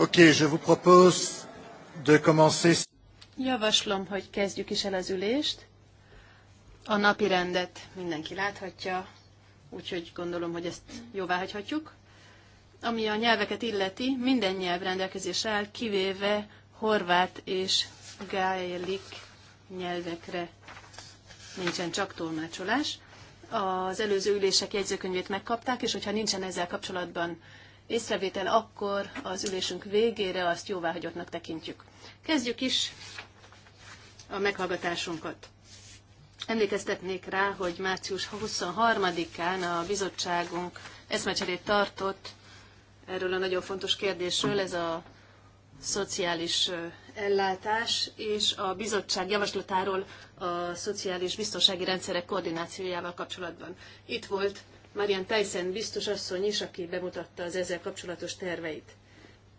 Ok, je vous propose de commencer. Javaslom, hogy kezdjük is el az ülést. A napi rendet mindenki láthatja, úgyhogy gondolom, hogy ezt jóvá hagyhatjuk. Ami a nyelveket illeti, minden nyelv rendelkezésre áll, kivéve horvát és gaelik nyelvekre nincsen csak tolmácsolás. Az előző ülések jegyzőkönyvét megkapták, és hogyha nincsen ezzel kapcsolatban észrevétel, akkor az ülésünk végére azt jóváhagyottnak tekintjük. Kezdjük is a meghallgatásunkat. Emlékeztetnék rá, hogy március 23-án a bizottságunk eszmecserét tartott erről a nagyon fontos kérdésről, ez a szociális ellátás és a bizottság javaslatáról a szociális biztonsági rendszerek koordinációjával kapcsolatban. Itt volt Marian Tyson biztos asszony is, aki bemutatta az ezzel kapcsolatos terveit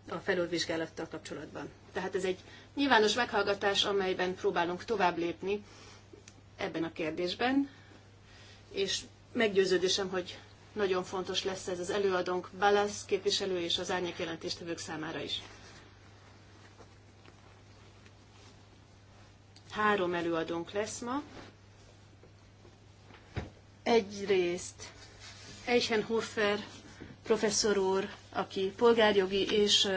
a felülvizsgálattal kapcsolatban. Tehát ez egy nyilvános meghallgatás, amelyben próbálunk tovább lépni ebben a kérdésben, és meggyőződésem, hogy nagyon fontos lesz ez az előadónk Balasz képviselő és az árnyék jelentéstevők számára is. Három előadónk lesz ma. Egyrészt Eichenhofer professzor úr, aki polgárjogi és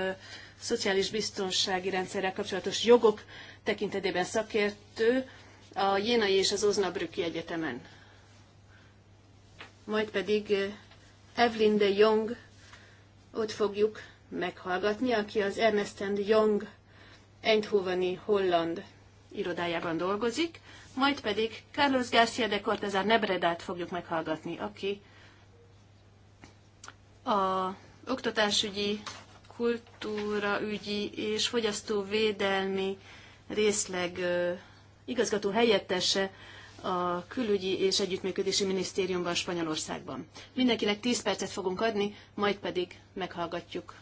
szociális biztonsági rendszerrel kapcsolatos jogok tekintetében szakértő a Jénai és az Oznabrüki Egyetemen. Majd pedig Evelyn de Jong, ott fogjuk meghallgatni, aki az Ernest Young Eindhoveni holland irodájában dolgozik, majd pedig Carlos Garcia de Cortázar Nebredát fogjuk meghallgatni, aki a oktatásügyi, kultúraügyi és fogyasztóvédelmi részleg igazgató helyettese a külügyi és együttműködési minisztériumban Spanyolországban. Mindenkinek 10 percet fogunk adni, majd pedig meghallgatjuk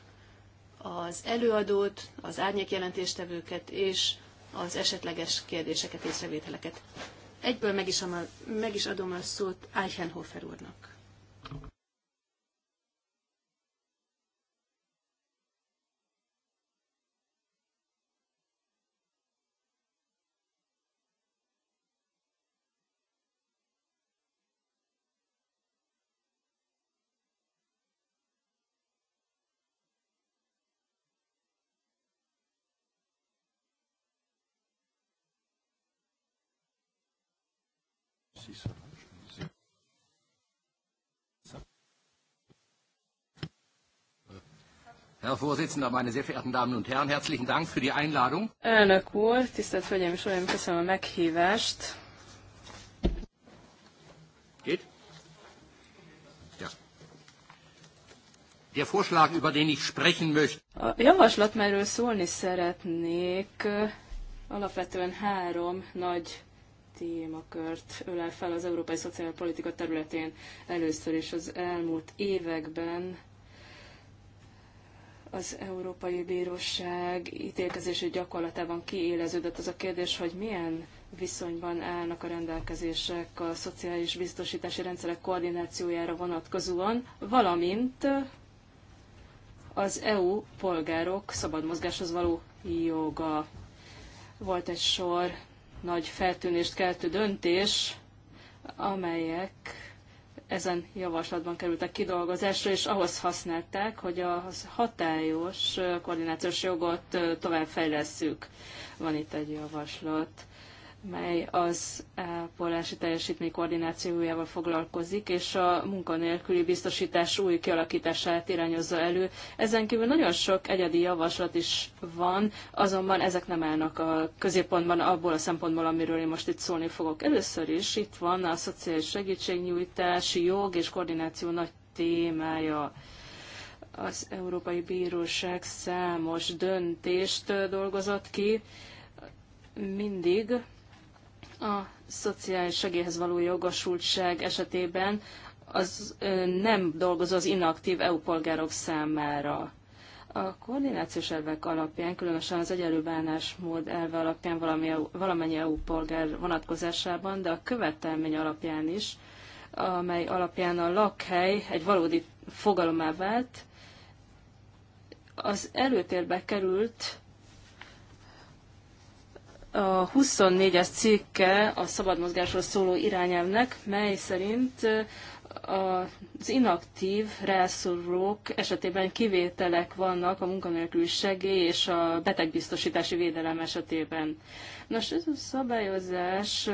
az előadót, az árnyékjelentéstevőket és az esetleges kérdéseket, és észrevételeket. Egyből meg is, meg is adom a szót Eichenhofer úrnak. Herr Vorsitzender, meine sehr verehrten Damen und Herren, herzlichen Dank für die Einladung. Elnök úr, tisztelt Hölgyeim és Uraim, köszönöm a meghívást. Geht? Ja. Der Vorschlag, über den ich sprechen möchte. A javaslat, melyről szólni szeretnék, alapvetően három nagy témakört ölel fel az európai szociálpolitika területén először is az elmúlt években az Európai Bíróság ítélkezési gyakorlatában kiéleződött az a kérdés, hogy milyen viszonyban állnak a rendelkezések a szociális biztosítási rendszerek koordinációjára vonatkozóan, valamint az EU polgárok szabad mozgáshoz való joga. Volt egy sor nagy feltűnést keltő döntés, amelyek ezen javaslatban kerültek kidolgozásra, és ahhoz használták, hogy a hatályos koordinációs jogot továbbfejlesszük. Van itt egy javaslat mely az ápolási e, teljesítmény koordinációjával foglalkozik, és a munkanélküli biztosítás új kialakítását irányozza elő. Ezen kívül nagyon sok egyedi javaslat is van, azonban ezek nem állnak a középpontban abból a szempontból, amiről én most itt szólni fogok. Először is itt van a szociális segítségnyújtási jog és koordináció nagy témája az Európai Bíróság számos döntést dolgozott ki mindig a szociális segélyhez való jogosultság esetében az nem dolgozó az inaktív EU polgárok számára. A koordinációs elvek alapján, különösen az egyenlő bánásmód elve alapján valami, valamennyi EU polgár vonatkozásában, de a követelmény alapján is, amely alapján a lakhely egy valódi fogalomá vált, az előtérbe került a 24-es cikke a szabadmozgásról szóló irányelvnek, mely szerint az inaktív rászorulók esetében kivételek vannak a munkanélkül segély és a betegbiztosítási védelem esetében. Nos, ez a szabályozás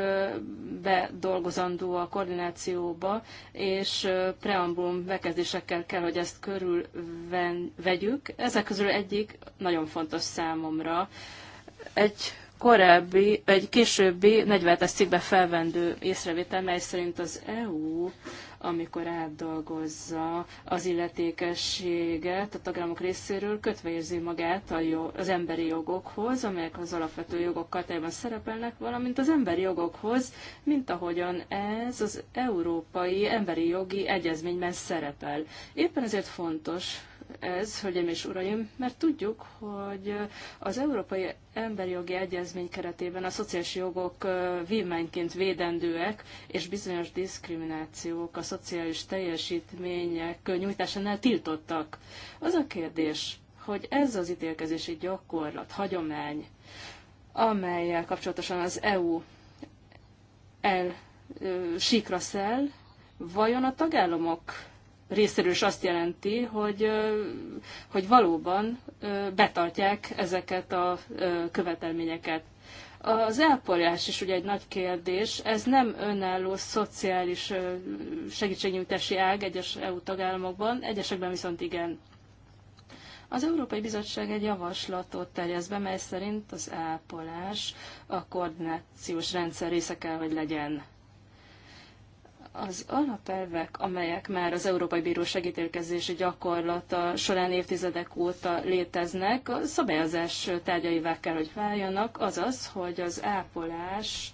bedolgozandó a koordinációba, és preambulum bekezdésekkel kell, hogy ezt körülvegyük. Ezek közül egyik nagyon fontos számomra. Egy korábbi, egy későbbi 40 es cikkbe felvendő észrevétel, mely szerint az EU, amikor átdolgozza az illetékességet a tagállamok részéről, kötve érzi magát a jó az emberi jogokhoz, amelyek az alapvető jogok katájában szerepelnek, valamint az emberi jogokhoz, mint ahogyan ez az Európai Emberi Jogi Egyezményben szerepel. Éppen ezért fontos, ez, hölgyeim és uraim, mert tudjuk, hogy az Európai Emberi Jogi Egyezmény keretében a szociális jogok vívmányként védendőek, és bizonyos diszkriminációk a szociális teljesítmények nyújtásánál tiltottak. Az a kérdés, hogy ez az ítélkezési gyakorlat, hagyomány, amelyel kapcsolatosan az EU el sikra szel, vajon a tagállamok részéről is azt jelenti, hogy, hogy valóban betartják ezeket a követelményeket. Az elporjás is ugye egy nagy kérdés. Ez nem önálló szociális segítségnyújtási ág egyes EU tagállamokban, egyesekben viszont igen. Az Európai Bizottság egy javaslatot terjeszt be, mely szerint az ápolás a koordinációs rendszer része kell, hogy legyen az alapelvek, amelyek már az Európai Bíróság ítélkezési gyakorlata során évtizedek óta léteznek, a szabályozás tárgyaivá kell, hogy váljanak, azaz, hogy az ápolás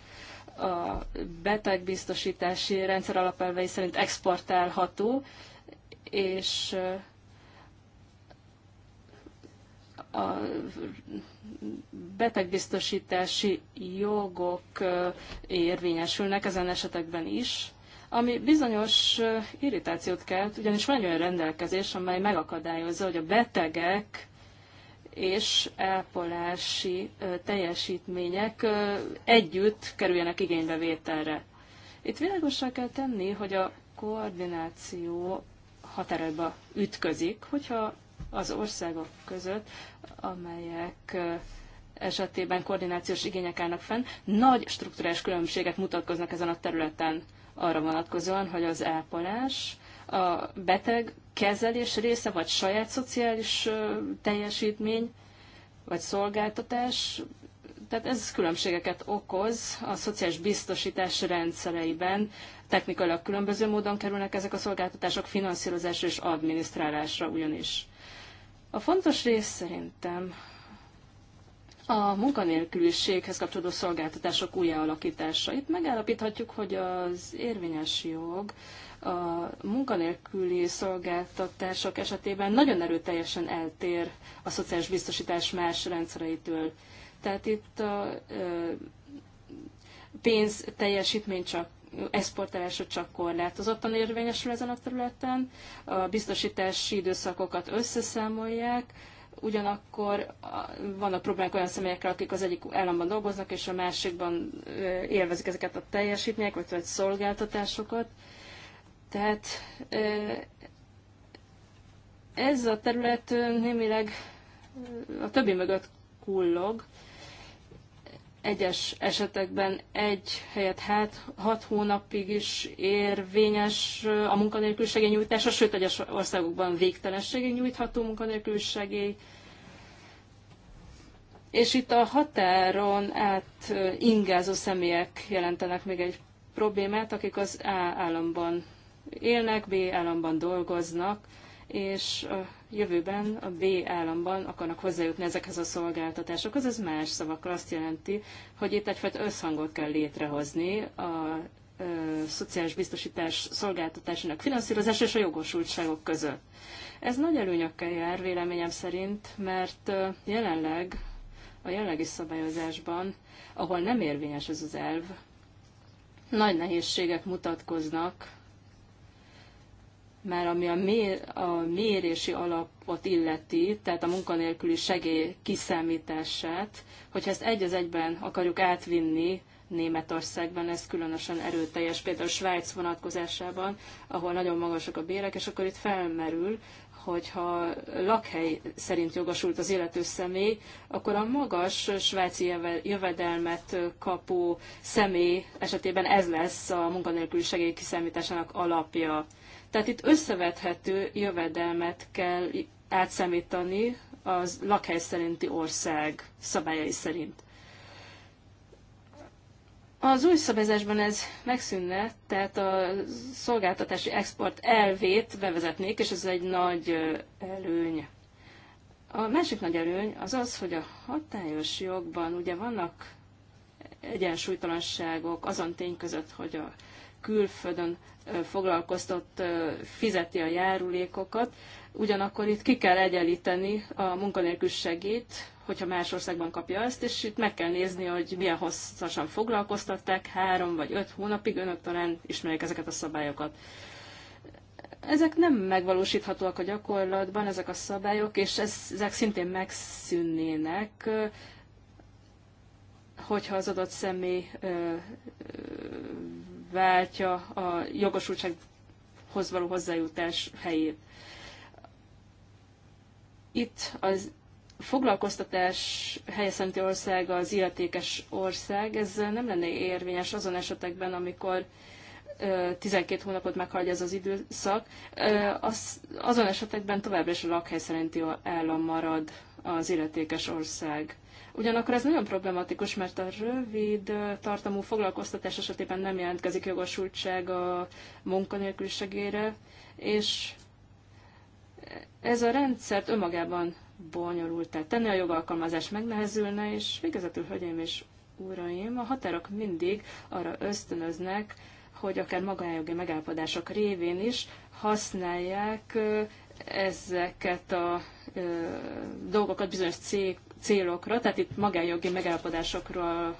a betegbiztosítási rendszer alapelvei szerint exportálható, és a betegbiztosítási jogok érvényesülnek ezen esetekben is, ami bizonyos irritációt kelt, ugyanis van olyan rendelkezés, amely megakadályozza, hogy a betegek és ápolási teljesítmények együtt kerüljenek igénybevételre. Itt világosra kell tenni, hogy a koordináció határaiba ütközik, hogyha az országok között, amelyek esetében koordinációs igények állnak fenn, nagy struktúrás különbségek mutatkoznak ezen a területen arra vonatkozóan, hogy az ápolás a beteg kezelés része, vagy saját szociális teljesítmény, vagy szolgáltatás, tehát ez különbségeket okoz a szociális biztosítás rendszereiben. Technikailag különböző módon kerülnek ezek a szolgáltatások finanszírozásra és adminisztrálásra ugyanis. A fontos rész szerintem a munkanélküliséghez kapcsolódó szolgáltatások újjáalakítása. Itt megállapíthatjuk, hogy az érvényes jog a munkanélküli szolgáltatások esetében nagyon erőteljesen eltér a szociális biztosítás más rendszereitől. Tehát itt a pénz teljesítmény csak exportálásra csak korlátozottan érvényesül ezen a területen, a biztosítási időszakokat összeszámolják, ugyanakkor vannak problémák olyan személyekkel, akik az egyik államban dolgoznak, és a másikban élvezik ezeket a teljesítmények, vagy, vagy szolgáltatásokat. Tehát ez a terület némileg a többi mögött kullog, egyes esetekben egy helyet hát hat hónapig is érvényes a munkanélküliségé nyújtása, sőt egyes országokban végtelenségig nyújtható munkanélküliségé. És itt a határon át ingázó személyek jelentenek még egy problémát, akik az A államban élnek, B államban dolgoznak, és a jövőben a B államban akarnak hozzájutni ezekhez a szolgáltatásokhoz. Ez más szavakkal azt jelenti, hogy itt egyfajta összhangot kell létrehozni a ö, szociális biztosítás szolgáltatásának finanszírozása és a jogosultságok között. Ez nagy előnyökkel jár véleményem szerint, mert jelenleg a jelenlegi szabályozásban, ahol nem érvényes ez az elv, nagy nehézségek mutatkoznak már ami a, mér, a mérési alapot illeti, tehát a munkanélküli segély kiszámítását, hogyha ezt egy az egyben akarjuk átvinni Németországban, ez különösen erőteljes, például Svájc vonatkozásában, ahol nagyon magasak a bérek, és akkor itt felmerül, hogyha lakhely szerint jogosult az élető személy, akkor a magas svájci jövedelmet kapó személy esetében ez lesz a munkanélküli segély kiszámításának alapja. Tehát itt összevethető jövedelmet kell átszámítani az lakhely szerinti ország szabályai szerint. Az új szabályzásban ez megszűnne, tehát a szolgáltatási export elvét bevezetnék, és ez egy nagy előny. A másik nagy előny az az, hogy a hatályos jogban ugye vannak egyensúlytalanságok azon tény között, hogy a külföldön foglalkoztott fizeti a járulékokat, ugyanakkor itt ki kell egyenlíteni a munkanélkül segít, hogyha más országban kapja ezt, és itt meg kell nézni, hogy milyen hosszasan foglalkoztatták, három vagy öt hónapig, önök talán ismerik ezeket a szabályokat. Ezek nem megvalósíthatóak a gyakorlatban, ezek a szabályok, és ezek szintén megszűnnének, hogyha az adott személy váltja a jogosultsághoz való hozzájutás helyét. Itt az foglalkoztatás helyesemti ország az illetékes ország, ez nem lenne érvényes azon esetekben, amikor 12 hónapot meghagyja ez az időszak, az, azon esetekben továbbra is a lakhely szerinti állam marad az illetékes ország. Ugyanakkor ez nagyon problematikus, mert a rövid tartamú foglalkoztatás esetében nem jelentkezik jogosultság a munkanélküliségére, és ez a rendszert önmagában bonyolult, tehát tenni, a jogalkalmazás megnehezülne, és végezetül, hölgyeim és uraim, a határok mindig arra ösztönöznek, hogy akár magájogi megállapodások révén is használják ezeket a dolgokat bizonyos cég célokra, tehát itt magánjogi megállapodásokról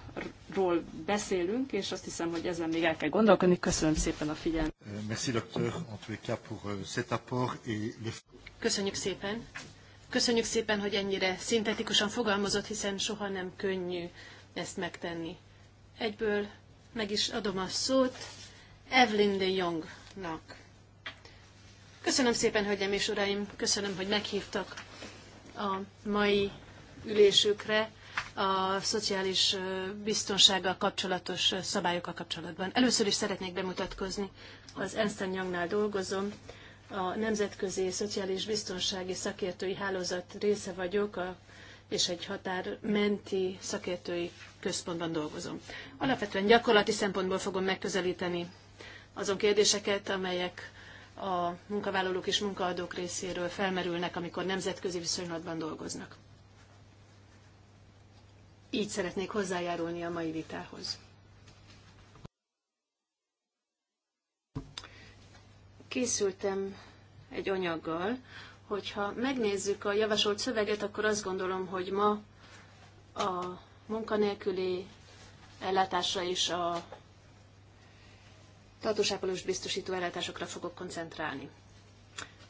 beszélünk, és azt hiszem, hogy ezen még el kell gondolkodni. Köszönöm szépen a figyelmet. Eh, merci, docteur, en cas, pour euh, cet apport et Köszönjük szépen. Köszönjük szépen, hogy ennyire szintetikusan fogalmazott, hiszen soha nem könnyű ezt megtenni. Egyből meg is adom a szót Evelyn de Jongnak. Köszönöm szépen, hölgyem és uraim, köszönöm, hogy meghívtak a mai ülésükre a szociális biztonsággal kapcsolatos szabályokkal kapcsolatban. Először is szeretnék bemutatkozni, az Ernst Youngnál dolgozom, a Nemzetközi Szociális Biztonsági Szakértői Hálózat része vagyok, a, és egy határmenti szakértői központban dolgozom. Alapvetően gyakorlati szempontból fogom megközelíteni azon kérdéseket, amelyek a munkavállalók és munkaadók részéről felmerülnek, amikor nemzetközi viszonylatban dolgoznak. Így szeretnék hozzájárulni a mai vitához. Készültem egy anyaggal, hogyha megnézzük a javasolt szöveget, akkor azt gondolom, hogy ma a munkanélküli ellátásra és a tartósápolos biztosító ellátásokra fogok koncentrálni.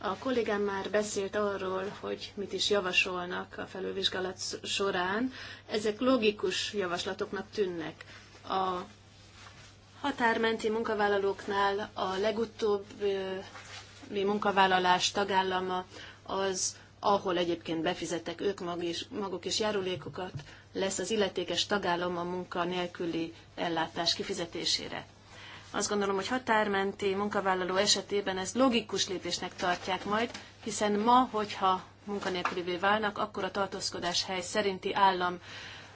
A kollégám már beszélt arról, hogy mit is javasolnak a felülvizsgálat során. Ezek logikus javaslatoknak tűnnek. A határmenti munkavállalóknál a legutóbbi munkavállalás tagállama az, ahol egyébként befizettek ők maguk is járulékokat, lesz az illetékes tagállam a munka nélküli ellátás kifizetésére. Azt gondolom, hogy határmenti munkavállaló esetében ezt logikus lépésnek tartják majd, hiszen ma, hogyha munkanélkülivé válnak, akkor a tartózkodás hely szerinti állam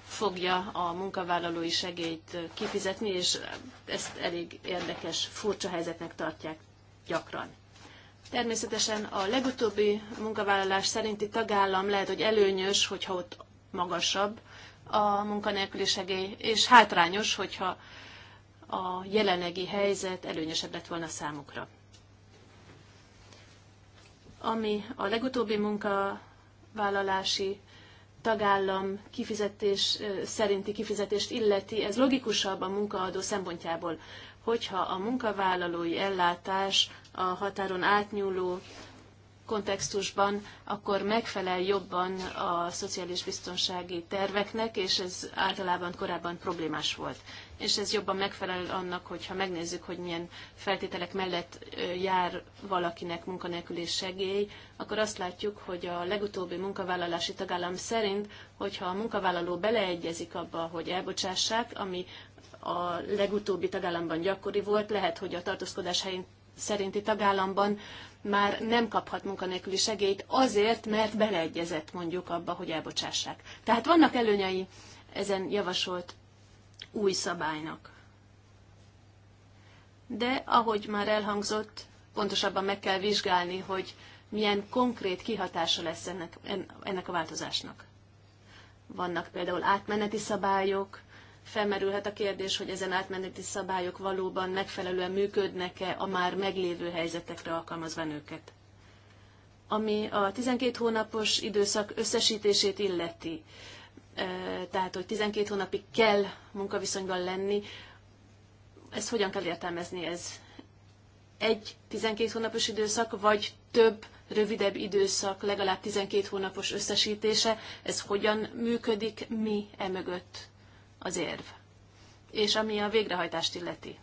fogja a munkavállalói segélyt kifizetni, és ezt elég érdekes, furcsa helyzetnek tartják gyakran. Természetesen a legutóbbi munkavállalás szerinti tagállam lehet, hogy előnyös, hogyha ott magasabb a munkanélküli segély, és hátrányos, hogyha a jelenlegi helyzet előnyösebb lett volna számukra. Ami a legutóbbi munkavállalási tagállam kifizetés szerinti kifizetést illeti, ez logikusabb a munkaadó szempontjából, hogyha a munkavállalói ellátás a határon átnyúló kontextusban, akkor megfelel jobban a szociális biztonsági terveknek, és ez általában korábban problémás volt. És ez jobban megfelel annak, hogyha megnézzük, hogy milyen feltételek mellett jár valakinek munkanélküli segély, akkor azt látjuk, hogy a legutóbbi munkavállalási tagállam szerint, hogyha a munkavállaló beleegyezik abba, hogy elbocsássák, ami a legutóbbi tagállamban gyakori volt, lehet, hogy a tartózkodás helyén szerinti tagállamban már nem kaphat munkanélküli segélyt azért, mert beleegyezett mondjuk abba, hogy elbocsássák. Tehát vannak előnyei ezen javasolt új szabálynak. De ahogy már elhangzott, pontosabban meg kell vizsgálni, hogy milyen konkrét kihatása lesz ennek, ennek a változásnak. Vannak például átmeneti szabályok, felmerülhet a kérdés, hogy ezen átmeneti szabályok valóban megfelelően működnek-e a már meglévő helyzetekre alkalmazva őket. Ami a 12 hónapos időszak összesítését illeti, e, tehát hogy 12 hónapig kell munkaviszonyban lenni, ezt hogyan kell értelmezni? Ez egy 12 hónapos időszak, vagy több rövidebb időszak, legalább 12 hónapos összesítése, ez hogyan működik, mi emögött az érv. És ami a végrehajtást illeti.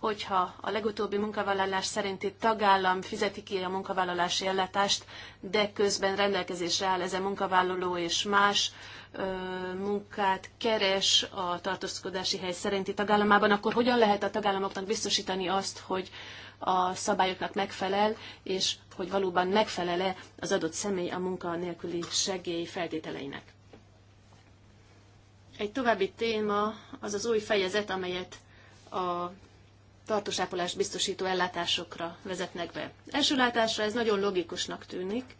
Hogyha a legutóbbi munkavállalás szerinti tagállam fizeti ki a munkavállalási ellátást, de közben rendelkezésre áll ezen munkavállaló és más ö, munkát keres a tartózkodási hely szerinti tagállamában, akkor hogyan lehet a tagállamoknak biztosítani azt, hogy a szabályoknak megfelel, és hogy valóban megfelele az adott személy a munkanélküli segély feltételeinek. Egy további téma az az új fejezet, amelyet a tartós ápolást biztosító ellátásokra vezetnek be. Első látásra ez nagyon logikusnak tűnik.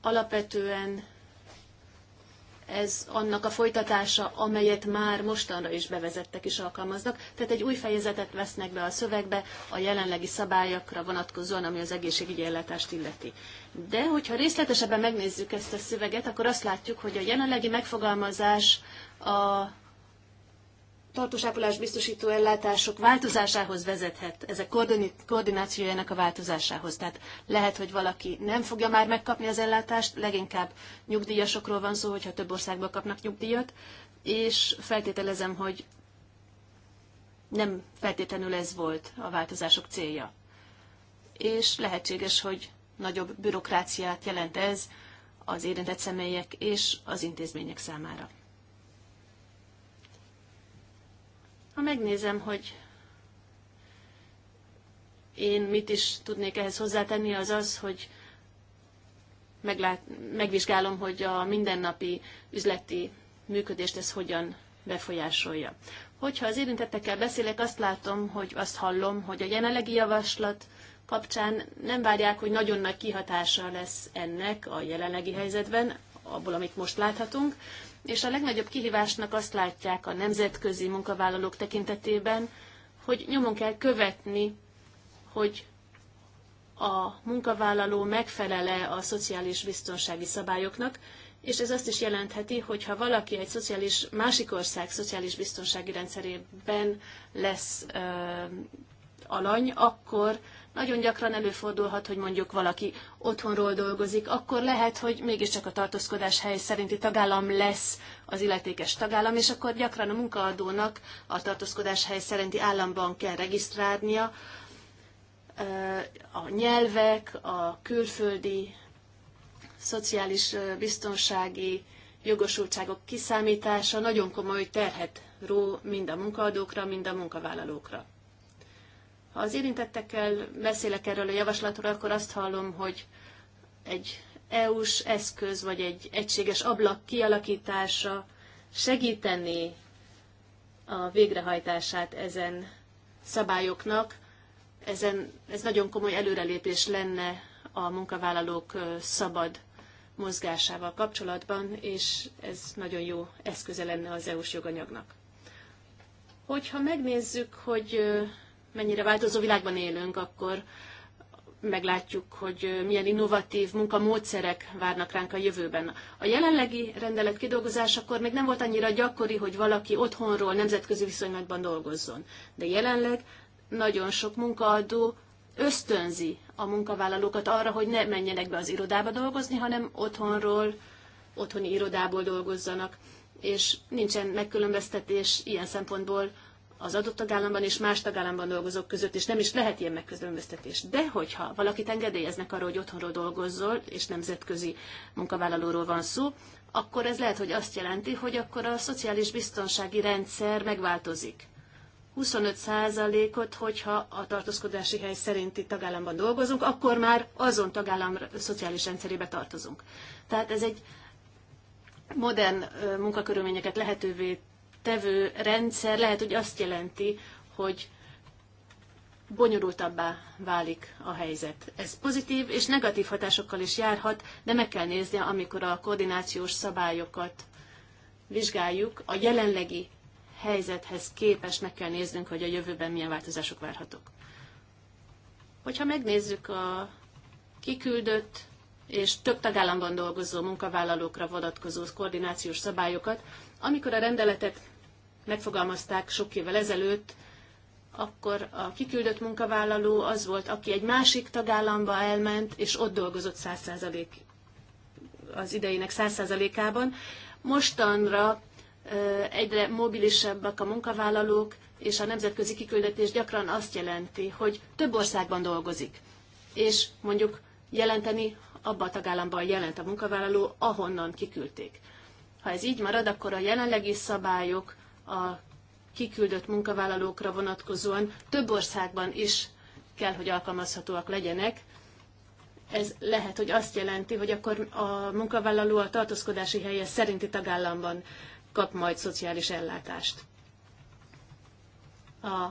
Alapvetően ez annak a folytatása, amelyet már mostanra is bevezettek és alkalmaznak. Tehát egy új fejezetet vesznek be a szövegbe a jelenlegi szabályokra vonatkozóan, ami az egészségügyi ellátást illeti. De hogyha részletesebben megnézzük ezt a szöveget, akkor azt látjuk, hogy a jelenlegi megfogalmazás a tartósápolás biztosító ellátások változásához vezethet, ezek koordinációjának a változásához. Tehát lehet, hogy valaki nem fogja már megkapni az ellátást, leginkább nyugdíjasokról van szó, hogyha több országban kapnak nyugdíjat, és feltételezem, hogy nem feltétlenül ez volt a változások célja. És lehetséges, hogy nagyobb bürokráciát jelent ez az érintett személyek és az intézmények számára. Ha megnézem, hogy én mit is tudnék ehhez hozzátenni, az az, hogy meglát, megvizsgálom, hogy a mindennapi üzleti működést ez hogyan befolyásolja. Hogyha az érintettekkel beszélek, azt látom, hogy azt hallom, hogy a jelenlegi javaslat kapcsán nem várják, hogy nagyon nagy kihatása lesz ennek a jelenlegi helyzetben, abból, amit most láthatunk, és a legnagyobb kihívásnak azt látják a nemzetközi munkavállalók tekintetében, hogy nyomon kell követni, hogy a munkavállaló megfelele a szociális biztonsági szabályoknak, és ez azt is jelentheti, hogy ha valaki egy szociális, másik ország szociális biztonsági rendszerében lesz ö, alany, akkor nagyon gyakran előfordulhat, hogy mondjuk valaki otthonról dolgozik, akkor lehet, hogy mégiscsak a tartózkodás hely szerinti tagállam lesz az illetékes tagállam, és akkor gyakran a munkaadónak a tartózkodás hely szerinti államban kell regisztrálnia a nyelvek, a külföldi szociális biztonsági jogosultságok kiszámítása nagyon komoly terhet ró mind a munkaadókra, mind a munkavállalókra. Ha az érintettekkel beszélek erről a javaslatról, akkor azt hallom, hogy egy EU-s eszköz vagy egy egységes ablak kialakítása segíteni a végrehajtását ezen szabályoknak. Ezen, ez nagyon komoly előrelépés lenne a munkavállalók szabad mozgásával kapcsolatban, és ez nagyon jó eszköze lenne az EU-s joganyagnak. Hogyha megnézzük, hogy mennyire változó világban élünk, akkor meglátjuk, hogy milyen innovatív munkamódszerek várnak ránk a jövőben. A jelenlegi rendelet kidolgozásakor még nem volt annyira gyakori, hogy valaki otthonról nemzetközi viszonylatban dolgozzon. De jelenleg nagyon sok munkaadó ösztönzi a munkavállalókat arra, hogy ne menjenek be az irodába dolgozni, hanem otthonról, otthoni irodából dolgozzanak. És nincsen megkülönböztetés ilyen szempontból az adott tagállamban és más tagállamban dolgozók között, és nem is lehet ilyen megkülönböztetés. De hogyha valakit engedélyeznek arról, hogy otthonról dolgozzol, és nemzetközi munkavállalóról van szó, akkor ez lehet, hogy azt jelenti, hogy akkor a szociális biztonsági rendszer megváltozik. 25%-ot, hogyha a tartózkodási hely szerinti tagállamban dolgozunk, akkor már azon tagállam szociális rendszerébe tartozunk. Tehát ez egy modern munkakörülményeket lehetővé tevő rendszer lehet, hogy azt jelenti, hogy bonyolultabbá válik a helyzet. Ez pozitív és negatív hatásokkal is járhat, de meg kell nézni, amikor a koordinációs szabályokat vizsgáljuk, a jelenlegi helyzethez képes meg kell néznünk, hogy a jövőben milyen változások várhatók. Hogyha megnézzük a kiküldött és több tagállamban dolgozó munkavállalókra vonatkozó koordinációs szabályokat, amikor a rendeletet megfogalmazták sok évvel ezelőtt, akkor a kiküldött munkavállaló az volt, aki egy másik tagállamba elment, és ott dolgozott 100% az idejének 100%-ában. Mostanra egyre mobilisebbek a munkavállalók, és a nemzetközi kiküldetés gyakran azt jelenti, hogy több országban dolgozik, és mondjuk jelenteni abban a tagállamban jelent a munkavállaló, ahonnan kiküldték. Ha ez így marad, akkor a jelenlegi szabályok a kiküldött munkavállalókra vonatkozóan több országban is kell, hogy alkalmazhatóak legyenek. Ez lehet, hogy azt jelenti, hogy akkor a munkavállaló a tartózkodási helye szerinti tagállamban kap majd szociális ellátást. A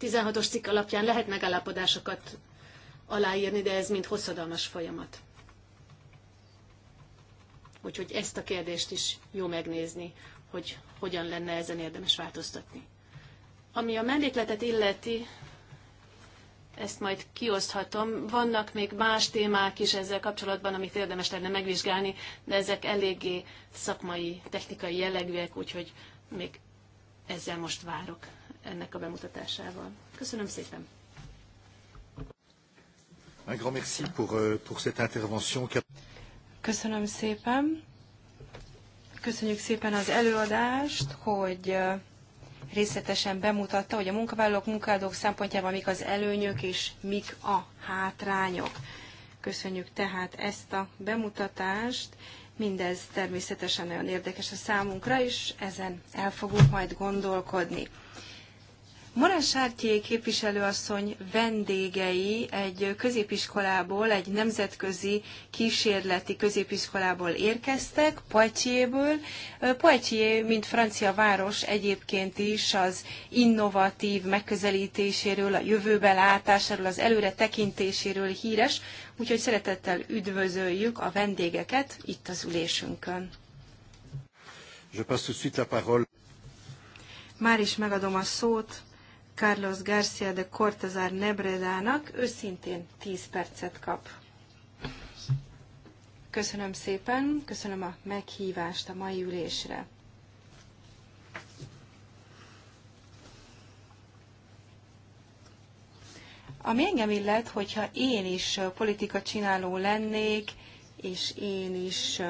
16-os cikk alapján lehet megállapodásokat aláírni, de ez mind hosszadalmas folyamat. Úgyhogy ezt a kérdést is jó megnézni hogy hogyan lenne ezen érdemes változtatni. Ami a mellékletet illeti, ezt majd kioszthatom. Vannak még más témák is ezzel kapcsolatban, amit érdemes lenne megvizsgálni, de ezek eléggé szakmai, technikai jellegűek, úgyhogy még ezzel most várok ennek a bemutatásával. Köszönöm szépen! Euh, Köszönöm szépen! köszönjük szépen az előadást, hogy részletesen bemutatta, hogy a munkavállalók, munkáldók szempontjában mik az előnyök és mik a hátrányok. Köszönjük tehát ezt a bemutatást. Mindez természetesen nagyon érdekes a számunkra, és ezen el fogunk majd gondolkodni. Morán Sártyé képviselőasszony vendégei egy középiskolából, egy nemzetközi kísérleti középiskolából érkeztek, Poitiéből. Poitié, mint francia város egyébként is az innovatív megközelítéséről, a jövőbe látásáról, az előre tekintéséről híres, úgyhogy szeretettel üdvözöljük a vendégeket itt az ülésünkön. Je passe tout de suite la parole. Már is megadom a szót Carlos García de Cortazar Nebredának, ő szintén 10 percet kap. Köszönöm szépen, köszönöm a meghívást a mai ülésre. Ami engem illet, hogyha én is politika csináló lennék, és én is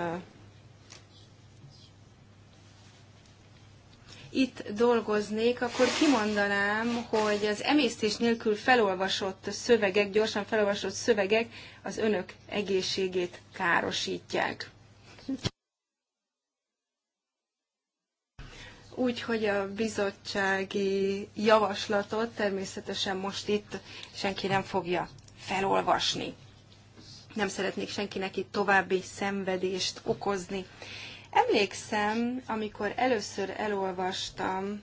itt dolgoznék, akkor kimondanám, hogy az emésztés nélkül felolvasott szövegek, gyorsan felolvasott szövegek az önök egészségét károsítják. Úgyhogy a bizottsági javaslatot természetesen most itt senki nem fogja felolvasni. Nem szeretnék senkinek itt további szenvedést okozni. Emlékszem, amikor először elolvastam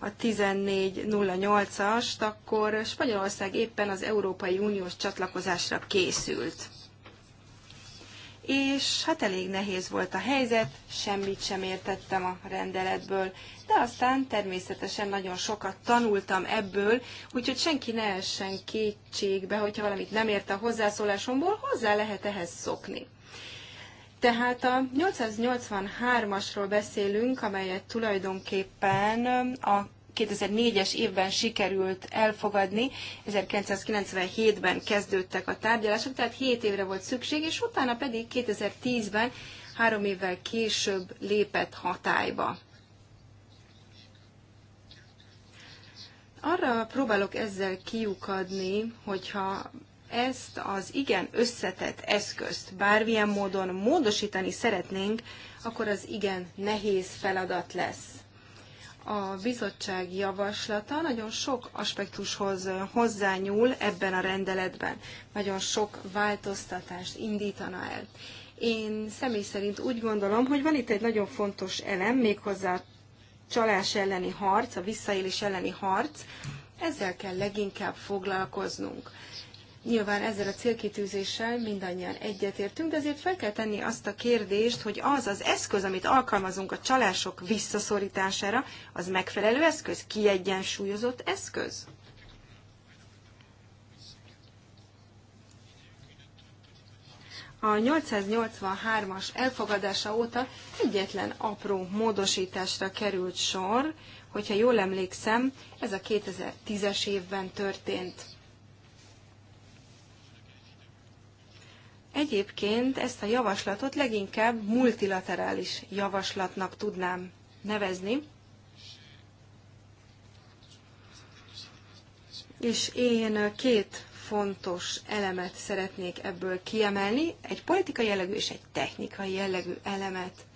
a 1408-ast, akkor Spanyolország éppen az Európai Uniós csatlakozásra készült. És hát elég nehéz volt a helyzet, semmit sem értettem a rendeletből, de aztán természetesen nagyon sokat tanultam ebből, úgyhogy senki ne essen kétségbe, hogyha valamit nem ért a hozzászólásomból, hozzá lehet ehhez szokni. Tehát a 883-asról beszélünk, amelyet tulajdonképpen a 2004-es évben sikerült elfogadni, 1997-ben kezdődtek a tárgyalások, tehát 7 évre volt szükség, és utána pedig 2010-ben, három évvel később lépett hatályba. Arra próbálok ezzel kiukadni, hogyha ezt az igen összetett eszközt bármilyen módon módosítani szeretnénk, akkor az igen nehéz feladat lesz. A bizottság javaslata nagyon sok aspektushoz hozzányúl ebben a rendeletben. Nagyon sok változtatást indítana el. Én személy szerint úgy gondolom, hogy van itt egy nagyon fontos elem, méghozzá a csalás elleni harc, a visszaélés elleni harc, ezzel kell leginkább foglalkoznunk. Nyilván ezzel a célkitűzéssel mindannyian egyetértünk, de azért fel kell tenni azt a kérdést, hogy az az eszköz, amit alkalmazunk a csalások visszaszorítására, az megfelelő eszköz, kiegyensúlyozott eszköz. A 883-as elfogadása óta egyetlen apró módosításra került sor, hogyha jól emlékszem, ez a 2010-es évben történt. Egyébként ezt a javaslatot leginkább multilaterális javaslatnak tudnám nevezni, és én két fontos elemet szeretnék ebből kiemelni, egy politikai jellegű és egy technikai jellegű elemet.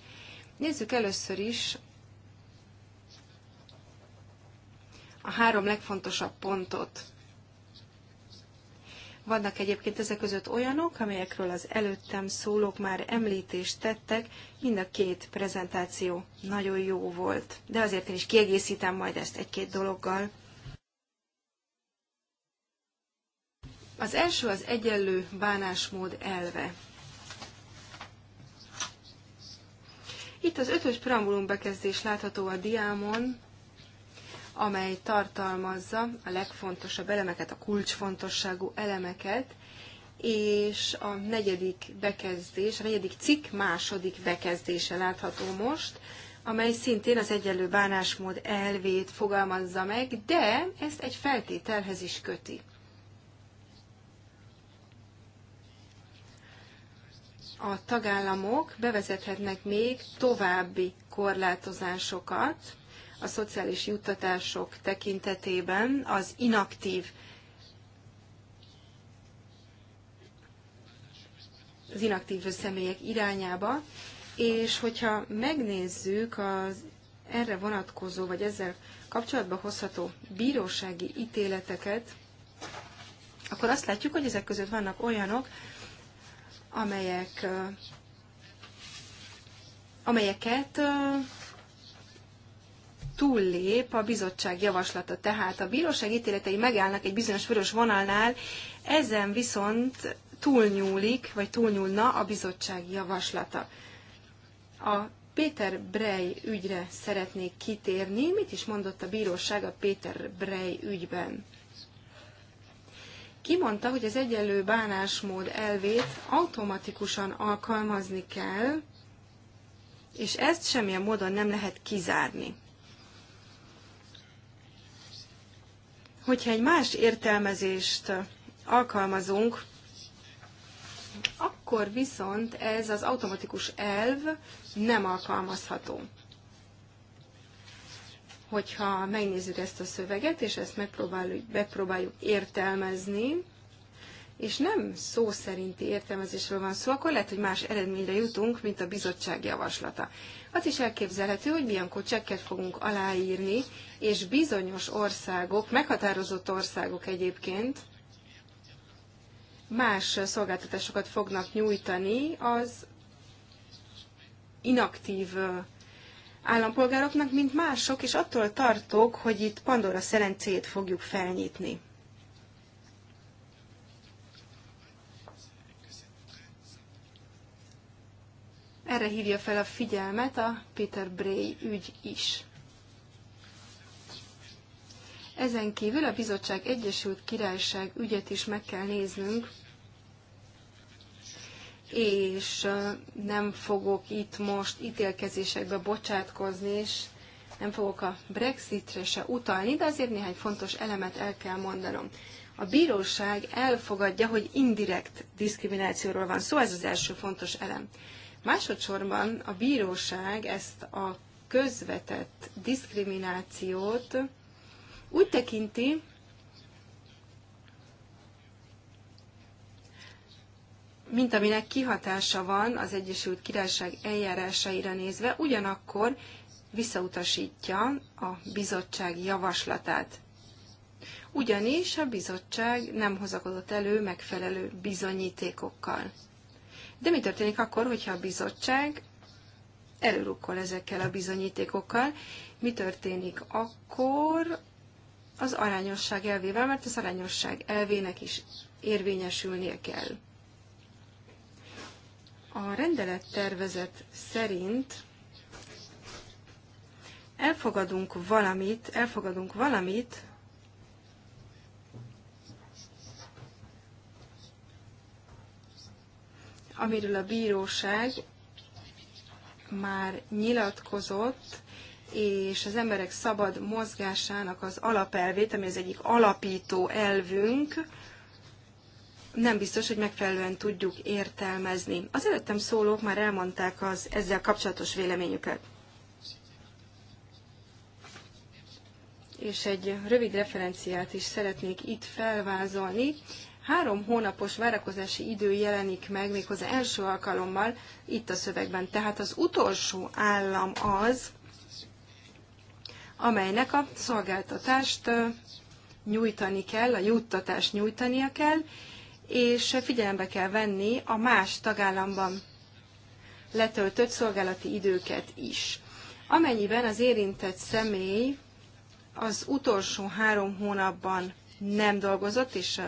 Nézzük először is a három legfontosabb pontot. Vannak egyébként ezek között olyanok, amelyekről az előttem szólók már említést tettek, mind a két prezentáció nagyon jó volt, de azért én is kiegészítem majd ezt egy-két dologgal. Az első az egyenlő bánásmód elve. Itt az ötös preambulum bekezdés látható a diámon, amely tartalmazza a legfontosabb elemeket, a kulcsfontosságú elemeket, és a negyedik bekezdés, a negyedik cikk második bekezdése látható most, amely szintén az egyenlő bánásmód elvét fogalmazza meg, de ezt egy feltételhez is köti. A tagállamok bevezethetnek még további korlátozásokat, a szociális juttatások tekintetében az inaktív az inaktív személyek irányába, és hogyha megnézzük az erre vonatkozó, vagy ezzel kapcsolatban hozható bírósági ítéleteket, akkor azt látjuk, hogy ezek között vannak olyanok, amelyek, amelyeket túllép a bizottság javaslata. Tehát a bíróság ítéletei megállnak egy bizonyos vörös vonalnál, ezen viszont túlnyúlik, vagy túlnyúlna a bizottság javaslata. A Péter Brej ügyre szeretnék kitérni. Mit is mondott a bíróság a Péter Brej ügyben? Kimondta, hogy az egyenlő bánásmód elvét automatikusan alkalmazni kell, és ezt semmilyen módon nem lehet kizárni. Hogyha egy más értelmezést alkalmazunk, akkor viszont ez az automatikus elv nem alkalmazható. Hogyha megnézzük ezt a szöveget, és ezt megpróbáljuk, megpróbáljuk értelmezni, és nem szó szerinti értelmezésről van szó, akkor lehet, hogy más eredményre jutunk, mint a bizottság javaslata az is elképzelhető, hogy milyenkor csekket fogunk aláírni, és bizonyos országok, meghatározott országok egyébként, más szolgáltatásokat fognak nyújtani az inaktív állampolgároknak, mint mások, és attól tartok, hogy itt Pandora szerencéjét fogjuk felnyitni. Erre hívja fel a figyelmet a Peter Bray ügy is. Ezen kívül a bizottság Egyesült Királyság ügyet is meg kell néznünk, és nem fogok itt most ítélkezésekbe bocsátkozni, és nem fogok a Brexitre se utalni, de azért néhány fontos elemet el kell mondanom. A bíróság elfogadja, hogy indirekt diszkriminációról van szó, ez az első fontos elem. Másodszorban a bíróság ezt a közvetett diszkriminációt úgy tekinti, mint aminek kihatása van az Egyesült Királyság eljárásaira nézve, ugyanakkor visszautasítja a bizottság javaslatát. Ugyanis a bizottság nem hozakodott elő megfelelő bizonyítékokkal. De mi történik akkor, hogyha a bizottság előrukkol ezekkel a bizonyítékokkal? Mi történik akkor az arányosság elvével, mert az arányosság elvének is érvényesülnie kell. A rendelettervezet szerint elfogadunk valamit, elfogadunk valamit, amiről a bíróság már nyilatkozott, és az emberek szabad mozgásának az alapelvét, ami az egyik alapító elvünk, nem biztos, hogy megfelelően tudjuk értelmezni. Az előttem szólók már elmondták az ezzel kapcsolatos véleményüket. És egy rövid referenciát is szeretnék itt felvázolni. Három hónapos várakozási idő jelenik meg még az első alkalommal itt a szövegben. Tehát az utolsó állam az, amelynek a szolgáltatást nyújtani kell, a juttatást nyújtania kell, és figyelembe kell venni a más tagállamban letöltött szolgálati időket is. Amennyiben az érintett személy az utolsó három hónapban nem dolgozott, és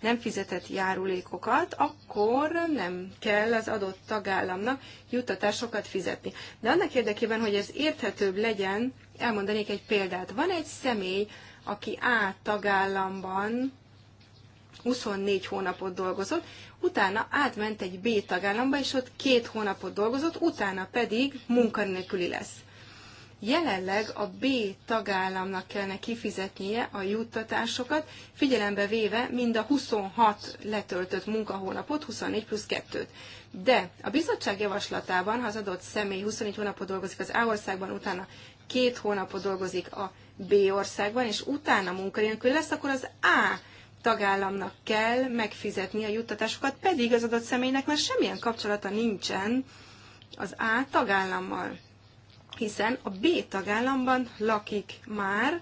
nem fizetett járulékokat, akkor nem kell az adott tagállamnak juttatásokat fizetni. De annak érdekében, hogy ez érthetőbb legyen, elmondanék egy példát. Van egy személy, aki A tagállamban 24 hónapot dolgozott, utána átment egy B tagállamba, és ott két hónapot dolgozott, utána pedig munkanélküli lesz. Jelenleg a B tagállamnak kellene kifizetnie a juttatásokat, figyelembe véve mind a 26 letöltött munkahónapot, 24 plusz 2-t. De a bizottság javaslatában, ha az adott személy 24 hónapot dolgozik az A országban, utána két hónapot dolgozik a B országban, és utána munkanélkül lesz, akkor az A tagállamnak kell megfizetni a juttatásokat, pedig az adott személynek már semmilyen kapcsolata nincsen az A tagállammal hiszen a B tagállamban lakik már,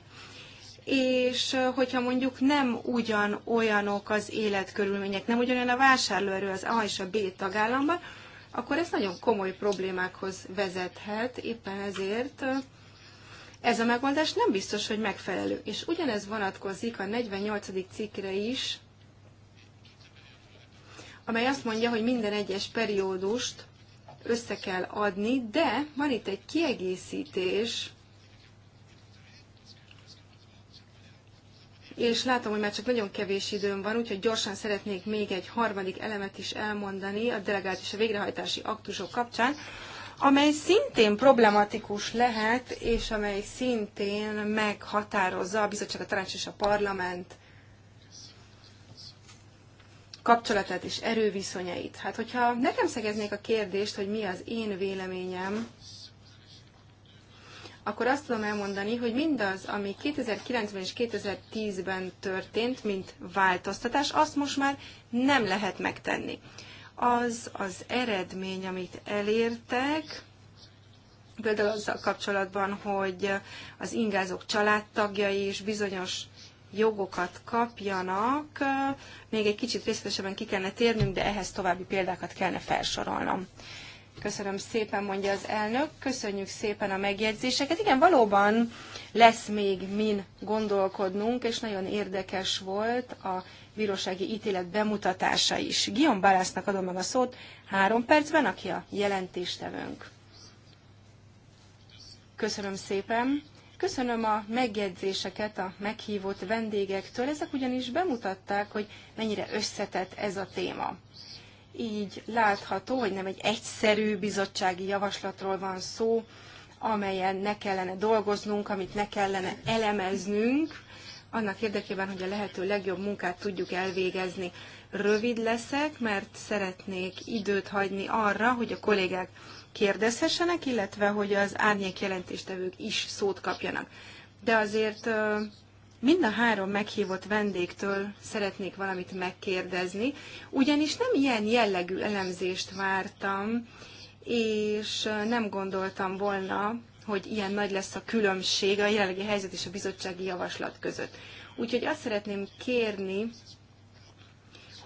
és hogyha mondjuk nem ugyan olyanok az életkörülmények, nem ugyanolyan a vásárlóerő az A és a B tagállamban, akkor ez nagyon komoly problémákhoz vezethet, éppen ezért ez a megoldás nem biztos, hogy megfelelő. És ugyanez vonatkozik a 48. cikkre is, amely azt mondja, hogy minden egyes periódust össze kell adni, de van itt egy kiegészítés, és látom, hogy már csak nagyon kevés időm van, úgyhogy gyorsan szeretnék még egy harmadik elemet is elmondani a delegált és a végrehajtási aktusok kapcsán, amely szintén problematikus lehet, és amely szintén meghatározza a bizottság, a tanács és a parlament kapcsolatát és erőviszonyait. Hát, hogyha nekem szegeznék a kérdést, hogy mi az én véleményem, akkor azt tudom elmondani, hogy mindaz, ami 2009-ben és 2010-ben történt, mint változtatás, azt most már nem lehet megtenni. Az az eredmény, amit elértek, például azzal kapcsolatban, hogy az ingázók családtagjai és bizonyos jogokat kapjanak. Még egy kicsit részletesebben ki kellene térnünk, de ehhez további példákat kellene felsorolnom. Köszönöm szépen, mondja az elnök. Köszönjük szépen a megjegyzéseket. Igen, valóban lesz még min gondolkodnunk, és nagyon érdekes volt a bírósági ítélet bemutatása is. Guillaume Balásznak adom meg a szót három percben, aki a jelentéstevőnk. Köszönöm szépen. Köszönöm a megjegyzéseket a meghívott vendégektől, ezek ugyanis bemutatták, hogy mennyire összetett ez a téma. Így látható, hogy nem egy egyszerű bizottsági javaslatról van szó, amelyen ne kellene dolgoznunk, amit ne kellene elemeznünk, annak érdekében, hogy a lehető legjobb munkát tudjuk elvégezni. Rövid leszek, mert szeretnék időt hagyni arra, hogy a kollégák kérdezhessenek, illetve hogy az árnyék jelentéstevők is szót kapjanak. De azért mind a három meghívott vendégtől szeretnék valamit megkérdezni, ugyanis nem ilyen jellegű elemzést vártam, és nem gondoltam volna, hogy ilyen nagy lesz a különbség a jelenlegi helyzet és a bizottsági javaslat között. Úgyhogy azt szeretném kérni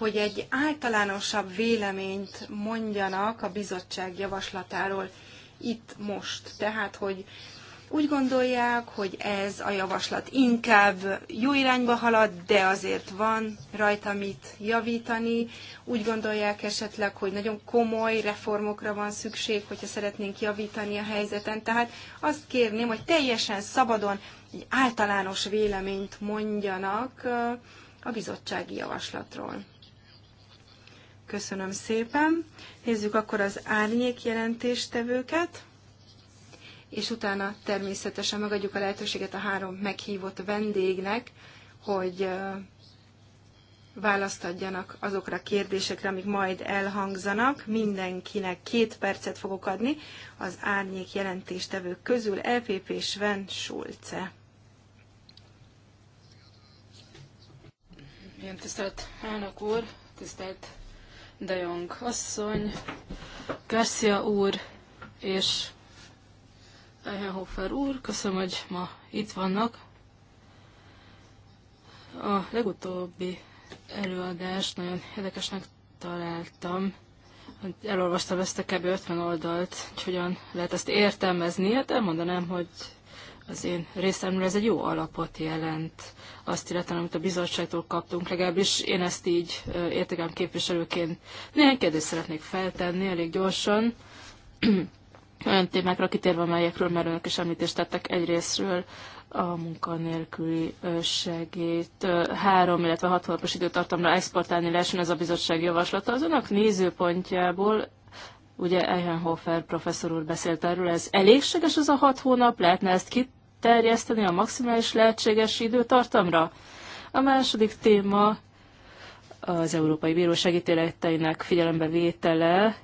hogy egy általánosabb véleményt mondjanak a bizottság javaslatáról itt most. Tehát, hogy úgy gondolják, hogy ez a javaslat inkább jó irányba halad, de azért van rajta mit javítani. Úgy gondolják esetleg, hogy nagyon komoly reformokra van szükség, hogyha szeretnénk javítani a helyzeten. Tehát azt kérném, hogy teljesen szabadon egy általános véleményt mondjanak a bizottsági javaslatról. Köszönöm szépen. Nézzük akkor az árnyék jelentéstevőket, és utána természetesen megadjuk a lehetőséget a három meghívott vendégnek, hogy választ adjanak azokra a kérdésekre, amik majd elhangzanak. Mindenkinek két percet fogok adni az árnyék jelentéstevők közül. LPP Sven Schulze. Ilyen tisztelt elnök úr, tisztelt de Jong asszony, Garcia úr és Eichenhofer úr, köszönöm, hogy ma itt vannak. A legutóbbi előadást nagyon érdekesnek találtam. Elolvastam ezt a kb. 50 oldalt, hogy hogyan lehet ezt értelmezni. Hát elmondanám, hogy az én részemről ez egy jó alapot jelent, azt illetve, amit a bizottságtól kaptunk, legalábbis én ezt így értékelem képviselőként. Néhány kérdést szeretnék feltenni elég gyorsan, olyan témákra kitérve, amelyekről már önök is említést tettek egyrésztről, a munkanélküli segít három, illetve hat hónapos időtartamra exportálni lehessen ez a bizottság javaslata. Az önök nézőpontjából ugye Eichenhofer professzor úr beszélt erről, ez elégséges az a hat hónap, lehetne ezt kit terjeszteni a maximális lehetséges időtartamra? A második téma az Európai Bíróság ítéleteinek figyelembe vétele.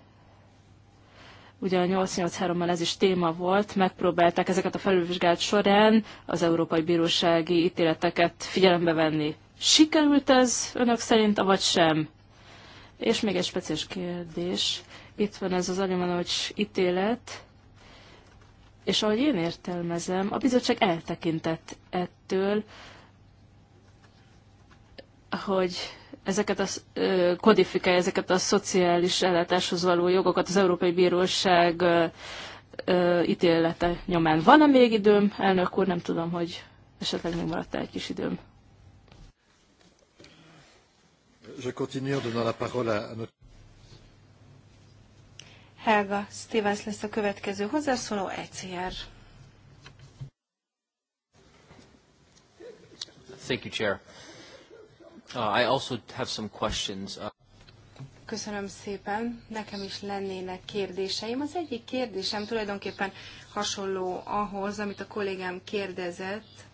Ugye a 883 mal ez is téma volt, megpróbálták ezeket a felülvizsgált során az Európai Bírósági ítéleteket figyelembe venni. Sikerült ez önök szerint, avagy sem? És még egy speciális kérdés. Itt van ez az Alimanocs ítélet. És ahogy én értelmezem, a bizottság eltekintett ettől, hogy ezeket a, kodifikálja ezeket a szociális ellátáshoz való jogokat az Európai Bíróság ítélete nyomán. Van-e még időm, elnök úr? Nem tudom, hogy esetleg még maradt -e egy kis időm. Je continue en donnant la parole à notre... Helga Stevens lesz a következő hozzászóló, ECR. Thank you, Chair. Uh, I also have some questions. Uh... Köszönöm szépen. Nekem is lennének kérdéseim. Az egyik kérdésem tulajdonképpen hasonló ahhoz, amit a kollégám kérdezett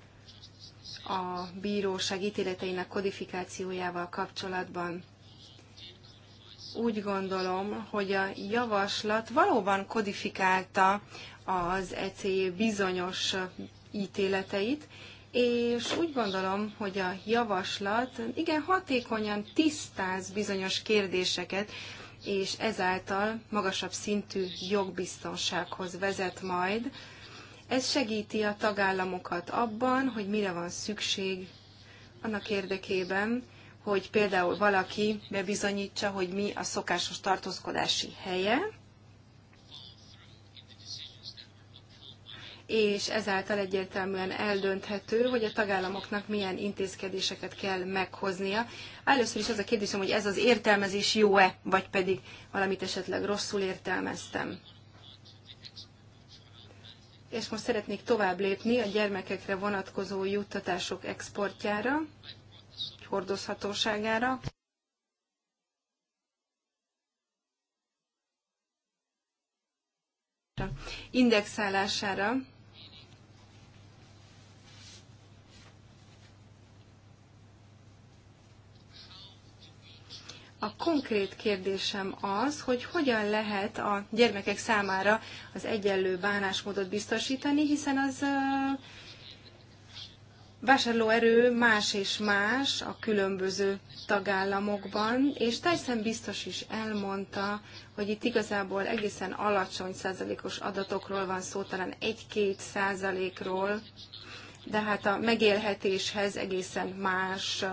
a bíróság ítéleteinek kodifikációjával kapcsolatban úgy gondolom, hogy a javaslat valóban kodifikálta az EC bizonyos ítéleteit, és úgy gondolom, hogy a javaslat igen hatékonyan tisztáz bizonyos kérdéseket, és ezáltal magasabb szintű jogbiztonsághoz vezet majd. Ez segíti a tagállamokat abban, hogy mire van szükség annak érdekében, hogy például valaki bebizonyítsa, hogy mi a szokásos tartózkodási helye, és ezáltal egyértelműen eldönthető, hogy a tagállamoknak milyen intézkedéseket kell meghoznia. Először is az a kérdésem, hogy ez az értelmezés jó-e, vagy pedig valamit esetleg rosszul értelmeztem. És most szeretnék tovább lépni a gyermekekre vonatkozó juttatások exportjára hordozhatóságára. indexálására. A konkrét kérdésem az, hogy hogyan lehet a gyermekek számára az egyenlő bánásmódot biztosítani, hiszen az vásárlóerő más és más a különböző tagállamokban, és Tyson biztos is elmondta, hogy itt igazából egészen alacsony százalékos adatokról van szó, talán 1-2 százalékról, de hát a megélhetéshez egészen más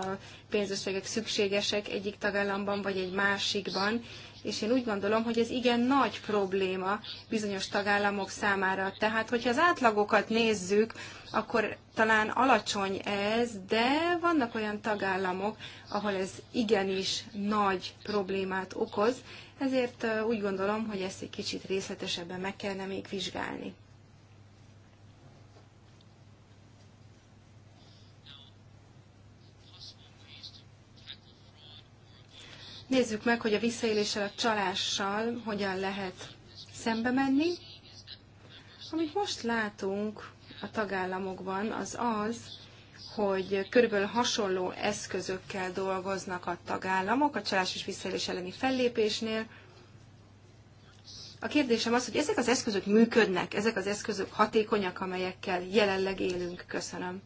pénzösszegek szükségesek egyik tagállamban vagy egy másikban, és én úgy gondolom, hogy ez igen nagy probléma bizonyos tagállamok számára. Tehát, hogyha az átlagokat nézzük, akkor talán alacsony ez, de vannak olyan tagállamok, ahol ez igenis nagy problémát okoz, ezért úgy gondolom, hogy ezt egy kicsit részletesebben meg kellene még vizsgálni. Nézzük meg, hogy a visszaéléssel, a csalással hogyan lehet szembe menni. Amit most látunk a tagállamokban, az az, hogy körülbelül hasonló eszközökkel dolgoznak a tagállamok a csalás és visszaélés elleni fellépésnél. A kérdésem az, hogy ezek az eszközök működnek, ezek az eszközök hatékonyak, amelyekkel jelenleg élünk. Köszönöm.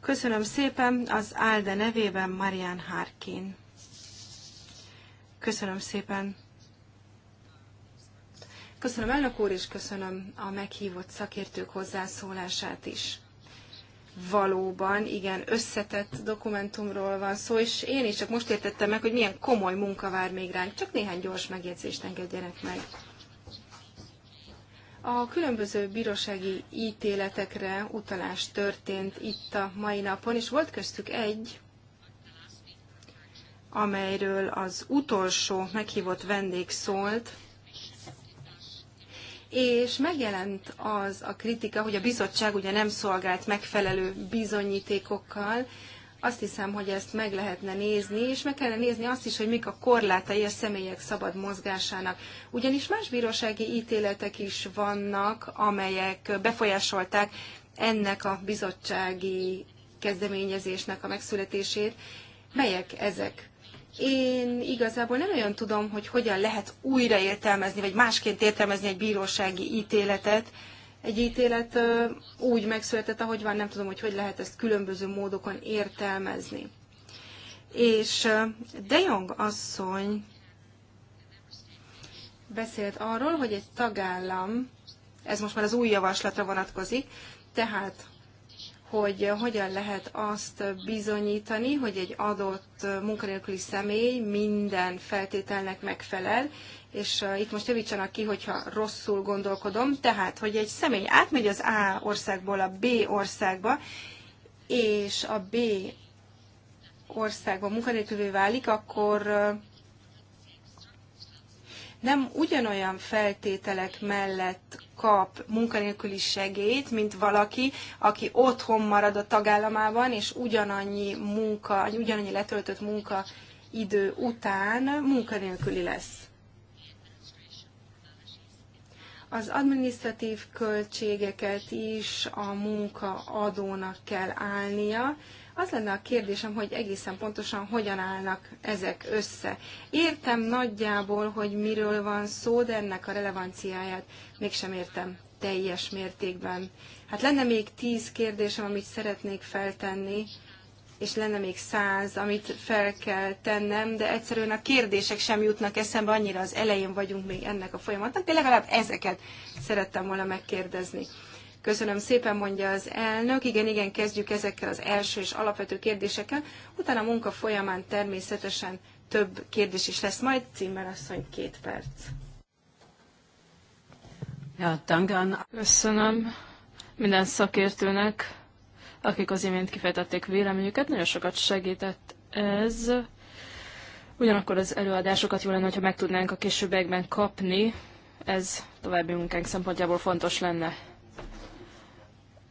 Köszönöm szépen az ALDE nevében Marian Harkin. Köszönöm szépen! Köszönöm elnök úr, és köszönöm a meghívott szakértők hozzászólását is. Valóban, igen, összetett dokumentumról van szó, és én is csak most értettem meg, hogy milyen komoly munka vár még ránk. Csak néhány gyors megjegyzést engedjenek meg. A különböző bírósági ítéletekre utalás történt itt a mai napon, és volt köztük egy, amelyről az utolsó meghívott vendég szólt, és megjelent az a kritika, hogy a bizottság ugye nem szolgált megfelelő bizonyítékokkal, azt hiszem, hogy ezt meg lehetne nézni, és meg kellene nézni azt is, hogy mik a korlátai a személyek szabad mozgásának. Ugyanis más bírósági ítéletek is vannak, amelyek befolyásolták ennek a bizottsági kezdeményezésnek a megszületését. Melyek ezek? Én igazából nem olyan tudom, hogy hogyan lehet újraértelmezni, vagy másként értelmezni egy bírósági ítéletet. Egy ítélet úgy megszületett, ahogy van, nem tudom, hogy hogy lehet ezt különböző módokon értelmezni. És De Jong asszony beszélt arról, hogy egy tagállam, ez most már az új javaslatra vonatkozik, tehát hogy hogyan lehet azt bizonyítani, hogy egy adott munkanélküli személy minden feltételnek megfelel, és uh, itt most javítsanak ki, hogyha rosszul gondolkodom, tehát, hogy egy személy átmegy az A országból a B országba, és a B országban munkanélkülvé válik, akkor uh, nem ugyanolyan feltételek mellett kap munkanélküli segélyt, mint valaki, aki otthon marad a tagállamában, és ugyanannyi munka, ugyanannyi letöltött munka idő után munkanélküli lesz. Az adminisztratív költségeket is a munkaadónak kell állnia, az lenne a kérdésem, hogy egészen pontosan hogyan állnak ezek össze. Értem nagyjából, hogy miről van szó, de ennek a relevanciáját mégsem értem teljes mértékben. Hát lenne még tíz kérdésem, amit szeretnék feltenni, és lenne még száz, amit fel kell tennem, de egyszerűen a kérdések sem jutnak eszembe, annyira az elején vagyunk még ennek a folyamatnak, de legalább ezeket szerettem volna megkérdezni. Köszönöm szépen, mondja az elnök. Igen, igen, kezdjük ezekkel az első és alapvető kérdésekkel. Utána a munka folyamán természetesen több kérdés is lesz majd. Címmel asszony, két perc. Ja, tangan. Köszönöm minden szakértőnek, akik az imént kifejtették véleményüket. Nagyon sokat segített ez. Ugyanakkor az előadásokat jó lenne, hogyha meg tudnánk a későbbiekben kapni. Ez további munkánk szempontjából fontos lenne.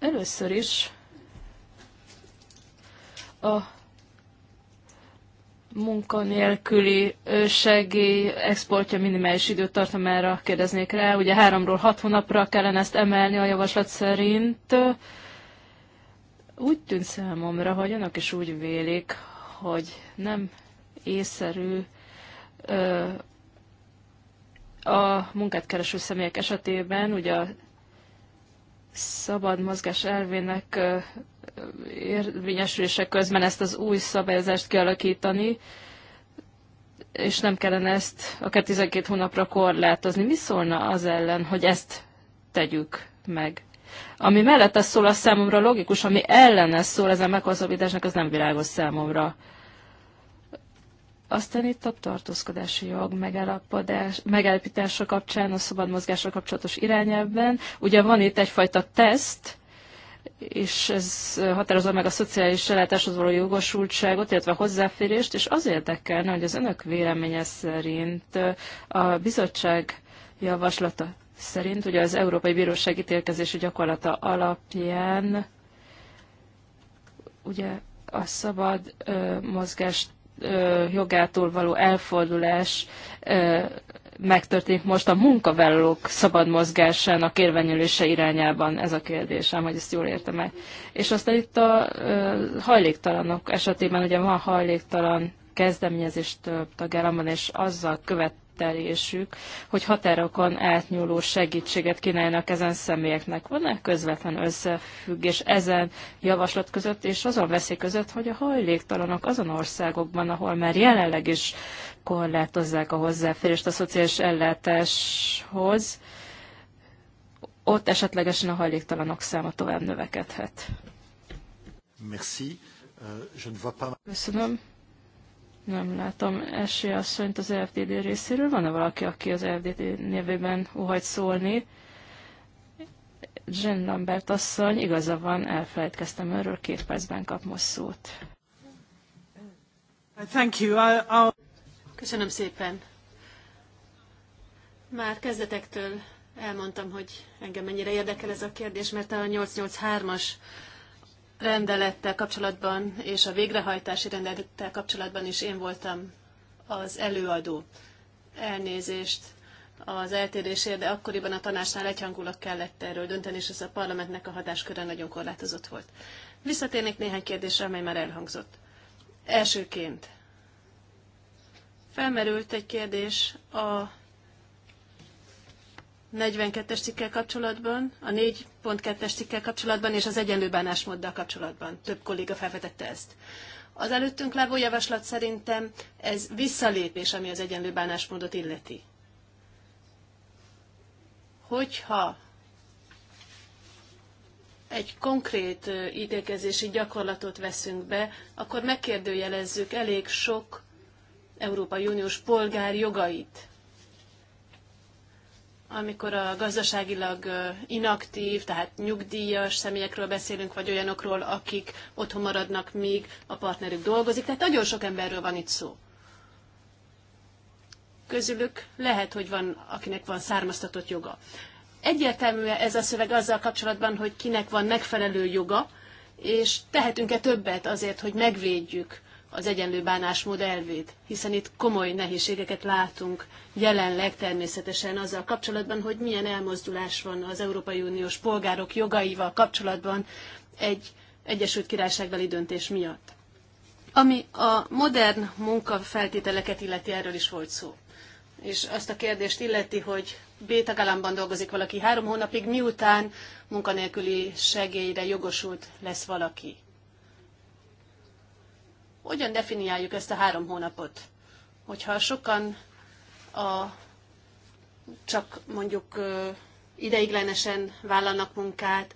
Először is a munkanélküli segély exportja minimális időtartamára kérdeznék rá. Ugye háromról hat hónapra kellene ezt emelni a javaslat szerint. Úgy tűnt számomra, hogy önök is úgy vélik, hogy nem észszerű a munkát kereső személyek esetében, ugye a szabad mozgás elvének érvényesülése közben ezt az új szabályozást kialakítani, és nem kellene ezt akár 12 hónapra korlátozni. Mi szólna az ellen, hogy ezt tegyük meg? Ami mellette szól, az számomra logikus, ami ellene szól ezen meghosszabbításnak, az nem világos számomra. Aztán itt a tartózkodási jog megállapodás, megállapítása kapcsán, a szabad mozgásra kapcsolatos irányelvben. Ugye van itt egyfajta teszt, és ez határozza meg a szociális ellátáshoz való jogosultságot, illetve a hozzáférést, és az érdekelne, hogy az önök véleménye szerint a bizottság javaslata szerint, ugye az Európai Bíróság ítélkezési gyakorlata alapján ugye a szabad ö, mozgás jogától való elfordulás megtörténik most a munkavállalók szabad mozgásának érvényülése irányában ez a kérdésem, hogy ezt jól értem el. És aztán itt a hajléktalanok esetében ugye van hajléktalan kezdeményezés több tagállamban, és azzal követ követelésük, hogy határokon átnyúló segítséget kínáljanak ezen személyeknek. Van-e közvetlen összefüggés ezen javaslat között és azon veszély között, hogy a hajléktalanok azon országokban, ahol már jelenleg is korlátozzák a hozzáférést a szociális ellátáshoz, ott esetlegesen a hajléktalanok száma tovább növekedhet. Merci. Euh, Köszönöm. Nem látom Esi asszonyt az FDD részéről. Van-e valaki, aki az FDD nevében óhajt szólni? Jean Lambert asszony, igaza van, elfelejtkeztem erről, két percben kap most szót. Thank you. I'll, I'll... Köszönöm szépen. Már kezdetektől elmondtam, hogy engem mennyire érdekel ez a kérdés, mert a 883-as rendelettel kapcsolatban és a végrehajtási rendelettel kapcsolatban is én voltam az előadó. Elnézést az eltérésért, de akkoriban a tanácsnál egyhangulak kellett erről dönteni, és ez a parlamentnek a hatásköre nagyon korlátozott volt. Visszatérnék néhány kérdésre, amely már elhangzott. Elsőként felmerült egy kérdés a 42-es cikkel kapcsolatban, a 4.2-es cikkel kapcsolatban és az egyenlő bánásmóddal kapcsolatban. Több kolléga felvetette ezt. Az előttünk levő javaslat szerintem ez visszalépés, ami az egyenlő bánásmódot illeti. Hogyha egy konkrét ítélkezési gyakorlatot veszünk be, akkor megkérdőjelezzük elég sok Európai Uniós polgár jogait amikor a gazdaságilag inaktív, tehát nyugdíjas személyekről beszélünk, vagy olyanokról, akik otthon maradnak, míg a partnerük dolgozik. Tehát nagyon sok emberről van itt szó. Közülük lehet, hogy van, akinek van származtatott joga. Egyértelmű ez a szöveg azzal kapcsolatban, hogy kinek van megfelelő joga, és tehetünk-e többet azért, hogy megvédjük az egyenlő bánásmód elvét, hiszen itt komoly nehézségeket látunk jelenleg természetesen azzal kapcsolatban, hogy milyen elmozdulás van az Európai Uniós polgárok jogaival kapcsolatban egy Egyesült Királyságbeli döntés miatt. Ami a modern munkafeltételeket illeti, erről is volt szó. És azt a kérdést illeti, hogy B tagállamban dolgozik valaki három hónapig, miután munkanélküli segélyre jogosult lesz valaki. Hogyan definiáljuk ezt a három hónapot? Hogyha sokan a, csak mondjuk ideiglenesen vállalnak munkát,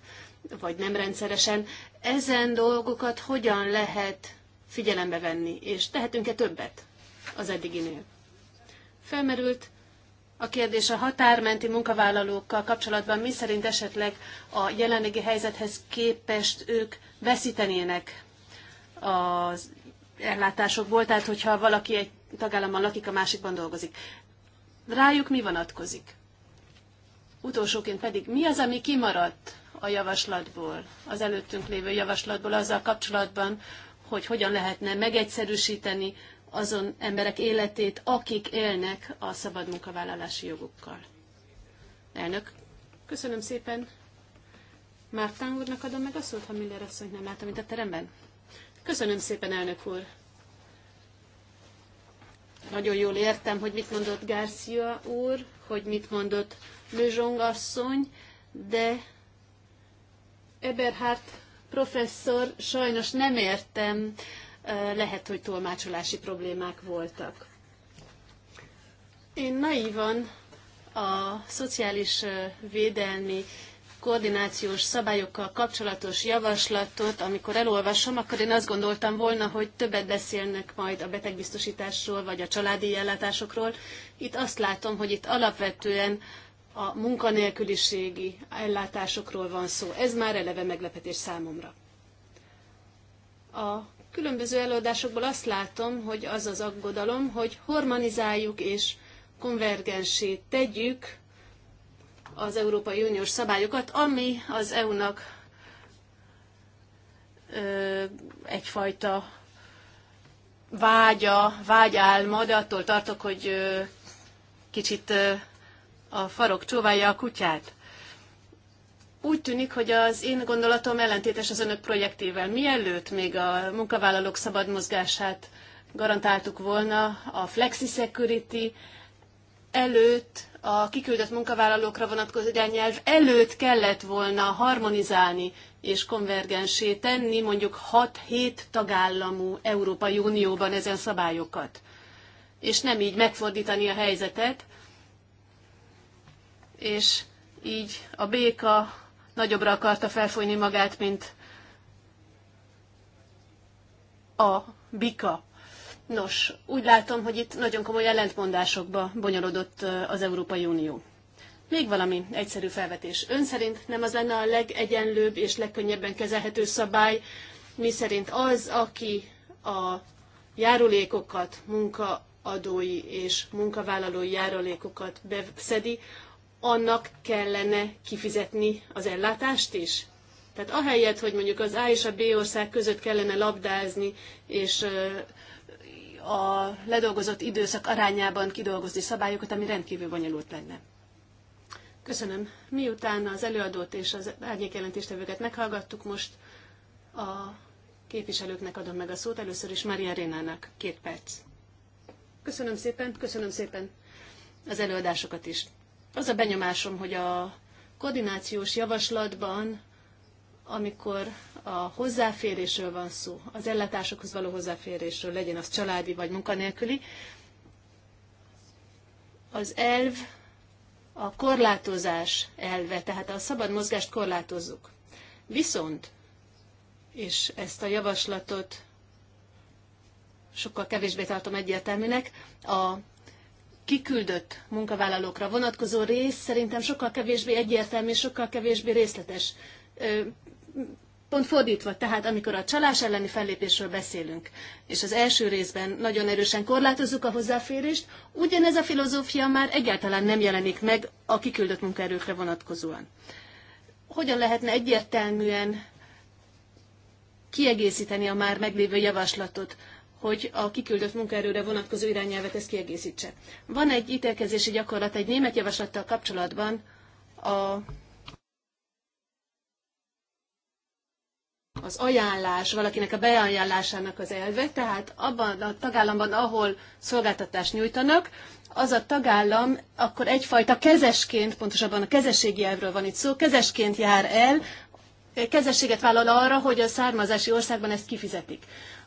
vagy nem rendszeresen, ezen dolgokat hogyan lehet figyelembe venni, és tehetünk-e többet az eddiginél? Felmerült a kérdés a határmenti munkavállalókkal kapcsolatban, mi szerint esetleg a jelenlegi helyzethez képest ők veszítenének az ellátásokból, tehát hogyha valaki egy tagállamban lakik, a másikban dolgozik. Rájuk mi vonatkozik? Utolsóként pedig mi az, ami kimaradt a javaslatból, az előttünk lévő javaslatból azzal kapcsolatban, hogy hogyan lehetne megegyszerűsíteni azon emberek életét, akik élnek a szabad munkavállalási jogukkal. Elnök, köszönöm szépen. Mártán úrnak adom meg a szót, ha Miller asszonyt nem látom itt a teremben. Köszönöm szépen, elnök úr. Nagyon jól értem, hogy mit mondott Garcia úr, hogy mit mondott Lőzsong asszony, de Eberhardt professzor sajnos nem értem, lehet, hogy tolmácsolási problémák voltak. Én naívan a szociális védelmi koordinációs szabályokkal kapcsolatos javaslatot, amikor elolvasom, akkor én azt gondoltam volna, hogy többet beszélnek majd a betegbiztosításról, vagy a családi ellátásokról. Itt azt látom, hogy itt alapvetően a munkanélküliségi ellátásokról van szó. Ez már eleve meglepetés számomra. A különböző előadásokból azt látom, hogy az az aggodalom, hogy harmonizáljuk és konvergensét tegyük az Európai Uniós szabályokat, ami az EU-nak egyfajta vágya, vágyálma, de attól tartok, hogy kicsit a farok csóválja a kutyát. Úgy tűnik, hogy az én gondolatom ellentétes az önök projektével. Mielőtt még a munkavállalók szabad mozgását garantáltuk volna, a flexi security előtt a kiküldött munkavállalókra vonatkozó irányelv előtt kellett volna harmonizálni és konvergensé tenni mondjuk 6-7 tagállamú Európai Unióban ezen szabályokat. És nem így megfordítani a helyzetet, és így a béka nagyobbra akarta felfolyni magát, mint a bika. Nos, úgy látom, hogy itt nagyon komoly ellentmondásokba bonyolodott az Európai Unió. Még valami egyszerű felvetés. Ön szerint nem az lenne a legegyenlőbb és legkönnyebben kezelhető szabály, mi szerint az, aki a járulékokat, munkaadói és munkavállalói járulékokat beszedi, annak kellene kifizetni az ellátást is? Tehát ahelyett, hogy mondjuk az A és a B ország között kellene labdázni, és a ledolgozott időszak arányában kidolgozni szabályokat, ami rendkívül bonyolult lenne. Köszönöm. Miután az előadót és az árnyékjelentéstevőket meghallgattuk, most a képviselőknek adom meg a szót. Először is Maria Rénának két perc. Köszönöm szépen, köszönöm szépen az előadásokat is. Az a benyomásom, hogy a koordinációs javaslatban amikor a hozzáférésről van szó, az ellátásokhoz való hozzáférésről, legyen az családi vagy munkanélküli, az elv a korlátozás elve, tehát a szabad mozgást korlátozzuk. Viszont, és ezt a javaslatot sokkal kevésbé tartom egyértelműnek, a kiküldött munkavállalókra vonatkozó rész szerintem sokkal kevésbé egyértelmű, sokkal kevésbé részletes pont fordítva, tehát amikor a csalás elleni fellépésről beszélünk, és az első részben nagyon erősen korlátozzuk a hozzáférést, ugyanez a filozófia már egyáltalán nem jelenik meg a kiküldött munkaerőkre vonatkozóan. Hogyan lehetne egyértelműen kiegészíteni a már meglévő javaslatot, hogy a kiküldött munkaerőre vonatkozó irányelvet ezt kiegészítse. Van egy ítélkezési gyakorlat egy német javaslattal kapcsolatban, a az ajánlás, valakinek a beajánlásának az elve, tehát abban a tagállamban, ahol szolgáltatást nyújtanak, az a tagállam akkor egyfajta kezesként, pontosabban a kezességi elvről van itt szó, kezesként jár el, kezességet vállal arra, hogy a származási országban ezt kifizetik.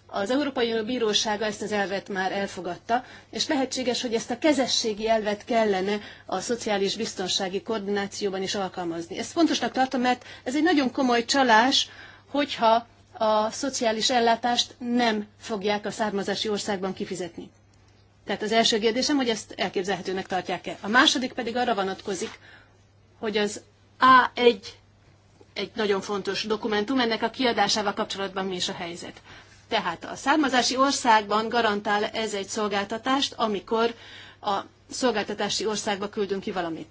Az Európai Unió Bírósága ezt az elvet már elfogadta, és lehetséges, hogy ezt a kezességi elvet kellene a szociális biztonsági koordinációban is alkalmazni. Ezt fontosnak tartom, mert ez egy nagyon komoly csalás, hogyha a szociális ellátást nem fogják a származási országban kifizetni. Tehát az első kérdésem, hogy ezt elképzelhetőnek tartják-e. A második pedig arra vonatkozik, hogy az A1 egy nagyon fontos dokumentum, ennek a kiadásával kapcsolatban mi is a helyzet. Tehát a származási országban garantál ez egy szolgáltatást, amikor a szolgáltatási országba küldünk ki valamit.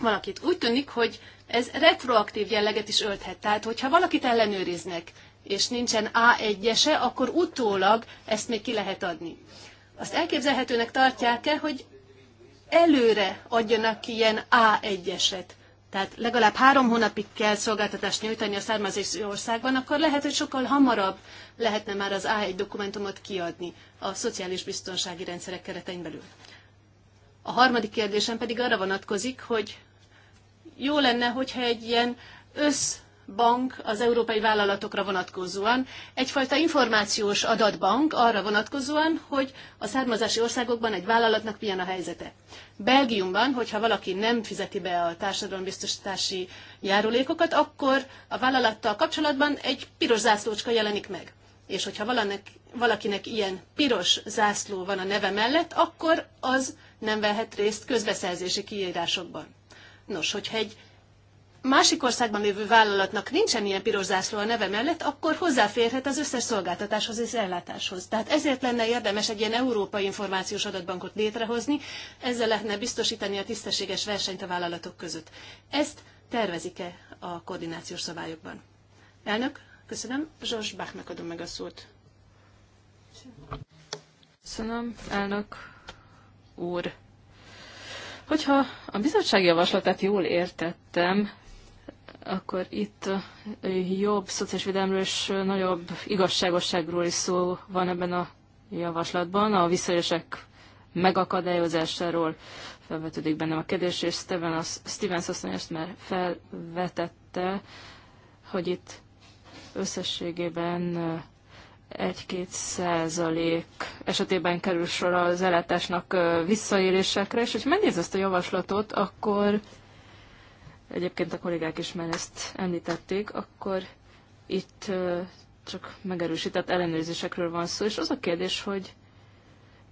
Valakit. Úgy tűnik, hogy ez retroaktív jelleget is ölthet. Tehát, hogyha valakit ellenőriznek, és nincsen A1-ese, akkor utólag ezt még ki lehet adni. Azt elképzelhetőnek tartják-e, hogy előre adjanak ki ilyen A1-eset? Tehát legalább három hónapig kell szolgáltatást nyújtani a származási országban, akkor lehet, hogy sokkal hamarabb lehetne már az A1 dokumentumot kiadni a szociális biztonsági rendszerek keretein belül. A harmadik kérdésem pedig arra vonatkozik, hogy jó lenne, hogyha egy ilyen összbank az európai vállalatokra vonatkozóan, egyfajta információs adatbank arra vonatkozóan, hogy a származási országokban egy vállalatnak milyen a helyzete. Belgiumban, hogyha valaki nem fizeti be a társadalombiztosítási járulékokat, akkor a vállalattal kapcsolatban egy piros zászlócska jelenik meg. És hogyha valanek, valakinek ilyen piros zászló van a neve mellett, akkor az nem vehet részt közbeszerzési kiírásokban. Nos, hogyha egy másik országban lévő vállalatnak nincsen ilyen piros zászló a neve mellett, akkor hozzáférhet az összes szolgáltatáshoz és ellátáshoz. Tehát ezért lenne érdemes egy ilyen európai információs adatbankot létrehozni, ezzel lehetne biztosítani a tisztességes versenyt a vállalatok között. Ezt tervezik-e a koordinációs szabályokban? Elnök, köszönöm. Zsors Báknak adom meg a szót. Köszönöm, elnök úr. Hogyha a bizottság javaslatát jól értettem, akkor itt jobb szociális védelemről és nagyobb igazságosságról is szó van ebben a javaslatban, a visszaélések megakadályozásáról felvetődik bennem a kérdés, és Steven, Stevens asszony ezt már felvetette, hogy itt összességében 1-2 százalék esetében kerül sor az ellátásnak visszaélésekre, és hogyha megnéz ezt a javaslatot, akkor egyébként a kollégák is már ezt említették, akkor itt csak megerősített ellenőrzésekről van szó, és az a kérdés, hogy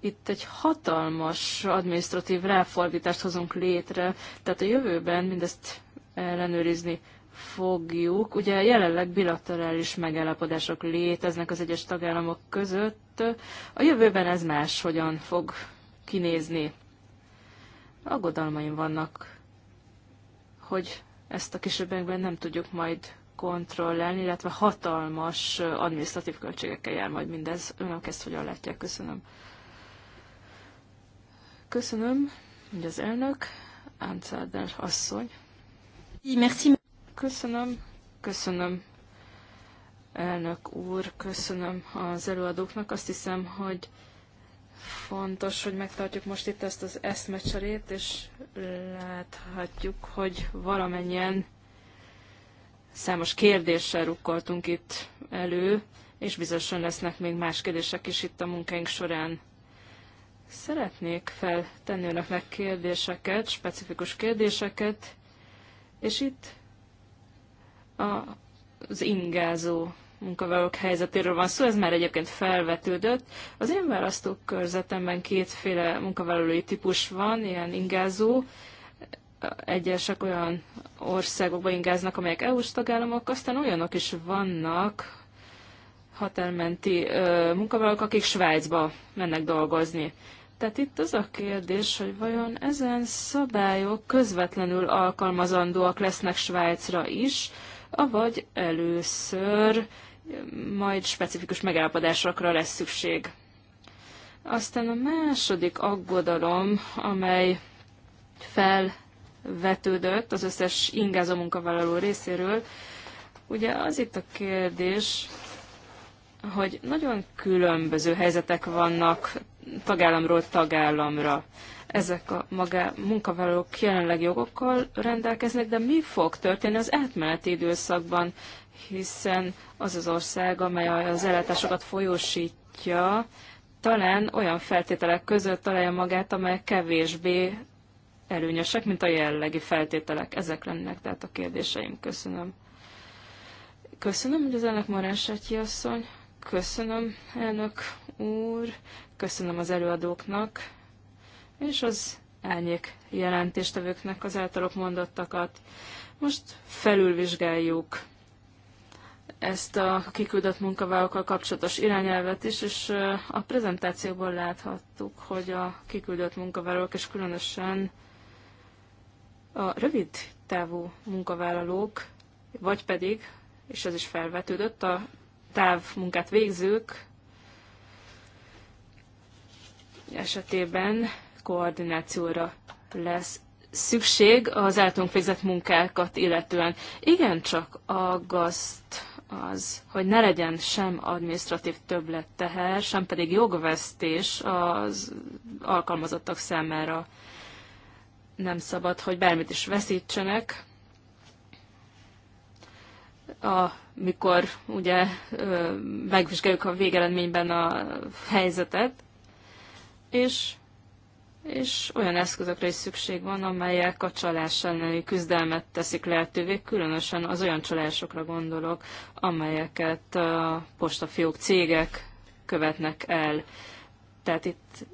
itt egy hatalmas administratív ráfordítást hozunk létre, tehát a jövőben mindezt ellenőrizni fogjuk. Ugye jelenleg bilaterális megállapodások léteznek az egyes tagállamok között. A jövőben ez más, hogyan fog kinézni. Aggodalmaim vannak, hogy ezt a kisebbekben nem tudjuk majd kontrollálni, illetve hatalmas administratív költségekkel jár majd mindez. Önök ezt hogyan látják? Köszönöm. Köszönöm, hogy az elnök, Áncelder asszony. Merci. Köszönöm, köszönöm elnök úr, köszönöm az előadóknak. Azt hiszem, hogy fontos, hogy megtartjuk most itt ezt az eszmecserét, és láthatjuk, hogy valamennyien számos kérdéssel rukkoltunk itt elő, és bizonyosan lesznek még más kérdések is itt a munkáink során. Szeretnék feltenni önöknek kérdéseket, specifikus kérdéseket, és itt az ingázó munkavállalók helyzetéről van szó, ez már egyébként felvetődött. Az én körzetemben kétféle munkavállalói típus van, ilyen ingázó, egyesek olyan országokba ingáznak, amelyek EU-s tagállamok, aztán olyanok is vannak, határmenti munkavállalók, akik Svájcba mennek dolgozni. Tehát itt az a kérdés, hogy vajon ezen szabályok közvetlenül alkalmazandóak lesznek Svájcra is, avagy először majd specifikus megállapodásokra lesz szükség. Aztán a második aggodalom, amely felvetődött az összes ingázó munkavállaló részéről, ugye az itt a kérdés, hogy nagyon különböző helyzetek vannak tagállamról tagállamra ezek a magá munkavállalók jelenleg jogokkal rendelkeznek, de mi fog történni az átmeneti időszakban, hiszen az az ország, amely az ellátásokat folyósítja, talán olyan feltételek között találja magát, amelyek kevésbé előnyösek, mint a jellegi feltételek. Ezek lennének tehát a kérdéseim. Köszönöm. Köszönöm, hogy az elnök Marásátyi asszony. Köszönöm, elnök úr. Köszönöm az előadóknak és az elnyék jelentéstevőknek az általuk mondottakat. Most felülvizsgáljuk ezt a kiküldött munkavállalókkal kapcsolatos irányelvet is, és a prezentációból láthattuk, hogy a kiküldött munkavállalók, és különösen a rövid távú munkavállalók, vagy pedig, és ez is felvetődött, a távmunkát végzők esetében koordinációra lesz szükség az általunk végzett munkákat illetően. igen csak aggaszt az, hogy ne legyen sem administratív többlet teher sem pedig jogvesztés az alkalmazottak számára. Nem szabad, hogy bármit is veszítsenek, amikor ugye megvizsgáljuk a végeredményben a helyzetet, és és olyan eszközökre is szükség van, amelyek a csalás elleni küzdelmet teszik lehetővé, különösen az olyan csalásokra gondolok, amelyeket a postafiók cégek követnek el. Tehát itt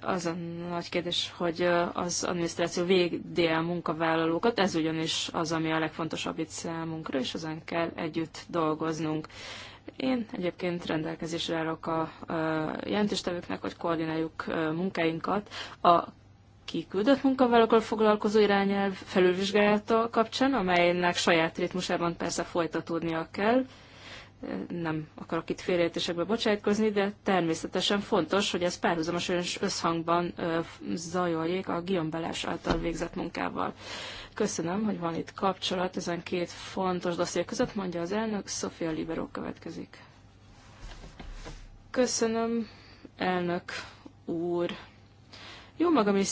az a nagy kérdés, hogy az adminisztráció végdi el munkavállalókat, ez ugyanis az, ami a legfontosabb itt számunkra, és ezen kell együtt dolgoznunk. Én egyébként rendelkezésre állok a, a jelentéstevőknek, hogy koordináljuk munkáinkat. A kiküldött munkavállalókkal foglalkozó irányelv felülvizsgálata kapcsán, amelynek saját ritmusában persze folytatódnia kell. Nem akarok itt félreértésekbe bocsájtkozni, de természetesen fontos, hogy ez párhuzamosan és összhangban zajoljék a Guillaume által végzett munkával. Köszönöm, hogy van itt kapcsolat ezen két fontos dosszié között, mondja az elnök. Sofia Libero következik. Köszönöm, elnök úr. Jó magam is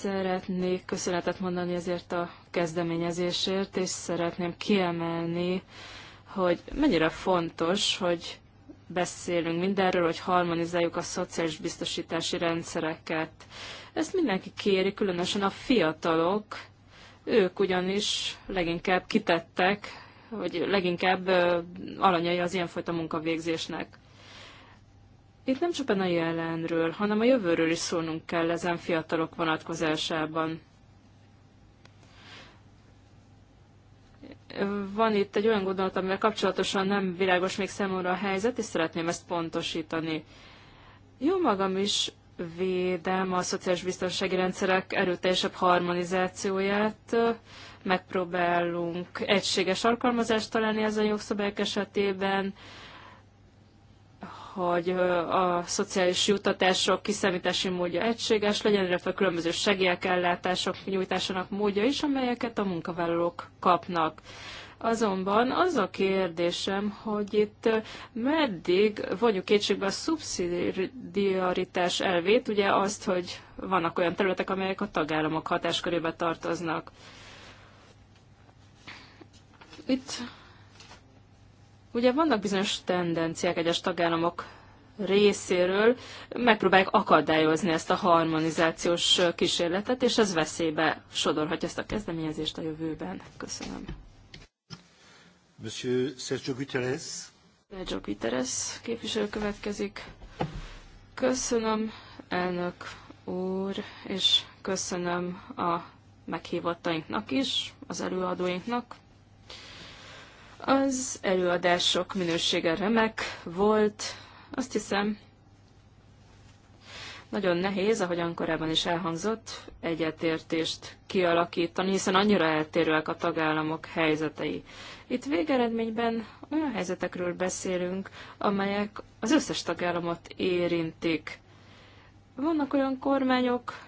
szeretnék köszönetet mondani ezért a kezdeményezésért, és szeretném kiemelni, hogy mennyire fontos, hogy beszélünk mindenről, hogy harmonizáljuk a szociális biztosítási rendszereket. Ezt mindenki kéri, különösen a fiatalok, ők ugyanis leginkább kitettek, vagy leginkább alanyai az ilyenfajta munkavégzésnek. Itt nem csak a jelenről, hanem a jövőről is szólnunk kell ezen fiatalok vonatkozásában. Van itt egy olyan gondolat, amivel kapcsolatosan nem világos még számomra a helyzet, és szeretném ezt pontosítani. Jó magam is védem a szociális biztonsági rendszerek erőteljesebb harmonizációját, megpróbálunk egységes alkalmazást találni ezen jogszabályok esetében, hogy a szociális juttatások kiszámítási módja egységes legyen, illetve különböző segélyek, ellátások nyújtásának módja is, amelyeket a munkavállalók kapnak. Azonban az a kérdésem, hogy itt meddig vonjuk kétségbe a szubszidiaritás elvét, ugye azt, hogy vannak olyan területek, amelyek a tagállamok hatáskörébe tartoznak. Itt ugye vannak bizonyos tendenciák egyes tagállamok részéről megpróbálják akadályozni ezt a harmonizációs kísérletet, és ez veszélybe sodorhatja ezt a kezdeményezést a jövőben. Köszönöm. Monsieur Sergio Guterres. Sergio Guterres képviselő következik. Köszönöm, elnök úr, és köszönöm a meghívottainknak is, az előadóinknak. Az előadások minősége remek volt. Azt hiszem, nagyon nehéz, ahogyan korábban is elhangzott, egyetértést kialakítani, hiszen annyira eltérőek a tagállamok helyzetei. Itt végeredményben olyan helyzetekről beszélünk, amelyek az összes tagállamot érintik. Vannak olyan kormányok,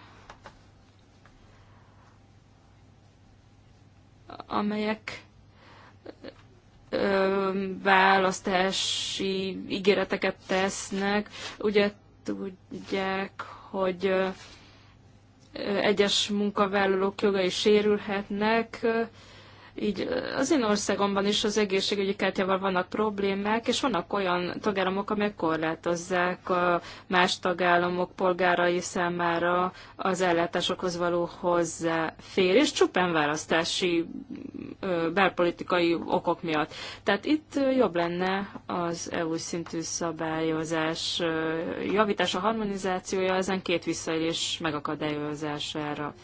amelyek választási ígéreteket tesznek. Ugye tudják, hogy egyes munkavállalók jogai sérülhetnek, így az én országomban is az egészségügyi kártyával vannak problémák, és vannak olyan tagállamok, amelyek korlátozzák a más tagállamok polgárai számára az ellátásokhoz való hozzáférés, csupán választási belpolitikai okok miatt. Tehát itt jobb lenne az EU szintű szabályozás javítása, harmonizációja, ezen két visszaélés megakadályozására.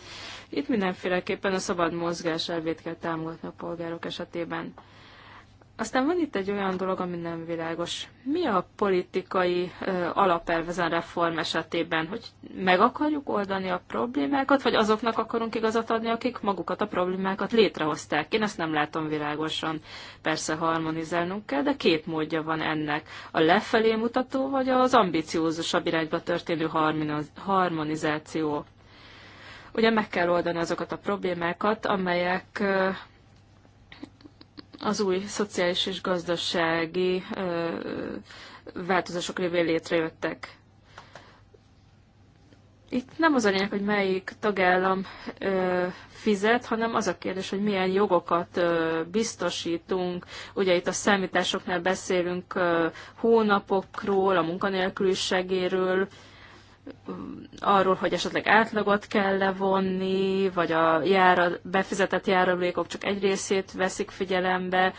Itt mindenféleképpen a szabad mozgás elvét kell támogatni a polgárok esetében. Aztán van itt egy olyan dolog, ami nem világos. Mi a politikai alapelvezen reform esetében, hogy meg akarjuk oldani a problémákat, vagy azoknak akarunk igazat adni, akik magukat a problémákat létrehozták? Én ezt nem látom világosan. Persze harmonizálnunk kell, de két módja van ennek. A lefelé mutató, vagy az ambiciózusabb irányba történő harmonizáció. Ugye meg kell oldani azokat a problémákat, amelyek az új szociális és gazdasági változások révén létrejöttek. Itt nem az a lényeg, hogy melyik tagállam ö, fizet, hanem az a kérdés, hogy milyen jogokat ö, biztosítunk. Ugye itt a számításoknál beszélünk ö, hónapokról, a munkanélküliségéről, arról, hogy esetleg átlagot kell levonni, vagy a jára, befizetett járulékok csak egy részét veszik figyelembe,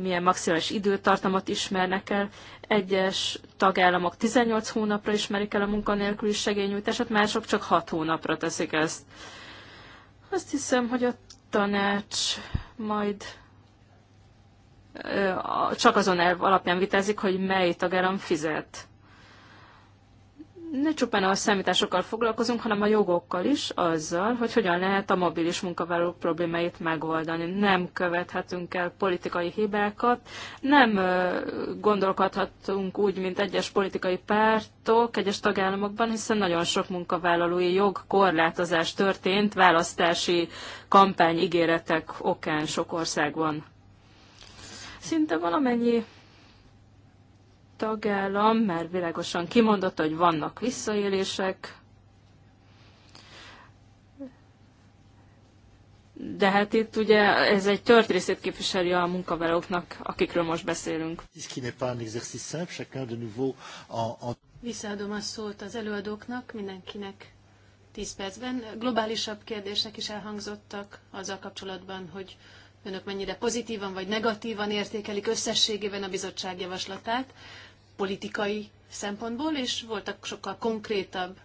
milyen maximális időtartamot ismernek el. Egyes tagállamok 18 hónapra ismerik el a munkanélküli segélynyújtását, mások csak 6 hónapra teszik ezt. Azt hiszem, hogy a tanács majd csak azon elv alapján vitázik, hogy mely tagállam fizet ne csupán a számításokkal foglalkozunk, hanem a jogokkal is, azzal, hogy hogyan lehet a mobilis munkavállalók problémáit megoldani. Nem követhetünk el politikai hibákat, nem gondolkodhatunk úgy, mint egyes politikai pártok egyes tagállamokban, hiszen nagyon sok munkavállalói jog korlátozás történt választási kampányigéretek okán sok országban. Szinte valamennyi tagállam mert világosan kimondott, hogy vannak visszaélések, De hát itt ugye ez egy tört részét képviseli a munkavállalóknak, akikről most beszélünk. Visszaadom a szót az előadóknak, mindenkinek 10 percben. Globálisabb kérdések is elhangzottak azzal kapcsolatban, hogy önök mennyire pozitívan vagy negatívan értékelik összességében a bizottság javaslatát politikai szempontból, és voltak sokkal konkrétabb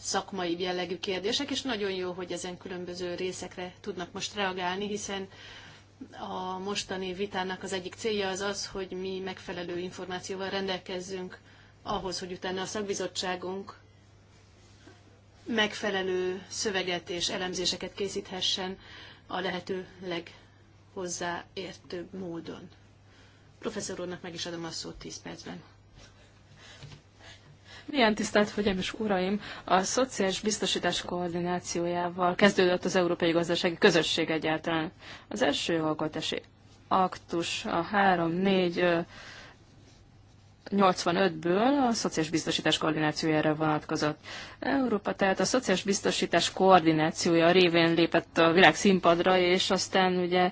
szakmai jellegű kérdések, és nagyon jó, hogy ezen különböző részekre tudnak most reagálni, hiszen a mostani vitának az egyik célja az az, hogy mi megfelelő információval rendelkezzünk ahhoz, hogy utána a szakbizottságunk megfelelő szöveget és elemzéseket készíthessen a lehető leghozzáértőbb módon. Professzor úrnak meg is adom a szót 10 percben. Milyen tisztelt Hölgyeim és Uraim! A szociális biztosítás koordinációjával kezdődött az Európai Gazdasági Közösség egyáltalán. Az első alkotási aktus a 3-4 85-ből a szociális biztosítás koordinációjára vonatkozott. Európa tehát a szociális biztosítás koordinációja révén lépett a világ színpadra, és aztán ugye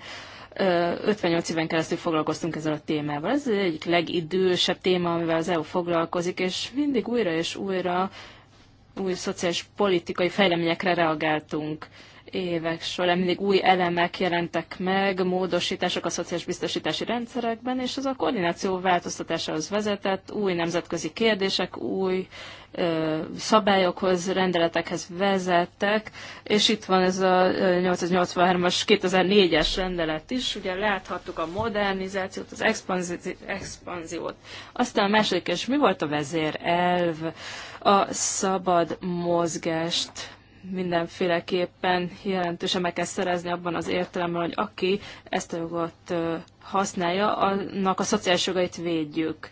58 éven keresztül foglalkoztunk ezzel a témával. Ez egyik legidősebb téma, amivel az EU foglalkozik, és mindig újra és újra új szociális politikai fejleményekre reagáltunk évek során mindig új elemek jelentek meg, módosítások a szociális biztosítási rendszerekben, és ez a koordináció változtatásához vezetett, új nemzetközi kérdések, új ö, szabályokhoz, rendeletekhez vezettek, és itt van ez a 883-as, 2004-es rendelet is, ugye láthattuk a modernizációt, az expanzi- expanziót. Aztán a második, és mi volt a vezérelv? A szabad mozgást mindenféleképpen jelentősen meg kell szerezni abban az értelemben, hogy aki ezt a jogot használja, annak a szociális jogait védjük.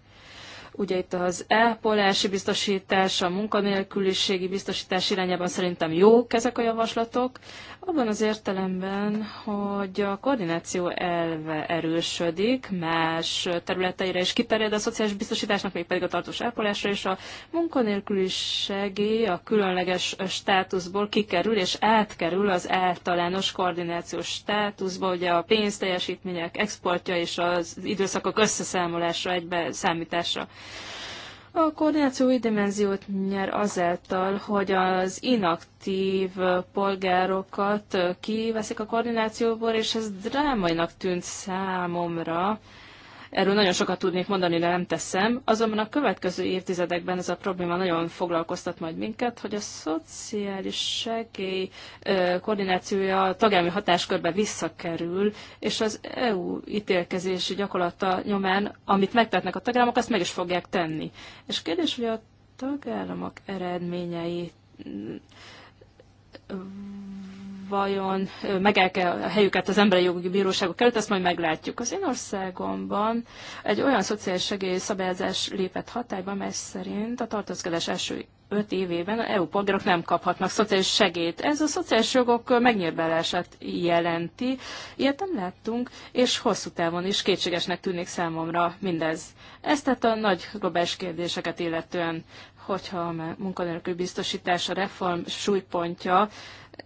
Ugye itt az elpolási biztosítás, a munkanélküliségi biztosítás irányában szerintem jók ezek a javaslatok, abban az értelemben, hogy a koordináció elve erősödik, más területeire is kiterjed a szociális biztosításnak, még pedig a tartós ápolásra, és a munkanélküliségi, a különleges státuszból kikerül és átkerül az általános koordinációs státuszba, ugye a pénzteljesítmények exportja és az időszakok összeszámolása egybe számítása. A koordináció új dimenziót nyer azáltal, hogy az inaktív polgárokat kiveszik a koordinációból, és ez drámainak tűnt számomra, Erről nagyon sokat tudnék mondani, de nem teszem. Azonban a következő évtizedekben ez a probléma nagyon foglalkoztat majd minket, hogy a szociális segély koordinációja a tagállami hatáskörbe visszakerül, és az EU ítélkezési gyakorlata nyomán, amit megtetnek a tagállamok, azt meg is fogják tenni. És kérdés, hogy a tagállamok eredményei vajon megelke a helyüket az emberi jogi bíróságok előtt, ezt majd meglátjuk. Az én országomban egy olyan szociális segélyszabályozás lépett hatályba, mely szerint a tartózkodás első öt évében a EU polgárok nem kaphatnak szociális segélyt. Ez a szociális jogok megnyilvánulását jelenti. Ilyet nem láttunk, és hosszú távon is kétségesnek tűnik számomra mindez. Ez tehát a nagy globális kérdéseket illetően, hogyha a munkanélkül biztosítása reform súlypontja,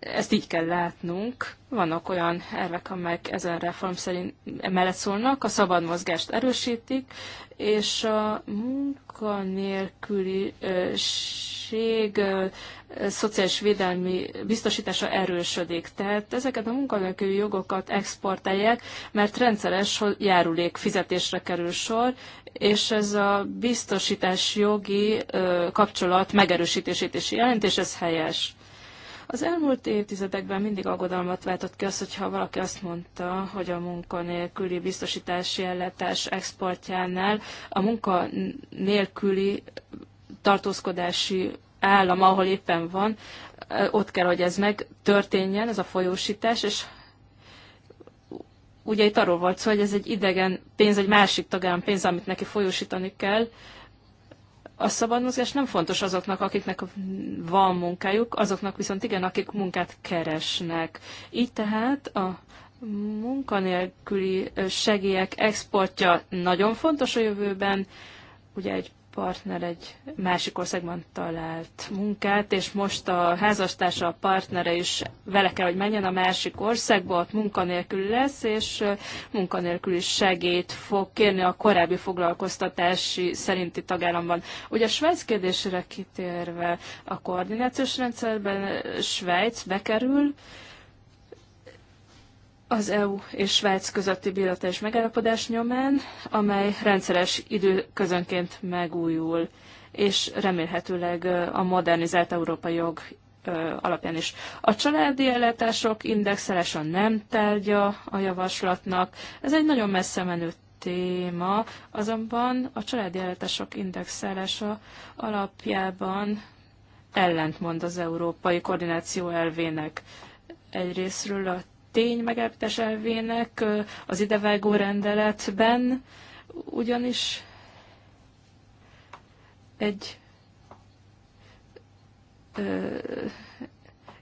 ezt így kell látnunk. Vannak olyan elvek, amelyek ezen reform szerint emellett szólnak, a szabad mozgást erősítik, és a munkanélküliség szociális védelmi biztosítása erősödik. Tehát ezeket a munkanélküli jogokat exportálják, mert rendszeres járulék fizetésre kerül sor, és ez a biztosítás jogi kapcsolat megerősítését is jelent, és ez helyes. Az elmúlt évtizedekben mindig aggodalmat váltott ki az, hogyha valaki azt mondta, hogy a munkanélküli biztosítási ellátás exportjánál a munkanélküli tartózkodási állam, ahol éppen van, ott kell, hogy ez meg történjen, ez a folyósítás, és ugye itt arról volt szó, hogy ez egy idegen pénz, egy másik tagállam pénz, amit neki folyósítani kell, a szabad mozgás nem fontos azoknak, akiknek van munkájuk, azoknak viszont igen, akik munkát keresnek. Így tehát a munkanélküli segélyek exportja nagyon fontos a jövőben. Ugye egy partner egy másik országban talált munkát, és most a házastársa, a partnere is vele kell, hogy menjen a másik országba, ott munkanélkül lesz, és munkanélküli segélyt fog kérni a korábbi foglalkoztatási szerinti tagállamban. Ugye a Svájc kérdésére kitérve a koordinációs rendszerben Svájc bekerül, az EU és Svájc közötti bilaterális megállapodás nyomán, amely rendszeres időközönként megújul, és remélhetőleg a modernizált európai jog alapján is. A családi ellátások indexelása nem tárgya a javaslatnak. Ez egy nagyon messze menő téma, azonban a családi ellátások indexelása alapjában ellentmond az európai koordináció elvének. Egyrésztről a tény megállapítás elvének az idevágó rendeletben, ugyanis egy ö,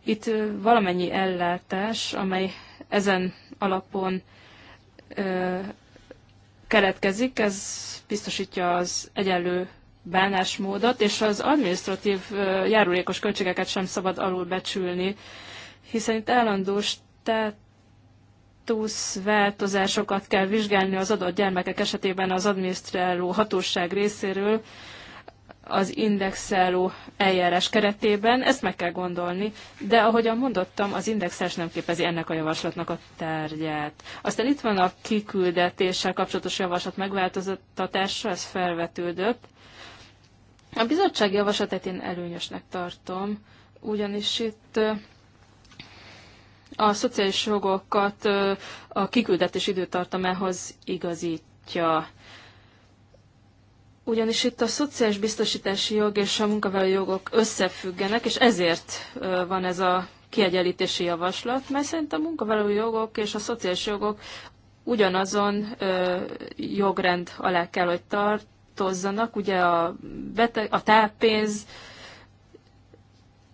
itt valamennyi ellátás, amely ezen alapon ö, keletkezik, ez biztosítja az egyenlő bánásmódot, és az administratív járulékos költségeket sem szabad alulbecsülni, hiszen itt állandó stát státuszváltozásokat kell vizsgálni az adott gyermekek esetében az adminisztráló hatóság részéről az indexelő eljárás keretében. Ezt meg kell gondolni, de ahogyan mondottam, az indexás nem képezi ennek a javaslatnak a tárgyát. Aztán itt van a kiküldetéssel kapcsolatos javaslat megváltoztatása, ez felvetődött. A bizottság javaslatát én előnyösnek tartom, ugyanis itt a szociális jogokat a kiküldetés időtartamához igazítja. Ugyanis itt a szociális biztosítási jog és a munkavállalói jogok összefüggenek, és ezért van ez a kiegyenlítési javaslat, mert szerint a munkavállalói jogok és a szociális jogok ugyanazon jogrend alá kell, hogy tartozzanak. Ugye a, beteg, a táppénz,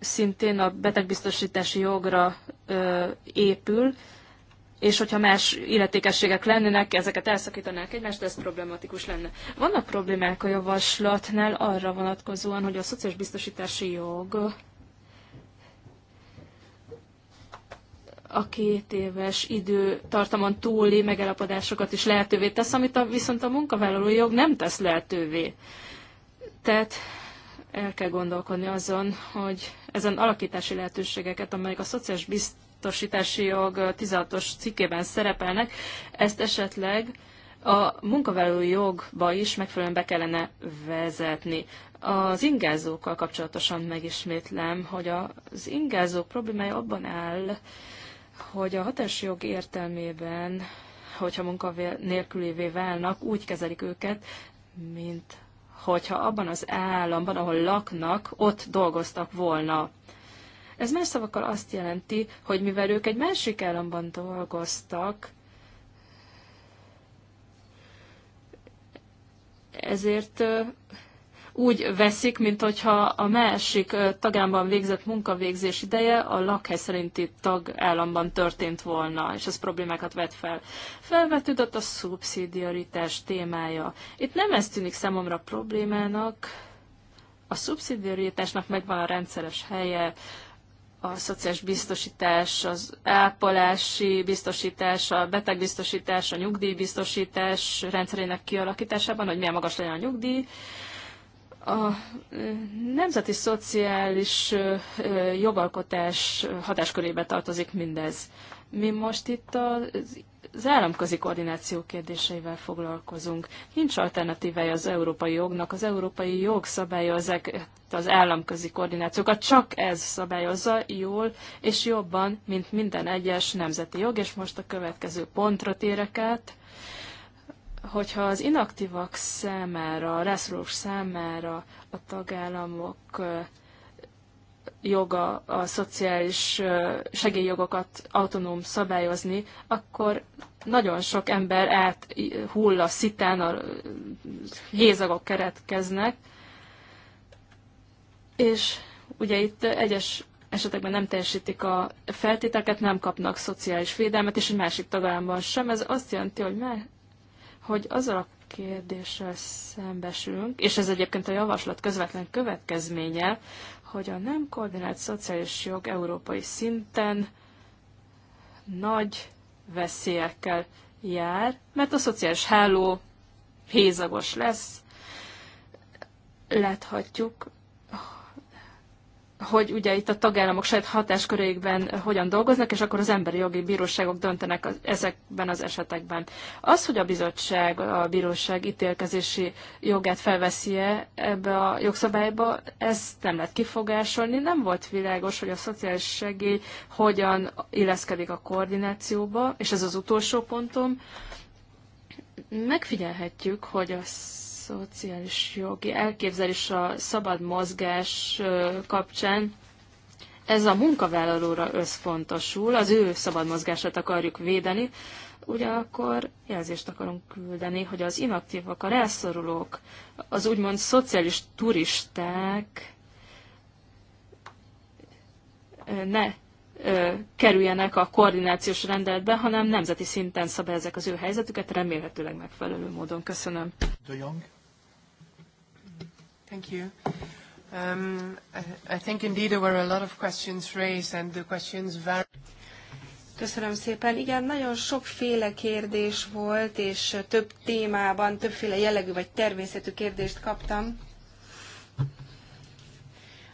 szintén a betegbiztosítási jogra ö, épül, és hogyha más illetékességek lennének, ezeket elszakítanák egymást, ez problematikus lenne. Vannak problémák a javaslatnál arra vonatkozóan, hogy a szociális biztosítási jog a két éves időtartamon túli megállapodásokat is lehetővé tesz, amit a, viszont a munkavállalói jog nem tesz lehetővé. Tehát el kell gondolkodni azon, hogy ezen alakítási lehetőségeket, amelyek a szociális biztosítási jog 16-os cikkében szerepelnek, ezt esetleg a munkavállalói jogba is megfelelően be kellene vezetni. Az ingázókkal kapcsolatosan megismétlem, hogy az ingázók problémája abban áll, hogy a hatás jog értelmében, hogyha munkanélkülévé válnak, úgy kezelik őket, mint hogyha abban az államban, ahol laknak, ott dolgoztak volna. Ez más szavakkal azt jelenti, hogy mivel ők egy másik államban dolgoztak, ezért úgy veszik, mint hogyha a másik tagámban végzett munkavégzés ideje a lakhely szerinti tagállamban történt volna, és ez problémákat vet fel. Felvetődött a szubszidiaritás témája. Itt nem ez tűnik számomra problémának, a szubszidiaritásnak megvan a rendszeres helye, a szociális biztosítás, az ápolási biztosítás, a betegbiztosítás, a nyugdíjbiztosítás rendszerének kialakításában, hogy milyen magas legyen a nyugdíj, a nemzeti szociális jogalkotás hatáskörébe tartozik mindez. Mi most itt az államközi koordináció kérdéseivel foglalkozunk. Nincs alternatívája az európai jognak, az európai jog szabálya az államközi koordinációkat, csak ez szabályozza jól és jobban, mint minden egyes nemzeti jog, és most a következő pontra térek át hogyha az inaktívak számára, a rászorulók számára a tagállamok joga a szociális segélyjogokat autonóm szabályozni, akkor nagyon sok ember áthull a szitán, a hézagok keretkeznek, és ugye itt egyes esetekben nem teljesítik a feltételeket, nem kapnak szociális védelmet, és egy másik tagállamban sem. Ez azt jelenti, hogy már hogy azzal a kérdéssel szembesülünk, és ez egyébként a javaslat közvetlen következménye, hogy a nem koordinált szociális jog európai szinten nagy veszélyekkel jár, mert a szociális háló hézagos lesz. Láthatjuk, hogy ugye itt a tagállamok saját hatásköréikben hogyan dolgoznak, és akkor az emberi jogi bíróságok döntenek az, ezekben az esetekben. Az, hogy a bizottság a bíróság ítélkezési jogát felveszi -e ebbe a jogszabályba, ezt nem lehet kifogásolni. Nem volt világos, hogy a szociális segély hogyan illeszkedik a koordinációba, és ez az utolsó pontom. Megfigyelhetjük, hogy az szociális jogi elképzelés a szabad mozgás kapcsán ez a munkavállalóra összfontosul, az ő szabad mozgását akarjuk védeni, ugyanakkor jelzést akarunk küldeni, hogy az inaktívak, a rászorulók, az úgymond szociális turisták ne kerüljenek a koordinációs rendeletbe, hanem nemzeti szinten szabályozzák az ő helyzetüket, remélhetőleg megfelelő módon. Köszönöm. De Jong. Thank you. Um, I, I think indeed there were a lot of questions raised and the questions vary. Köszönöm szépen. Igen, nagyon sokféle kérdés volt, és több témában, többféle jellegű vagy természetű kérdést kaptam.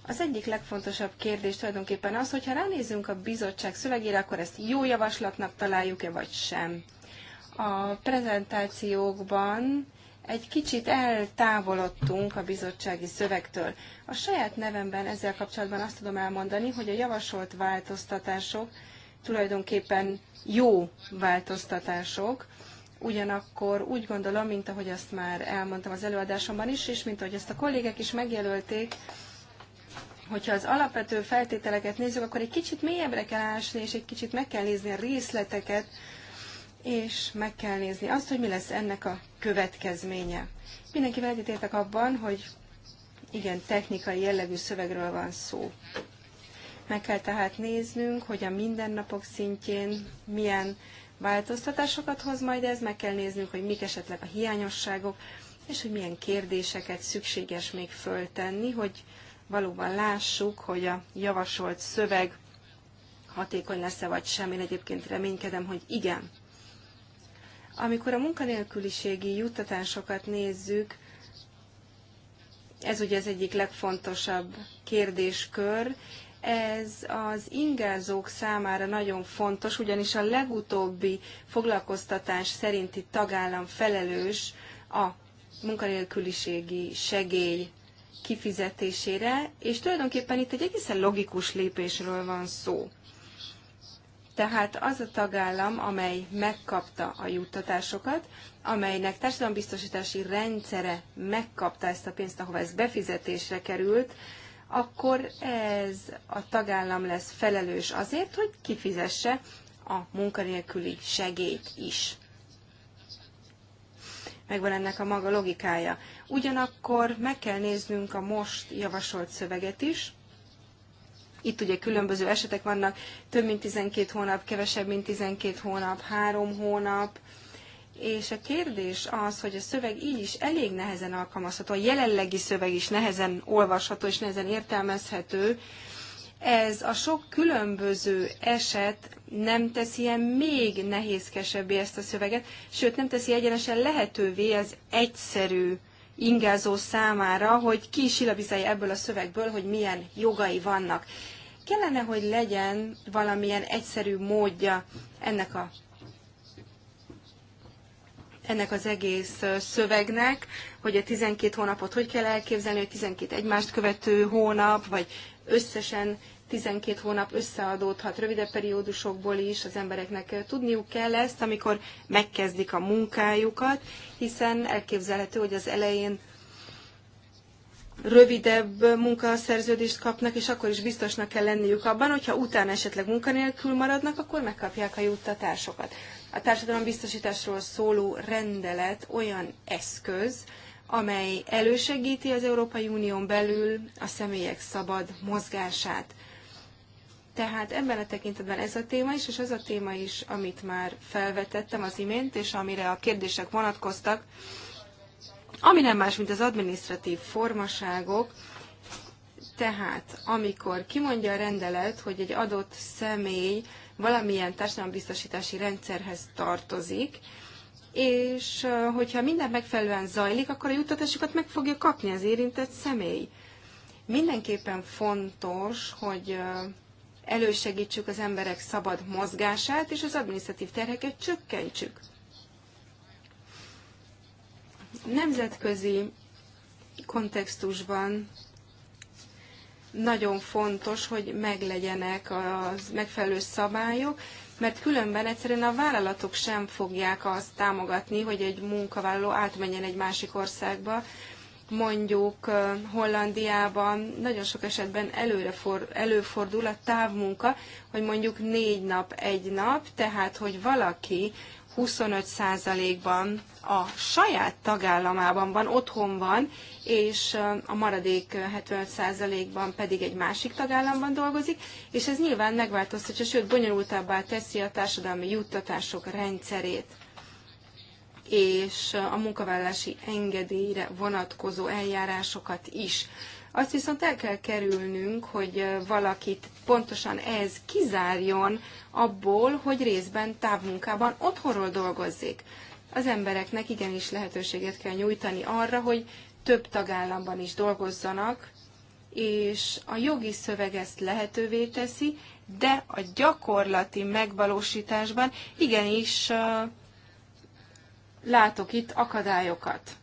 Az egyik legfontosabb kérdés tulajdonképpen az, hogyha ránézünk a bizottság szövegére, akkor ezt jó javaslatnak találjuk-e, vagy sem. A prezentációkban egy kicsit eltávolodtunk a bizottsági szövegtől. A saját nevemben ezzel kapcsolatban azt tudom elmondani, hogy a javasolt változtatások tulajdonképpen jó változtatások, ugyanakkor úgy gondolom, mint ahogy azt már elmondtam az előadásomban is, és mint ahogy ezt a kollégek is megjelölték, hogyha az alapvető feltételeket nézzük, akkor egy kicsit mélyebbre kell ásni, és egy kicsit meg kell nézni a részleteket, és meg kell nézni azt, hogy mi lesz ennek a következménye. Mindenkivel egyetértek abban, hogy igen, technikai jellegű szövegről van szó. Meg kell tehát néznünk, hogy a mindennapok szintjén milyen változtatásokat hoz majd ez, meg kell néznünk, hogy mik esetleg a hiányosságok, és hogy milyen kérdéseket szükséges még föltenni, hogy valóban lássuk, hogy a javasolt szöveg hatékony lesz-e vagy sem. Én egyébként reménykedem, hogy igen. Amikor a munkanélküliségi juttatásokat nézzük, ez ugye az egyik legfontosabb kérdéskör, ez az ingázók számára nagyon fontos, ugyanis a legutóbbi foglalkoztatás szerinti tagállam felelős a munkanélküliségi segély kifizetésére, és tulajdonképpen itt egy egészen logikus lépésről van szó. Tehát az a tagállam, amely megkapta a juttatásokat, amelynek társadalombiztosítási rendszere megkapta ezt a pénzt, ahova ez befizetésre került, akkor ez a tagállam lesz felelős azért, hogy kifizesse a munkanélküli segélyt is. Megvan ennek a maga logikája. Ugyanakkor meg kell néznünk a most javasolt szöveget is, itt ugye különböző esetek vannak, több mint 12 hónap, kevesebb, mint 12 hónap, három hónap. És a kérdés az, hogy a szöveg így is elég nehezen alkalmazható, a jelenlegi szöveg is nehezen olvasható és nehezen értelmezhető. Ez a sok különböző eset nem teszi ilyen még nehézkesebbé ezt a szöveget, sőt nem teszi egyenesen lehetővé az egyszerű ingázó számára, hogy kisilabizálja ebből a szövegből, hogy milyen jogai vannak. Kellene, hogy legyen valamilyen egyszerű módja ennek a ennek az egész szövegnek, hogy a 12 hónapot hogy kell elképzelni, hogy 12 egymást követő hónap, vagy összesen 12 hónap összeadódhat rövidebb periódusokból is, az embereknek tudniuk kell ezt, amikor megkezdik a munkájukat, hiszen elképzelhető, hogy az elején rövidebb munkaszerződést kapnak, és akkor is biztosnak kell lenniük abban, hogyha utána esetleg munkanélkül maradnak, akkor megkapják a juttatásokat. A társadalombiztosításról szóló rendelet olyan eszköz, amely elősegíti az Európai Unión belül a személyek szabad mozgását. Tehát ebben a tekintetben ez a téma is, és az a téma is, amit már felvetettem az imént, és amire a kérdések vonatkoztak, ami nem más, mint az administratív formaságok, tehát amikor kimondja a rendelet, hogy egy adott személy valamilyen társadalombiztosítási rendszerhez tartozik, és hogyha minden megfelelően zajlik, akkor a juttatásokat meg fogja kapni az érintett személy. Mindenképpen fontos, hogy elősegítsük az emberek szabad mozgását, és az adminisztratív terheket csökkentsük. Nemzetközi kontextusban nagyon fontos, hogy meglegyenek az megfelelő szabályok, mert különben egyszerűen a vállalatok sem fogják azt támogatni, hogy egy munkavállaló átmenjen egy másik országba, mondjuk Hollandiában nagyon sok esetben előre for, előfordul a távmunka, hogy mondjuk négy nap, egy nap, tehát hogy valaki 25%-ban a saját tagállamában van, otthon van, és a maradék 75%-ban pedig egy másik tagállamban dolgozik, és ez nyilván megváltoztatja, sőt bonyolultabbá teszi a társadalmi juttatások rendszerét és a munkavállalási engedélyre vonatkozó eljárásokat is. Azt viszont el kell kerülnünk, hogy valakit pontosan ez kizárjon abból, hogy részben távmunkában otthonról dolgozzék. Az embereknek igenis lehetőséget kell nyújtani arra, hogy több tagállamban is dolgozzanak, és a jogi szöveg ezt lehetővé teszi, de a gyakorlati megvalósításban igenis látok itt akadályokat.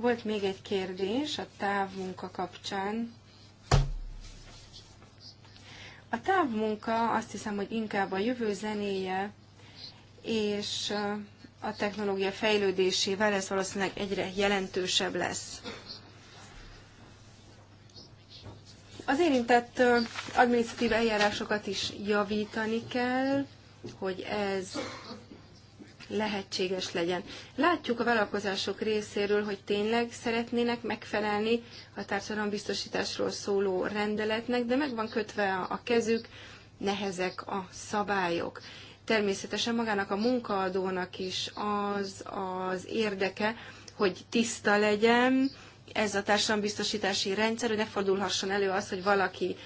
Volt még egy kérdés a távmunka kapcsán. A távmunka azt hiszem, hogy inkább a jövő zenéje, és a technológia fejlődésével ez valószínűleg egyre jelentősebb lesz. Az érintett adminisztratív eljárásokat is javítani kell, hogy ez lehetséges legyen. Látjuk a vállalkozások részéről, hogy tényleg szeretnének megfelelni a társadalombiztosításról szóló rendeletnek, de meg van kötve a kezük, nehezek a szabályok. Természetesen magának a munkaadónak is az az érdeke, hogy tiszta legyen, ez a társadalombiztosítási rendszer, hogy ne fordulhasson elő az, hogy valaki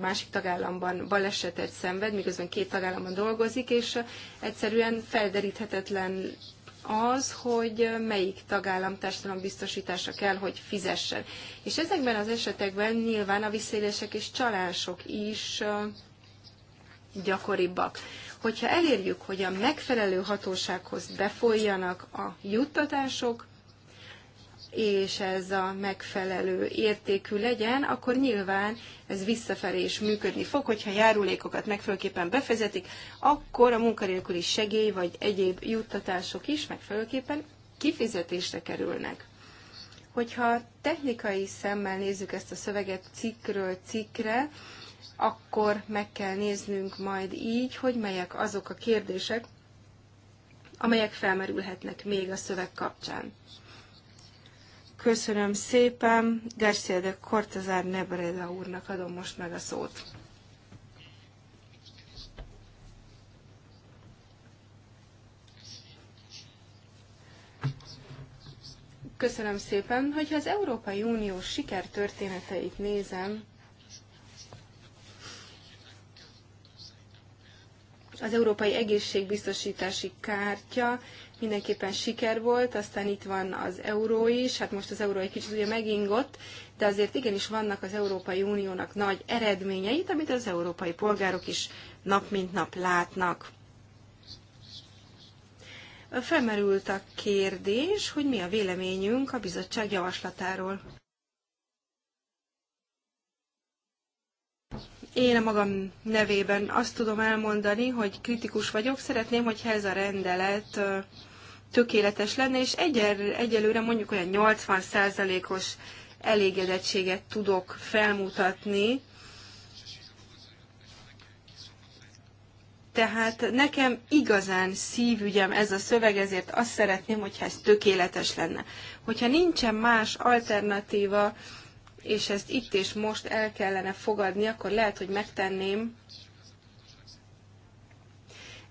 másik tagállamban balesetet szenved, miközben két tagállamban dolgozik, és egyszerűen felderíthetetlen az, hogy melyik tagállam társadalombiztosítása kell, hogy fizessen. És ezekben az esetekben nyilván a visszaélések és csalások is gyakoribbak. Hogyha elérjük, hogy a megfelelő hatósághoz befolyjanak a juttatások, és ez a megfelelő értékű legyen, akkor nyilván ez visszafelé is működni fog, hogyha járulékokat megfelelőképpen befezetik, akkor a munkanélküli segély vagy egyéb juttatások is megfelelőképpen kifizetésre kerülnek. Hogyha technikai szemmel nézzük ezt a szöveget cikkről cikkre, akkor meg kell néznünk majd így, hogy melyek azok a kérdések, amelyek felmerülhetnek még a szöveg kapcsán. Köszönöm szépen. Garcia de Cortázar Nebreda úrnak adom most meg a szót. Köszönöm szépen, hogyha az Európai Unió sikertörténeteit nézem, az Európai Egészségbiztosítási Kártya mindenképpen siker volt, aztán itt van az euró is, hát most az euró egy kicsit ugye megingott, de azért igenis vannak az Európai Uniónak nagy eredményeit, amit az európai polgárok is nap mint nap látnak. Felmerült a kérdés, hogy mi a véleményünk a bizottság javaslatáról. én a magam nevében azt tudom elmondani, hogy kritikus vagyok. Szeretném, hogyha ez a rendelet tökéletes lenne, és egyel, egyelőre mondjuk olyan 80%-os elégedettséget tudok felmutatni. Tehát nekem igazán szívügyem ez a szöveg, ezért azt szeretném, hogyha ez tökéletes lenne. Hogyha nincsen más alternatíva, és ezt itt és most el kellene fogadni, akkor lehet, hogy megtenném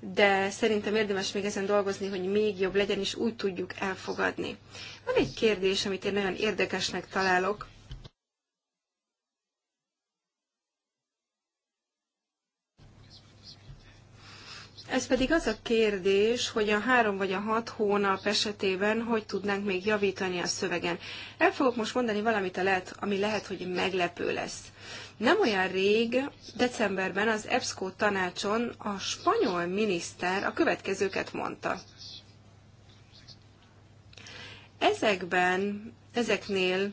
de szerintem érdemes még ezen dolgozni, hogy még jobb legyen, és úgy tudjuk elfogadni. Van egy kérdés, amit én nagyon érdekesnek találok. Ez pedig az a kérdés, hogy a három vagy a hat hónap esetében hogy tudnánk még javítani a szövegen. El fogok most mondani valamit, a lehet, ami lehet, hogy meglepő lesz. Nem olyan rég, decemberben az EBSCO tanácson a spanyol miniszter a következőket mondta. Ezekben, ezeknél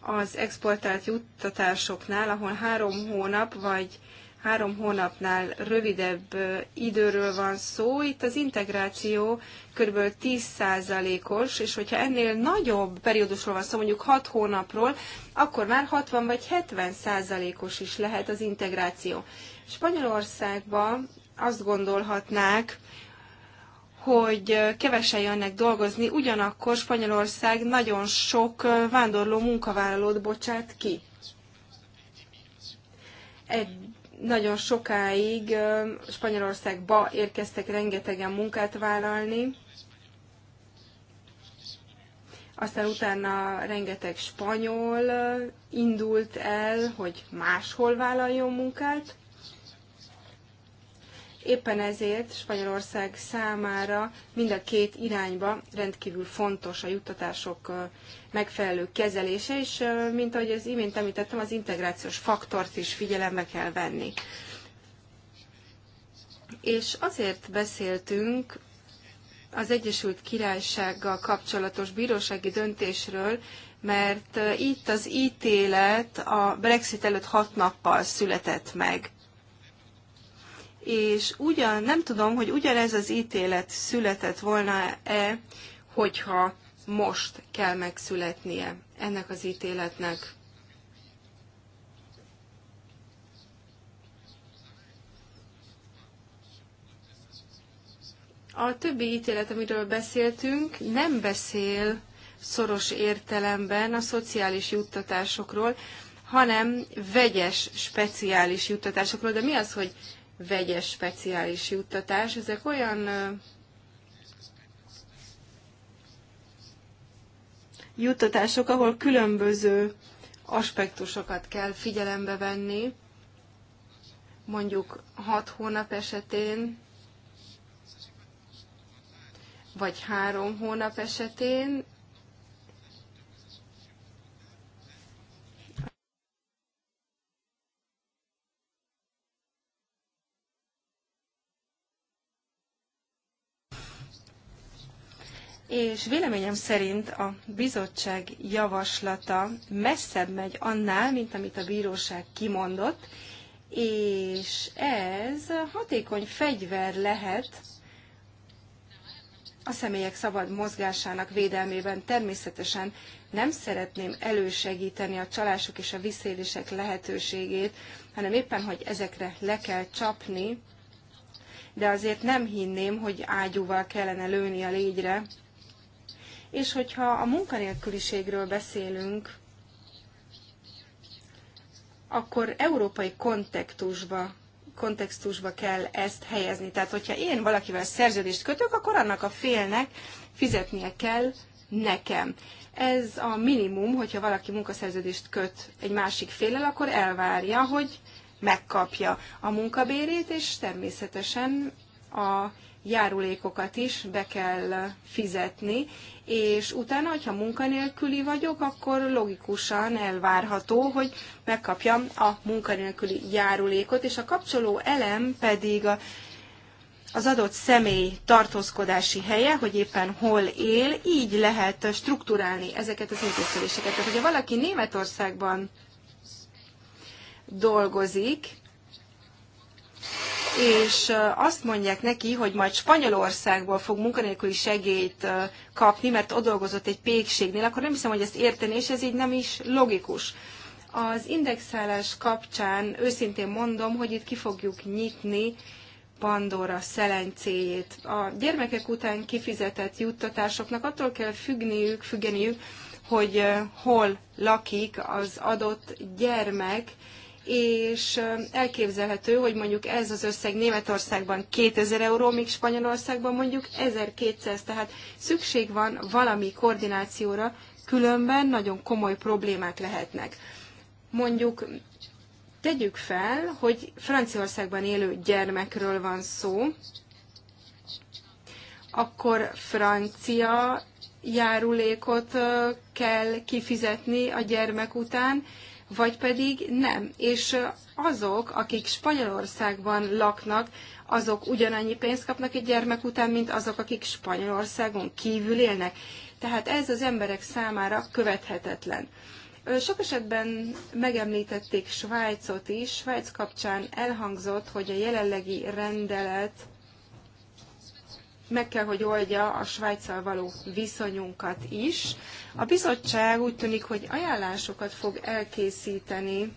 az exportált juttatásoknál, ahol három hónap vagy három hónapnál rövidebb időről van szó. Itt az integráció kb. 10%-os, és hogyha ennél nagyobb periódusról van szó, mondjuk 6 hónapról, akkor már 60 vagy 70%-os is lehet az integráció. Spanyolországban azt gondolhatnák, hogy kevesen jönnek dolgozni, ugyanakkor Spanyolország nagyon sok vándorló munkavállalót bocsát ki. Egy nagyon sokáig Spanyolországba érkeztek rengetegen munkát vállalni, aztán utána rengeteg spanyol indult el, hogy máshol vállaljon munkát, Éppen ezért Spanyolország számára mind a két irányba rendkívül fontos a juttatások megfelelő kezelése, és mint ahogy az imént említettem, az integrációs faktort is figyelembe kell venni. És azért beszéltünk az Egyesült Királysággal kapcsolatos bírósági döntésről, mert itt az ítélet a Brexit előtt hat nappal született meg és ugyan nem tudom, hogy ugyanez az ítélet született volna-e, hogyha most kell megszületnie ennek az ítéletnek. A többi ítélet, amiről beszéltünk, nem beszél szoros értelemben a szociális juttatásokról, hanem vegyes, speciális juttatásokról. De mi az, hogy vegyes speciális juttatás. Ezek olyan juttatások, ahol különböző aspektusokat kell figyelembe venni, mondjuk hat hónap esetén, vagy három hónap esetén és véleményem szerint a bizottság javaslata messzebb megy annál, mint amit a bíróság kimondott, és ez hatékony fegyver lehet a személyek szabad mozgásának védelmében. Természetesen nem szeretném elősegíteni a csalások és a visszélések lehetőségét, hanem éppen, hogy ezekre le kell csapni, de azért nem hinném, hogy ágyúval kellene lőni a légyre, és hogyha a munkanélküliségről beszélünk, akkor európai kontextusba kontextusba kell ezt helyezni. Tehát, hogyha én valakivel szerződést kötök, akkor annak a félnek fizetnie kell nekem. Ez a minimum, hogyha valaki munkaszerződést köt egy másik félel, akkor elvárja, hogy megkapja a munkabérét, és természetesen a járulékokat is be kell fizetni, és utána, hogyha munkanélküli vagyok, akkor logikusan elvárható, hogy megkapjam a munkanélküli járulékot, és a kapcsoló elem pedig a az adott személy tartózkodási helye, hogy éppen hol él, így lehet strukturálni ezeket az intézkedéseket. Tehát, hogyha valaki Németországban dolgozik, és azt mondják neki, hogy majd Spanyolországból fog munkanélküli segélyt kapni, mert ott dolgozott egy pékségnél, akkor nem hiszem, hogy ezt érteni, és ez így nem is logikus. Az indexálás kapcsán őszintén mondom, hogy itt ki fogjuk nyitni Pandora szelencéjét. A gyermekek után kifizetett juttatásoknak attól kell függniük, függeniük, hogy hol lakik az adott gyermek, és elképzelhető, hogy mondjuk ez az összeg Németországban 2000 euró, míg Spanyolországban mondjuk 1200, tehát szükség van valami koordinációra, különben nagyon komoly problémák lehetnek. Mondjuk tegyük fel, hogy Franciaországban élő gyermekről van szó, akkor francia járulékot kell kifizetni a gyermek után, vagy pedig nem. És azok, akik Spanyolországban laknak, azok ugyanannyi pénzt kapnak egy gyermek után, mint azok, akik Spanyolországon kívül élnek. Tehát ez az emberek számára követhetetlen. Sok esetben megemlítették Svájcot is. Svájc kapcsán elhangzott, hogy a jelenlegi rendelet meg kell, hogy oldja a Svájccal való viszonyunkat is. A bizottság úgy tűnik, hogy ajánlásokat fog elkészíteni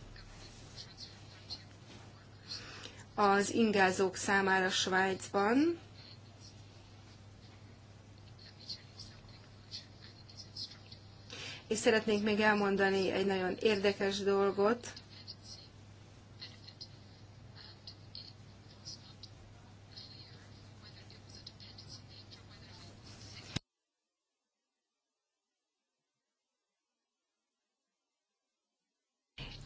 az ingázók számára Svájcban. És szeretnék még elmondani egy nagyon érdekes dolgot.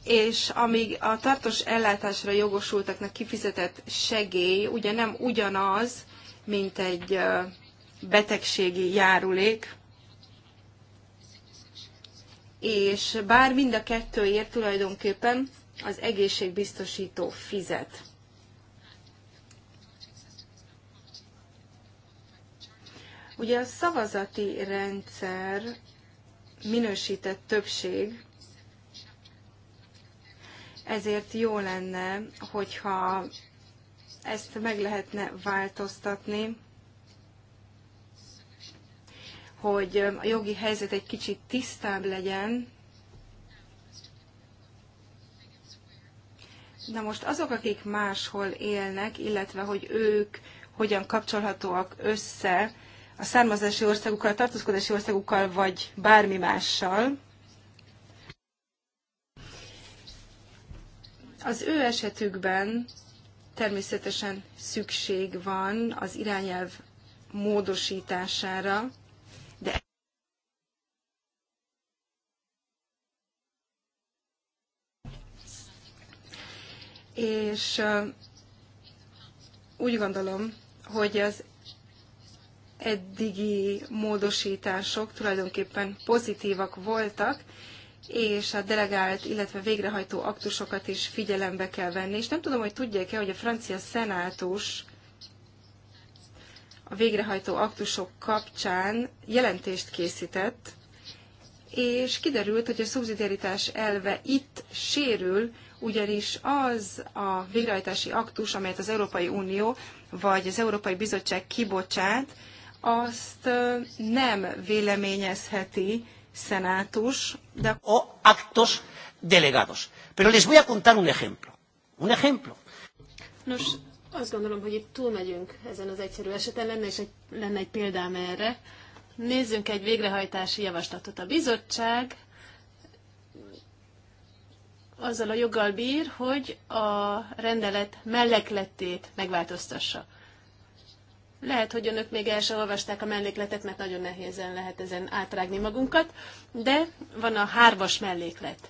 és amíg a tartós ellátásra jogosultaknak kifizetett segély ugye nem ugyanaz, mint egy betegségi járulék, és bár mind a kettőért tulajdonképpen az egészségbiztosító fizet. Ugye a szavazati rendszer minősített többség ezért jó lenne, hogyha ezt meg lehetne változtatni, hogy a jogi helyzet egy kicsit tisztább legyen. Na most azok, akik máshol élnek, illetve hogy ők hogyan kapcsolhatóak össze a származási országukkal, a tartózkodási országukkal, vagy bármi mással, Az ő esetükben természetesen szükség van az irányelv módosítására, de és úgy gondolom, hogy az eddigi módosítások tulajdonképpen pozitívak voltak, és a delegált, illetve végrehajtó aktusokat is figyelembe kell venni. És nem tudom, hogy tudják-e, hogy a francia szenátus a végrehajtó aktusok kapcsán jelentést készített, és kiderült, hogy a szubszidiaritás elve itt sérül, ugyanis az a végrehajtási aktus, amelyet az Európai Unió vagy az Európai Bizottság kibocsát, azt nem véleményezheti senatus de... o actos delegados. Pero les voy a contar un ejemplo. Un ejemplo. Nos, azt gondolom, hogy itt túlmegyünk ezen az egyszerű eseten, lenne, és egy, lenne egy példám erre. Nézzünk egy végrehajtási javaslatot. A bizottság azzal a joggal bír, hogy a rendelet mellekletét megváltoztassa. Lehet, hogy önök még el sem olvasták a mellékletet, mert nagyon nehézen lehet ezen átrágni magunkat, de van a hármas melléklet.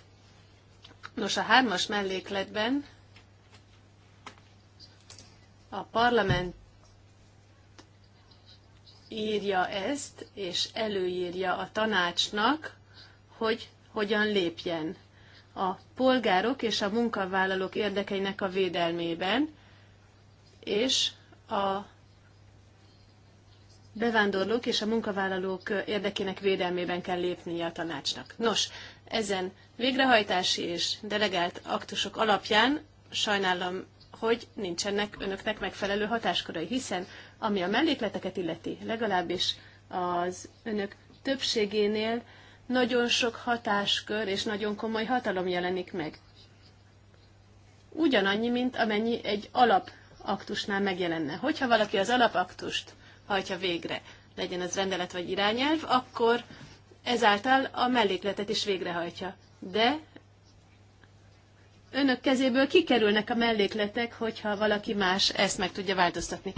Nos, a hármas mellékletben a parlament írja ezt, és előírja a tanácsnak, hogy hogyan lépjen a polgárok és a munkavállalók érdekeinek a védelmében, és a bevándorlók és a munkavállalók érdekének védelmében kell lépnie a tanácsnak. Nos, ezen végrehajtási és delegált aktusok alapján sajnálom, hogy nincsenek önöknek megfelelő hatáskorai, hiszen ami a mellékleteket illeti, legalábbis az önök többségénél nagyon sok hatáskör és nagyon komoly hatalom jelenik meg. Ugyanannyi, mint amennyi egy alapaktusnál megjelenne. Hogyha valaki az alapaktust hajtja végre, legyen ez rendelet vagy irányelv, akkor ezáltal a mellékletet is végrehajtja. De önök kezéből kikerülnek a mellékletek, hogyha valaki más ezt meg tudja változtatni.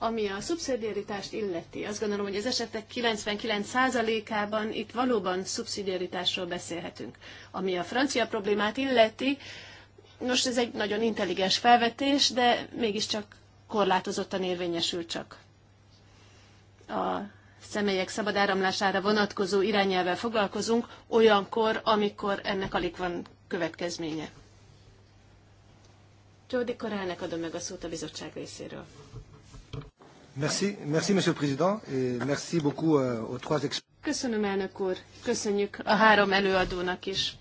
Ami a szubszidiaritást illeti, azt gondolom, hogy az esetek 99%-ában itt valóban szubszidiaritásról beszélhetünk. Ami a francia problémát illeti, Nos, ez egy nagyon intelligens felvetés, de mégiscsak korlátozottan érvényesül csak. A személyek szabad áramlására vonatkozó irányelvel foglalkozunk olyankor, amikor ennek alig van következménye. Jódi Korálnak adom meg a szót a bizottság részéről. Merci, merci, monsieur le président, et merci beaucoup euh, aux trois Köszönöm, elnök úr. Köszönjük a három előadónak is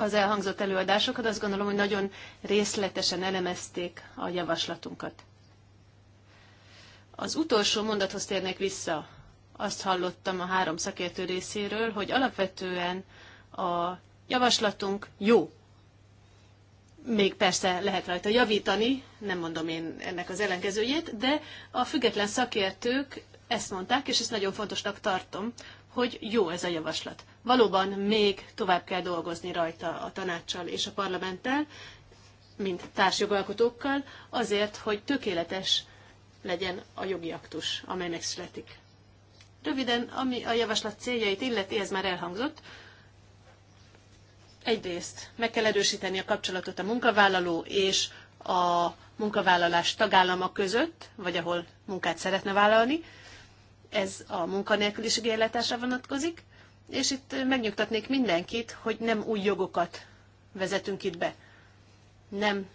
az elhangzott előadásokat, azt gondolom, hogy nagyon részletesen elemezték a javaslatunkat. Az utolsó mondathoz térnék vissza. Azt hallottam a három szakértő részéről, hogy alapvetően a javaslatunk jó. Még persze lehet rajta javítani, nem mondom én ennek az ellenkezőjét, de a független szakértők ezt mondták, és ezt nagyon fontosnak tartom, hogy jó ez a javaslat valóban még tovább kell dolgozni rajta a tanácssal és a parlamenttel, mint társjogalkotókkal, azért, hogy tökéletes legyen a jogi aktus, amely megszületik. Röviden, ami a javaslat céljait illeti, ez már elhangzott, egyrészt meg kell erősíteni a kapcsolatot a munkavállaló és a munkavállalás tagállama között, vagy ahol munkát szeretne vállalni. Ez a munkanélküliség ellátásra vonatkozik. És itt megnyugtatnék mindenkit, hogy nem új jogokat vezetünk itt be. Nem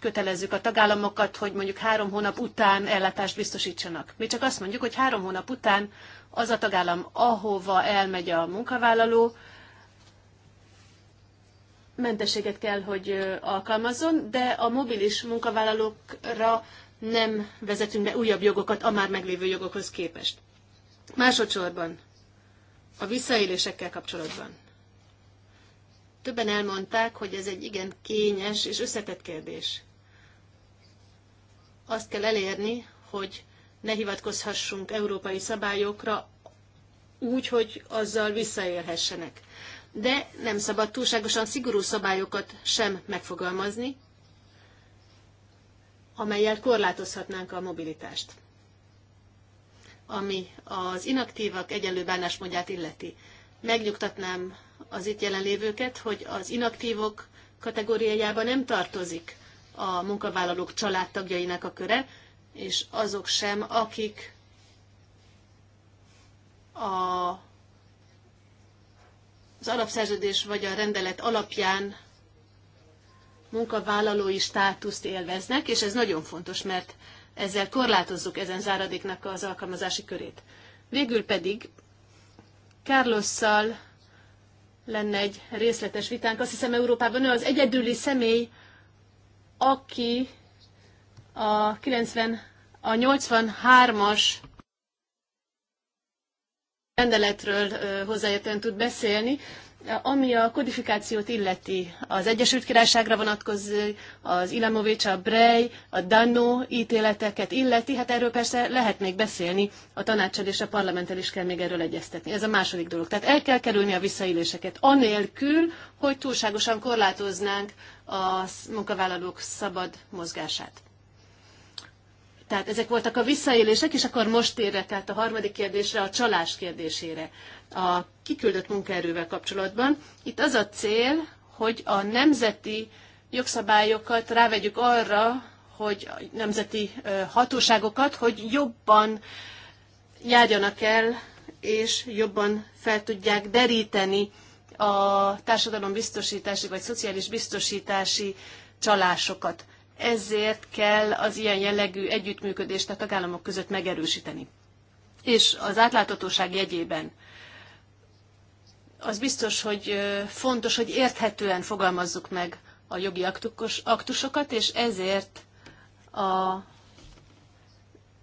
kötelezzük a tagállamokat, hogy mondjuk három hónap után ellátást biztosítsanak. Mi csak azt mondjuk, hogy három hónap után az a tagállam, ahova elmegy a munkavállaló, mentességet kell, hogy alkalmazzon, de a mobilis munkavállalókra nem vezetünk be újabb jogokat a már meglévő jogokhoz képest. Másodszorban a visszaélésekkel kapcsolatban. Többen elmondták, hogy ez egy igen kényes és összetett kérdés. Azt kell elérni, hogy ne hivatkozhassunk európai szabályokra úgy, hogy azzal visszaélhessenek. De nem szabad túlságosan szigorú szabályokat sem megfogalmazni, amelyel korlátozhatnánk a mobilitást ami az inaktívak egyenlő bánásmódját illeti. Megnyugtatnám az itt jelenlévőket, hogy az inaktívok kategóriájában nem tartozik a munkavállalók családtagjainak a köre, és azok sem, akik a, az alapszerződés vagy a rendelet alapján munkavállalói státuszt élveznek, és ez nagyon fontos, mert ezzel korlátozzuk ezen záradéknak az alkalmazási körét. Végül pedig Carlosszal lenne egy részletes vitánk. Azt hiszem Európában ő az egyedüli személy, aki a 90, a 83-as rendeletről hozzájöttően tud beszélni. Ami a kodifikációt illeti, az Egyesült Királyságra vonatkozó, az Ilamovics, a Brej, a Dano ítéleteket illeti, hát erről persze lehet még beszélni, a tanácsal és a parlamenttel is kell még erről egyeztetni. Ez a második dolog. Tehát el kell kerülni a visszaéléseket, anélkül, hogy túlságosan korlátoznánk a munkavállalók szabad mozgását. Tehát ezek voltak a visszaélések, és akkor most érre, tehát a harmadik kérdésre, a csalás kérdésére a kiküldött munkaerővel kapcsolatban. Itt az a cél, hogy a nemzeti jogszabályokat rávegyük arra, hogy a nemzeti hatóságokat, hogy jobban járjanak el, és jobban fel tudják deríteni a biztosítási vagy szociális biztosítási csalásokat. Ezért kell az ilyen jellegű együttműködést a tagállamok között megerősíteni. És az átláthatóság jegyében az biztos, hogy fontos, hogy érthetően fogalmazzuk meg a jogi aktusokat, és ezért a,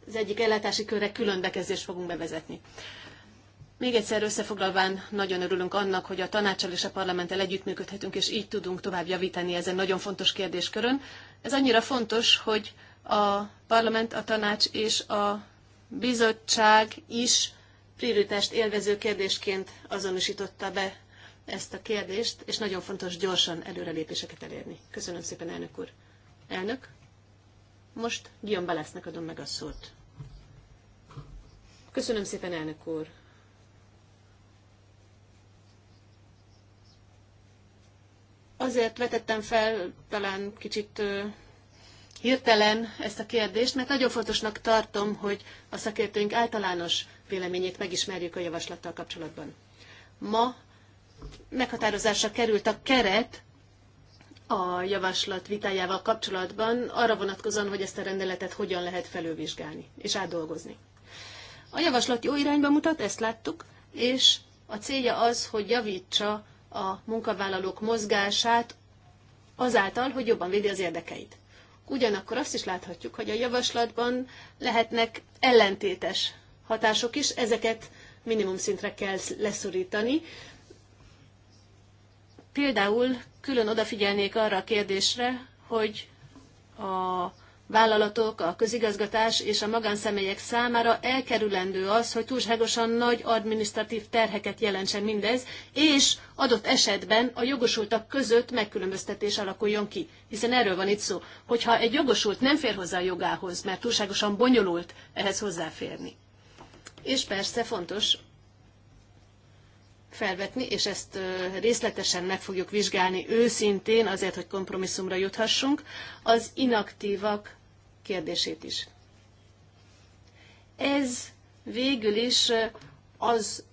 az egyik ellátási körre külön bekezdést fogunk bevezetni. Még egyszer összefoglalván nagyon örülünk annak, hogy a tanácsal és a parlamenttel együttműködhetünk, és így tudunk tovább javítani ezen nagyon fontos kérdéskörön. Ez annyira fontos, hogy a parlament, a tanács és a bizottság is prioritást élvező kérdésként azonosította be ezt a kérdést, és nagyon fontos gyorsan előrelépéseket elérni. Köszönöm szépen, elnök úr. Elnök, most Gion Balesznek adom meg a szót. Köszönöm szépen, elnök úr. Azért vetettem fel talán kicsit hirtelen ezt a kérdést, mert nagyon fontosnak tartom, hogy a szakértőink általános véleményét megismerjük a javaslattal kapcsolatban. Ma meghatározásra került a keret a javaslat vitájával kapcsolatban, arra vonatkozóan, hogy ezt a rendeletet hogyan lehet felülvizsgálni és átdolgozni. A javaslat jó irányba mutat, ezt láttuk, és a célja az, hogy javítsa a munkavállalók mozgását azáltal, hogy jobban védi az érdekeit. Ugyanakkor azt is láthatjuk, hogy a javaslatban lehetnek ellentétes hatások is, ezeket minimum szintre kell leszorítani. Például külön odafigyelnék arra a kérdésre, hogy a vállalatok, a közigazgatás és a magánszemélyek számára elkerülendő az, hogy túlságosan nagy adminisztratív terheket jelentsen mindez, és adott esetben a jogosultak között megkülönböztetés alakuljon ki. Hiszen erről van itt szó, hogyha egy jogosult nem fér hozzá a jogához, mert túlságosan bonyolult ehhez hozzáférni. És persze fontos felvetni, és ezt részletesen meg fogjuk vizsgálni őszintén, azért, hogy kompromisszumra juthassunk, az inaktívak kérdését is. Ez végül is az,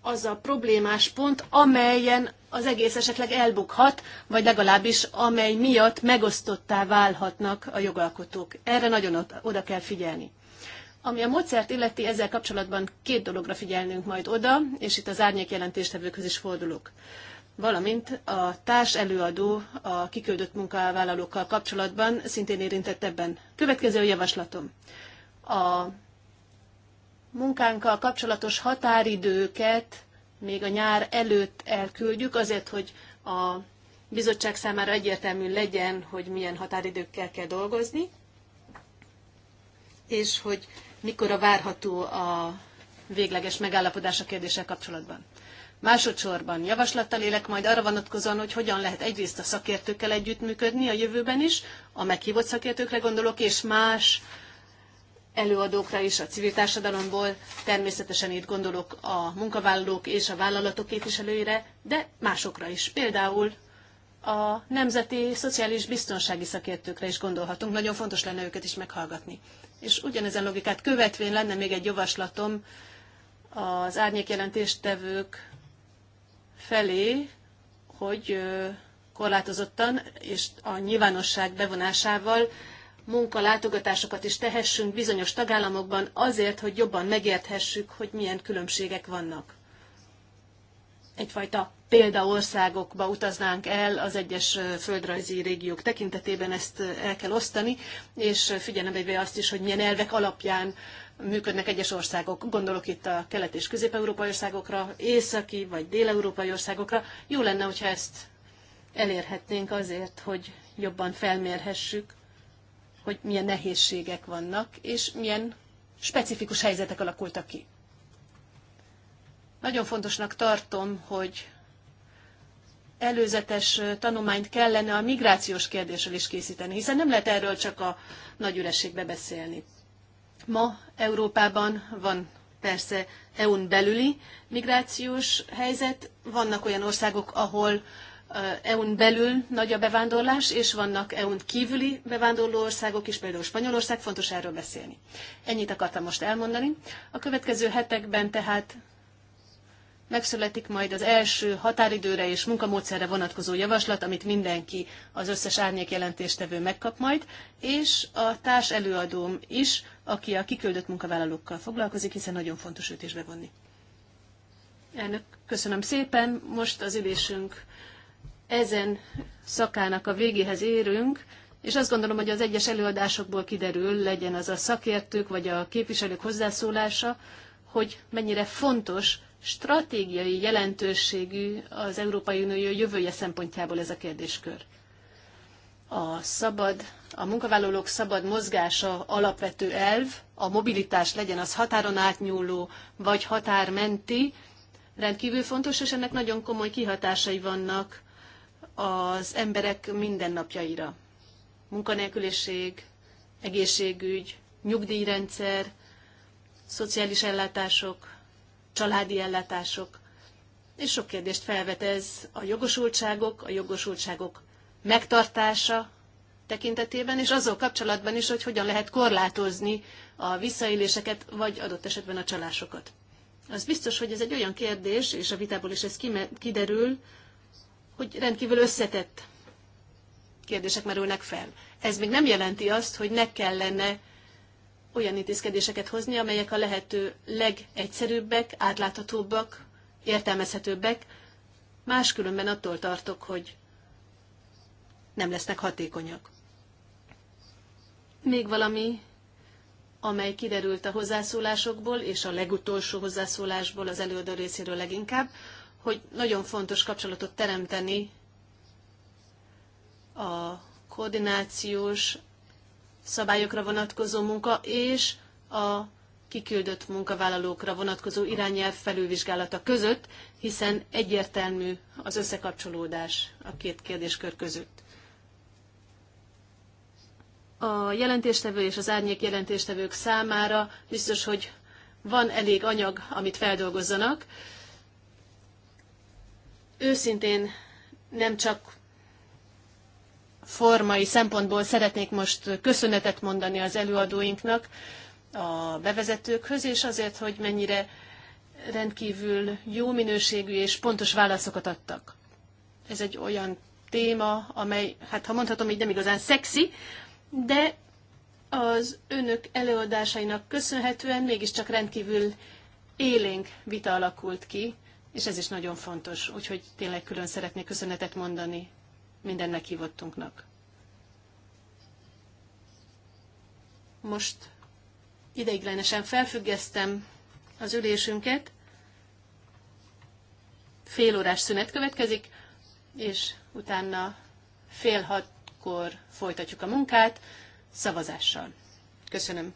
az a problémás pont, amelyen az egész esetleg elbukhat, vagy legalábbis amely miatt megosztottá válhatnak a jogalkotók. Erre nagyon oda kell figyelni. Ami a módszert illeti, ezzel kapcsolatban két dologra figyelnünk majd oda, és itt az árnyék jelentéstevőkhöz is fordulok valamint a társ előadó a kiküldött munkavállalókkal kapcsolatban szintén érintett ebben. Következő javaslatom. A munkánkkal kapcsolatos határidőket még a nyár előtt elküldjük, azért, hogy a bizottság számára egyértelmű legyen, hogy milyen határidőkkel kell dolgozni, és hogy mikor a várható a végleges megállapodás a kérdéssel kapcsolatban. Másodszorban javaslattal élek majd arra vonatkozóan, hogy hogyan lehet egyrészt a szakértőkkel együttműködni a jövőben is, a meghívott szakértőkre gondolok, és más előadókra is a civil társadalomból, természetesen itt gondolok a munkavállalók és a vállalatok képviselőire, de másokra is. Például a nemzeti szociális biztonsági szakértőkre is gondolhatunk, nagyon fontos lenne őket is meghallgatni. És ugyanezen logikát követvén lenne még egy javaslatom az árnyékjelentéstevők felé, hogy korlátozottan és a nyilvánosság bevonásával munkalátogatásokat is tehessünk bizonyos tagállamokban azért, hogy jobban megérthessük, hogy milyen különbségek vannak. Egyfajta példaországokba utaznánk el az egyes földrajzi régiók tekintetében, ezt el kell osztani, és figyelembe véve azt is, hogy milyen elvek alapján működnek egyes országok. Gondolok itt a kelet- és közép-európai országokra, északi vagy dél-európai országokra. Jó lenne, hogyha ezt elérhetnénk azért, hogy jobban felmérhessük, hogy milyen nehézségek vannak, és milyen specifikus helyzetek alakultak ki. Nagyon fontosnak tartom, hogy előzetes tanulmányt kellene a migrációs kérdésről is készíteni, hiszen nem lehet erről csak a nagy ürességbe beszélni. Ma Európában van persze EU-n belüli migrációs helyzet, vannak olyan országok, ahol EU-n belül nagy a bevándorlás, és vannak EU-n kívüli bevándorló országok is, például Spanyolország, fontos erről beszélni. Ennyit akartam most elmondani. A következő hetekben tehát megszületik majd az első határidőre és munkamódszerre vonatkozó javaslat, amit mindenki, az összes árnyék jelentéstevő megkap majd, és a társ előadóm is, aki a kiküldött munkavállalókkal foglalkozik, hiszen nagyon fontos őt is bevonni. Elnök, köszönöm szépen. Most az ülésünk ezen szakának a végéhez érünk, és azt gondolom, hogy az egyes előadásokból kiderül, legyen az a szakértők vagy a képviselők hozzászólása, hogy mennyire fontos stratégiai jelentőségű az Európai Unió jövője szempontjából ez a kérdéskör. A szabad, a munkavállalók szabad mozgása alapvető elv, a mobilitás legyen az határon átnyúló vagy határmenti, rendkívül fontos, és ennek nagyon komoly kihatásai vannak az emberek mindennapjaira. Munkanélküliség, egészségügy, nyugdíjrendszer, szociális ellátások, családi ellátások, és sok kérdést felvet ez a jogosultságok, a jogosultságok megtartása tekintetében, és azzal kapcsolatban is, hogy hogyan lehet korlátozni a visszaéléseket, vagy adott esetben a csalásokat. Az biztos, hogy ez egy olyan kérdés, és a vitából is ez kiderül, hogy rendkívül összetett kérdések merülnek fel. Ez még nem jelenti azt, hogy ne kellene olyan intézkedéseket hozni, amelyek a lehető legegyszerűbbek, átláthatóbbak, értelmezhetőbbek, máskülönben attól tartok, hogy nem lesznek hatékonyak. Még valami, amely kiderült a hozzászólásokból, és a legutolsó hozzászólásból az előadó részéről leginkább, hogy nagyon fontos kapcsolatot teremteni a koordinációs szabályokra vonatkozó munka és a kiküldött munkavállalókra vonatkozó irányelv felülvizsgálata között, hiszen egyértelmű az összekapcsolódás a két kérdéskör között. A jelentéstevő és az árnyék jelentéstevők számára biztos, hogy van elég anyag, amit feldolgozzanak. Őszintén nem csak formai szempontból szeretnék most köszönetet mondani az előadóinknak, a bevezetőkhöz, és azért, hogy mennyire rendkívül jó minőségű és pontos válaszokat adtak. Ez egy olyan téma, amely, hát ha mondhatom, így nem igazán szexi, de az önök előadásainak köszönhetően mégiscsak rendkívül élénk vita alakult ki, és ez is nagyon fontos, úgyhogy tényleg külön szeretnék köszönetet mondani minden meghívottunknak. Most ideiglenesen felfüggesztem az ülésünket, fél órás szünet következik, és utána fél hatkor folytatjuk a munkát szavazással. Köszönöm.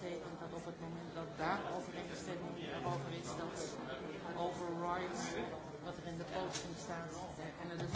betekent dat op het moment dat daar overeenstemming erover is, dat overrides wat er in de posting staat. En het is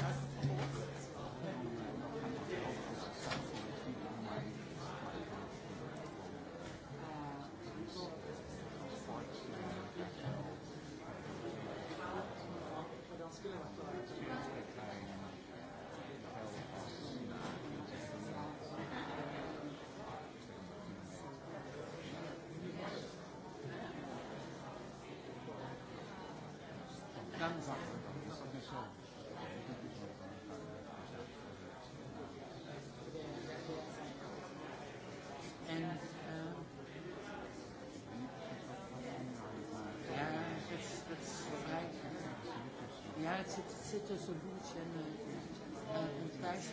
het zit, zit tussen Loens en, uh, en Thijs.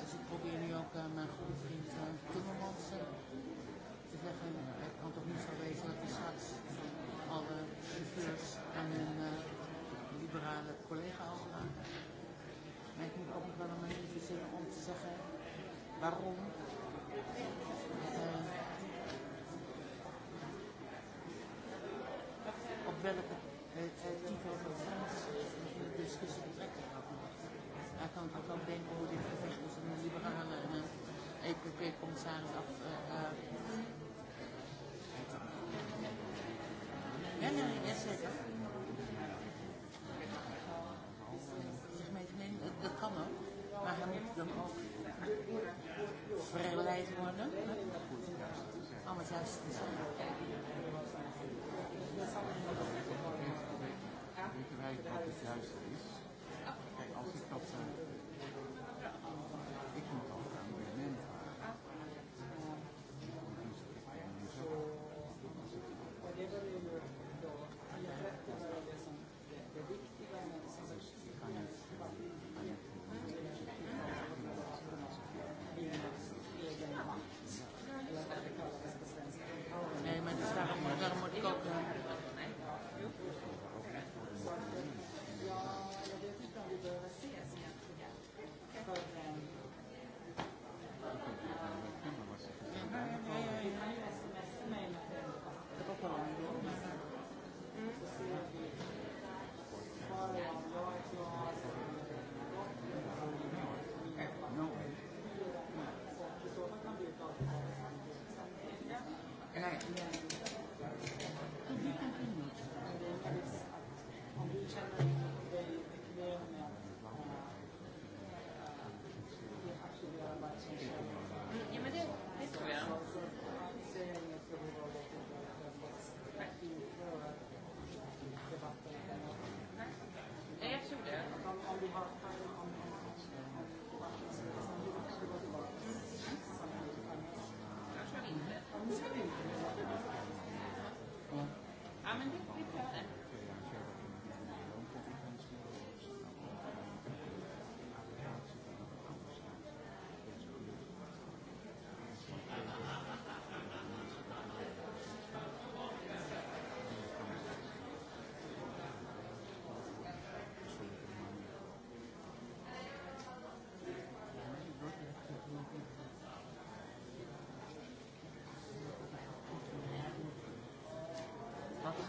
Dus ik probeer nu ook uh, mijn goede vriend uh, Timmermans uh, te zeggen. Het kan toch niet zo wezen dat we straks alle chauffeurs en hun uh, liberale collega overlaten. Maar ik moet ook nog wel een manier verzinnen om te zeggen waarom. Uh, op welke uh, titel dat is discussions achteraf. kan ik ook denken hoe dit gevecht tussen de liberalen en een EPP-commissaris af. Uh, uh, ja, ja, ja, zeker. Zeg maar, nee, dat, dat kan ook, maar hij moet dan ook verleid worden. Anders juist te zijn. Weten wij wat het juiste is? Yeah.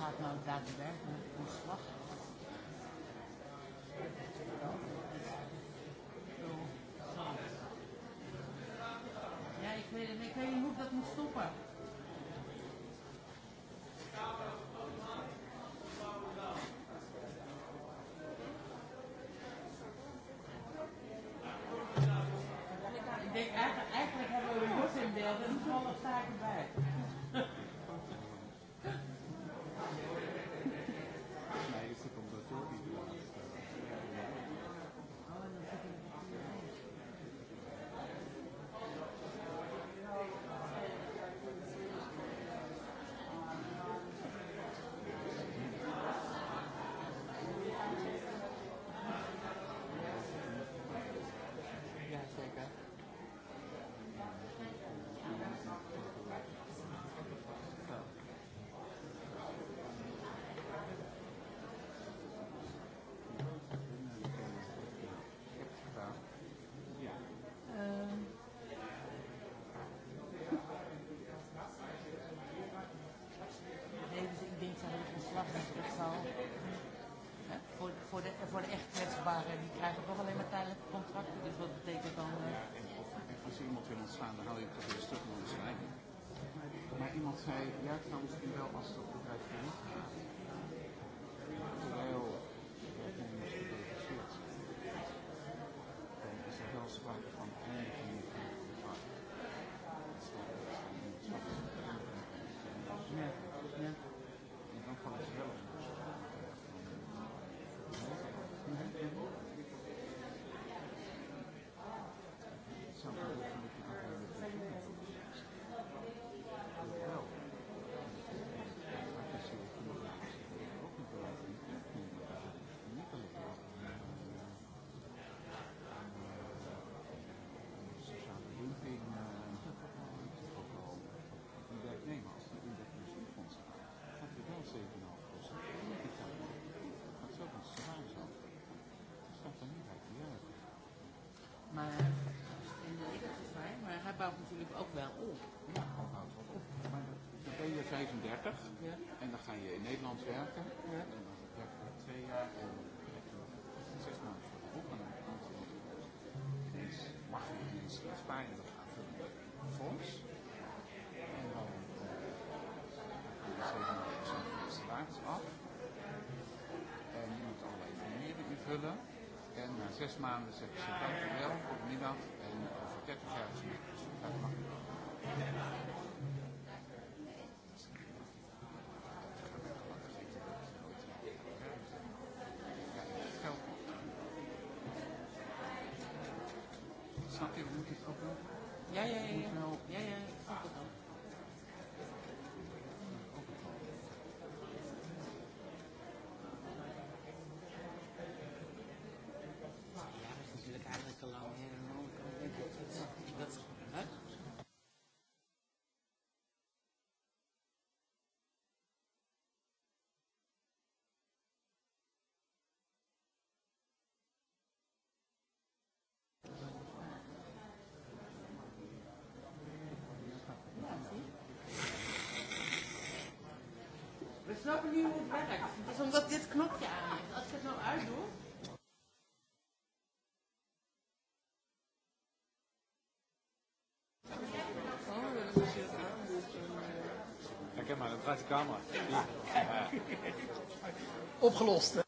gaat nou daadwerkelijk Ja, ik weet, ik weet niet hoe ik dat moet stoppen. voor de, voor de echt kwetsbaren. Die krijgen toch alleen maar tijdelijke contracten. Dus wat betekent dan... Eh? Ja, en, en als je iemand wil ontslaan, dan haal je het toch weer stuk de ontslaan. Maar iemand zei, ja, het kan misschien wel als het op bedrijf failliet er gaat. Terwijl het misschien geproduceerd. Dan is er wel sprake van natuurlijk ook wel op. Ja, dat houdt wel op. Maar dan ben je 35 ja. en dan ga je in Nederland werken. Ja. En dan werk je twee jaar en dan je zes maanden voor de boek. En dan er ineens mag je ineens in Spanje dan gaan voor een fonds. En dan ga je 37% van de salaris af. En je moet allerlei formulieren invullen. En na zes maanden zeggen ze dankjewel, opnieuw en over 30 jaar is het snap je, we moeten het ook wel. Ja, ja, ja. ja. ja, ja. snappen nu hoe het werkt. Het is omdat dit knopje aan is. Als ik het nou uitdoe... kijk maar, dan draait de camera. Opgelost.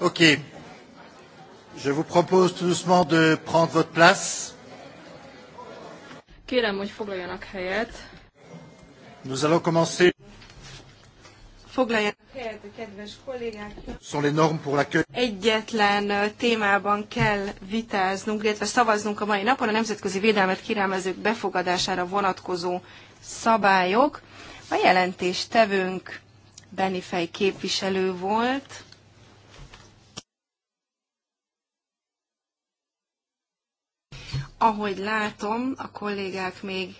Ok. Je vous propose tout doucement de prendre votre place. Kérem, hogy foglaljanak helyet. Nous allons commencer. Foglaljanak helyet a kedves kollégák. Sont les normes pour l'accueil. Egyetlen témában kell vitáznunk, illetve szavaznunk a mai napon a nemzetközi védelmet kirámezők befogadására vonatkozó szabályok. A jelentéstevőnk Benifej képviselő volt ahogy látom, a kollégák még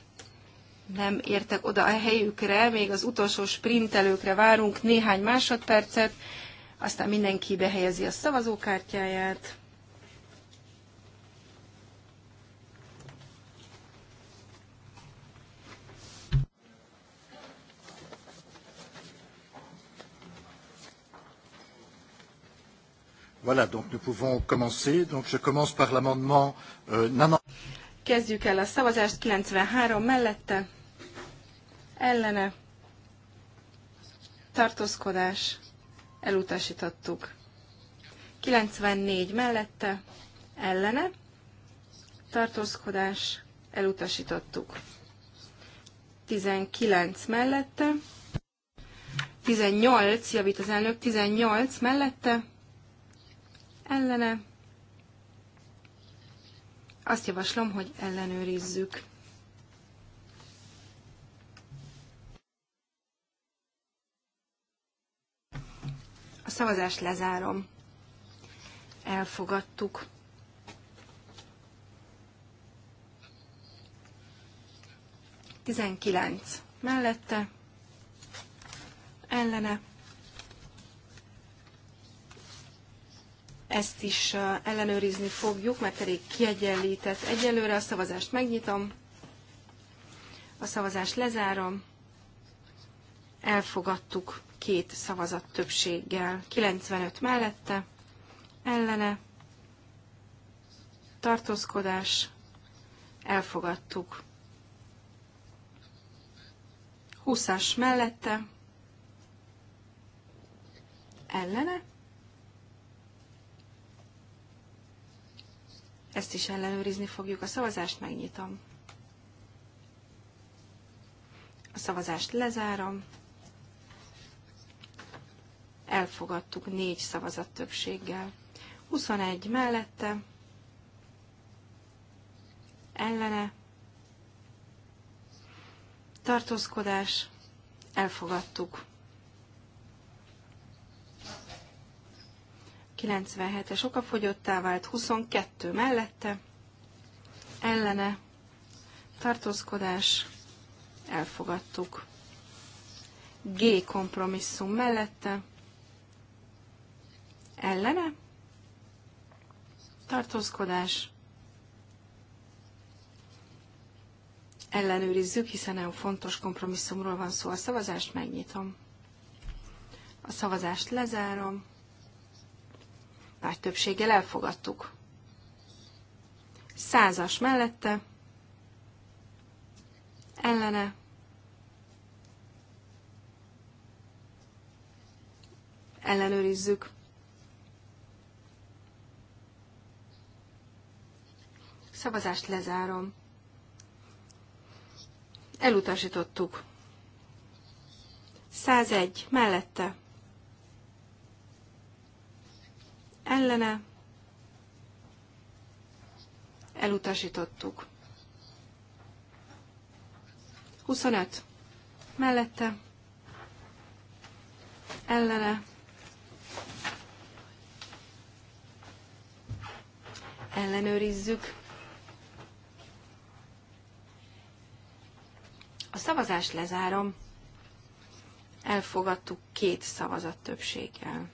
nem értek oda a helyükre, még az utolsó sprintelőkre várunk néhány másodpercet, aztán mindenki behelyezi a szavazókártyáját. Voilà, donc nous pouvons commencer. Donc je commence par l'amendement euh, Kezdjük el a szavazást 93 mellette. Ellene. Tartózkodás. Elutasítottuk. 94 mellette. Ellene. Tartózkodás. Elutasítottuk. 19 mellette. 18, javít az elnök, 18 mellette ellene. Azt javaslom, hogy ellenőrizzük. A szavazást lezárom. Elfogadtuk. Tizenkilenc mellette, ellene Ezt is ellenőrizni fogjuk, mert pedig kiegyenlített. Egyelőre a szavazást megnyitom, a szavazást lezárom, elfogadtuk két szavazat többséggel, 95 mellette, ellene, tartózkodás, elfogadtuk. 20-as mellette, ellene, Ezt is ellenőrizni fogjuk. A szavazást megnyitom. A szavazást lezárom. Elfogadtuk négy szavazat többséggel. 21 mellette, ellene, tartózkodás, elfogadtuk. 97-es okafogyottá vált, 22 mellette, ellene, tartózkodás, elfogadtuk. G kompromisszum mellette, ellene, tartózkodás, ellenőrizzük, hiszen nagyon fontos kompromisszumról van szó. A szavazást megnyitom. A szavazást lezárom. Nagy többséggel elfogadtuk. Százas mellette, ellene, ellenőrizzük. Szavazást lezárom. Elutasítottuk. 101. Mellette. ellene elutasítottuk. 25 mellette ellene ellenőrizzük. A szavazást lezárom. Elfogadtuk két szavazat többséggel.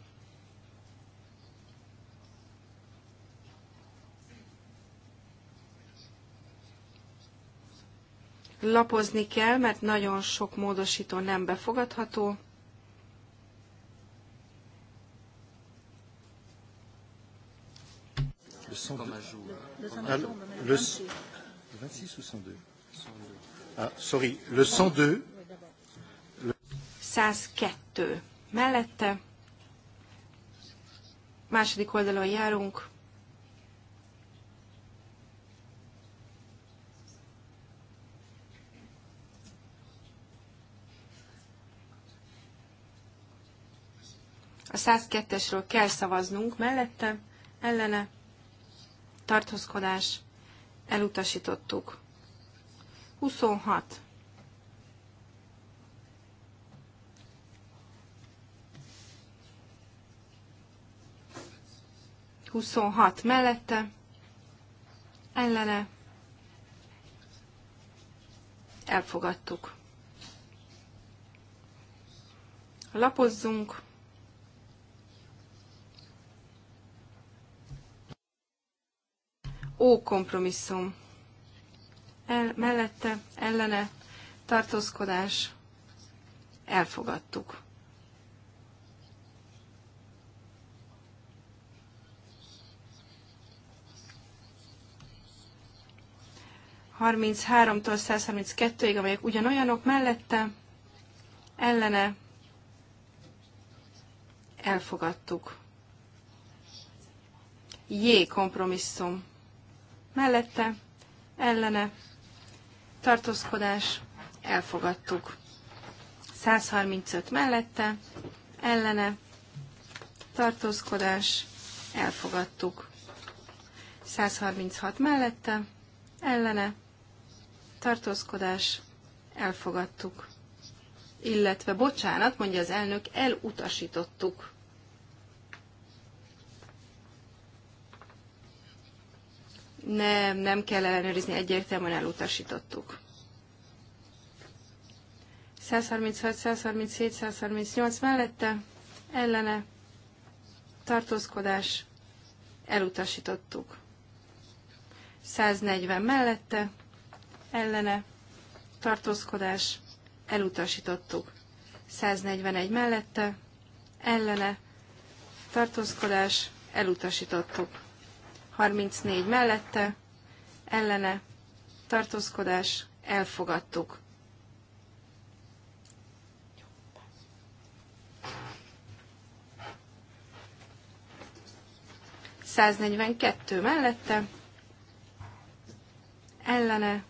Lapozni kell, mert nagyon sok módosító nem befogadható. Le 102 ah, ah, Sorry, le 102. 102. Mellette. Második oldalon járunk. A 102-esről kell szavaznunk mellette, ellene, tartózkodás, elutasítottuk. 26. Huszonhat mellette, ellene, elfogadtuk. Lapozzunk. ó kompromisszum. El, mellette, ellene, tartózkodás, elfogadtuk. harminc háromtól 132 kettőig amelyek ugyanolyanok mellette, ellene, elfogadtuk. J kompromisszum mellette, ellene, tartózkodás, elfogadtuk. 135 mellette, ellene, tartózkodás, elfogadtuk. 136 mellette, ellene, tartózkodás, elfogadtuk. Illetve, bocsánat, mondja az elnök, elutasítottuk. Nem, nem kell ellenőrizni, egyértelműen elutasítottuk. 136, 137, 138 mellette, ellene, tartózkodás, elutasítottuk. 140 mellette, ellene, tartózkodás, elutasítottuk. 141 mellette, ellene, tartózkodás, elutasítottuk. 34 mellette, ellene, tartózkodás, elfogadtuk. Száznegyvenkettő mellette, ellene,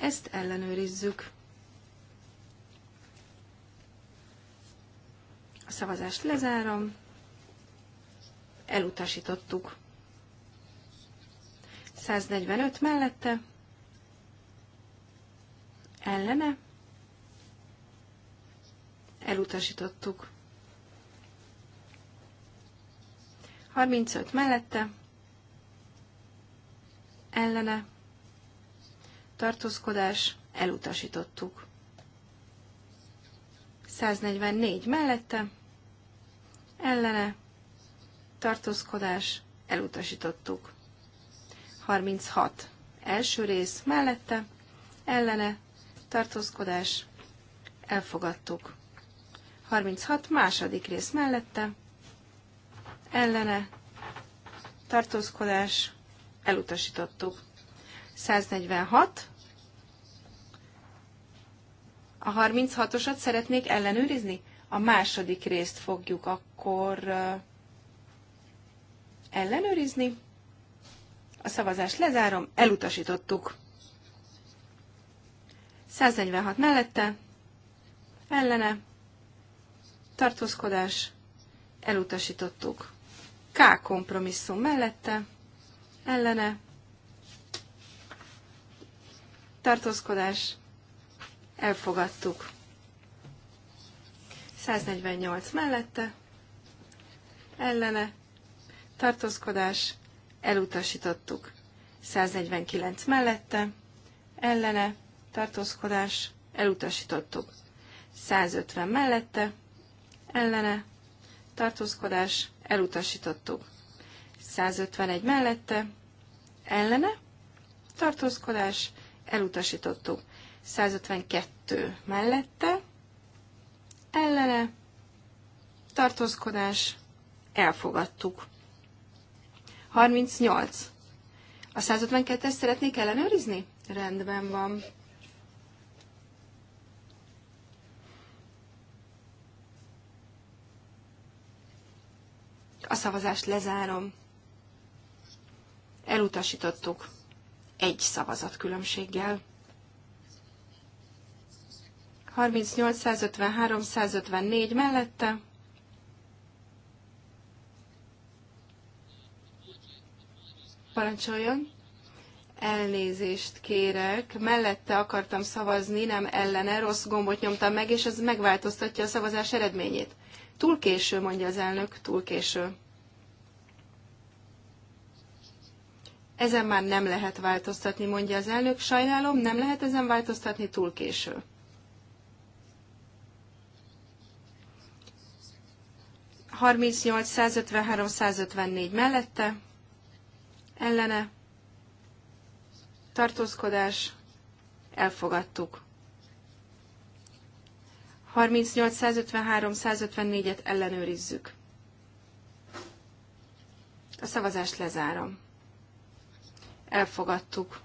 ezt ellenőrizzük. A szavazást lezárom elutasítottuk. 145 mellette, ellene, elutasítottuk. 35 mellette, ellene, tartózkodás, elutasítottuk. 144 mellette, ellene, tartózkodás, elutasítottuk. 36. Első rész mellette, ellene, tartózkodás, elfogadtuk. 36. Második rész mellette, ellene, tartózkodás, elutasítottuk. 146. A 36-osat szeretnék ellenőrizni? A második részt fogjuk akkor ellenőrizni. A szavazást lezárom, elutasítottuk. 146 mellette, ellene, tartózkodás, elutasítottuk. K kompromisszum mellette, ellene, tartózkodás, elfogadtuk. 148 mellette, ellene, tartózkodás, elutasítottuk. 149 mellette, ellene, tartózkodás, elutasítottuk. 150 mellette, ellene, tartózkodás, elutasítottuk. 151 mellette, ellene, tartózkodás, elutasítottuk. 152 mellette, ellene, tartózkodás, elfogadtuk. 38. A 152 es szeretnék ellenőrizni? Rendben van. A szavazást lezárom. Elutasítottuk. Egy szavazat különbséggel. 38, 153, 154 mellette Parancsoljon! Elnézést kérek, mellette akartam szavazni, nem ellene, rossz gombot nyomtam meg, és ez megváltoztatja a szavazás eredményét. Túl késő, mondja az elnök, túl késő. Ezen már nem lehet változtatni, mondja az elnök. Sajnálom, nem lehet ezen változtatni, túl késő. Harminc nyolc 154 mellette ellene, tartózkodás, elfogadtuk. 38-153-154-et ellenőrizzük. A szavazást lezárom. Elfogadtuk.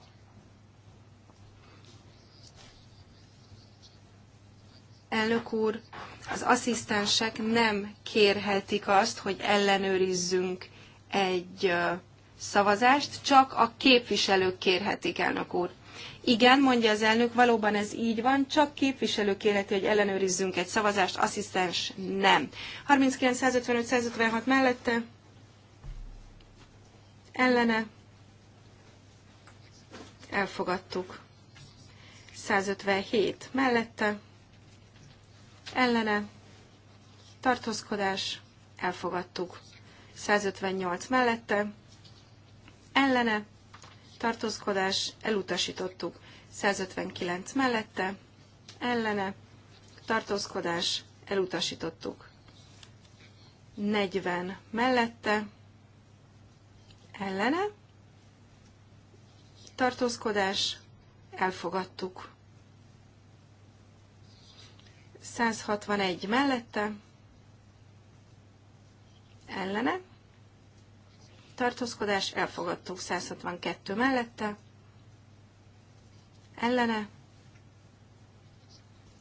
Elnök úr, az asszisztensek nem kérhetik azt, hogy ellenőrizzünk egy szavazást csak a képviselők kérhetik, elnök úr. Igen, mondja az elnök, valóban ez így van, csak képviselő kérheti, hogy ellenőrizzünk egy szavazást, asszisztens nem. 39-155-156 mellette, ellene, elfogadtuk. 157 mellette, ellene, tartózkodás, elfogadtuk. 158 mellette, ellene, tartózkodás, elutasítottuk. 159 mellette, ellene, tartózkodás, elutasítottuk. 40 mellette, ellene, tartózkodás, elfogadtuk. 161 mellette, ellene, tartózkodás, elfogadtuk 162 mellette, ellene,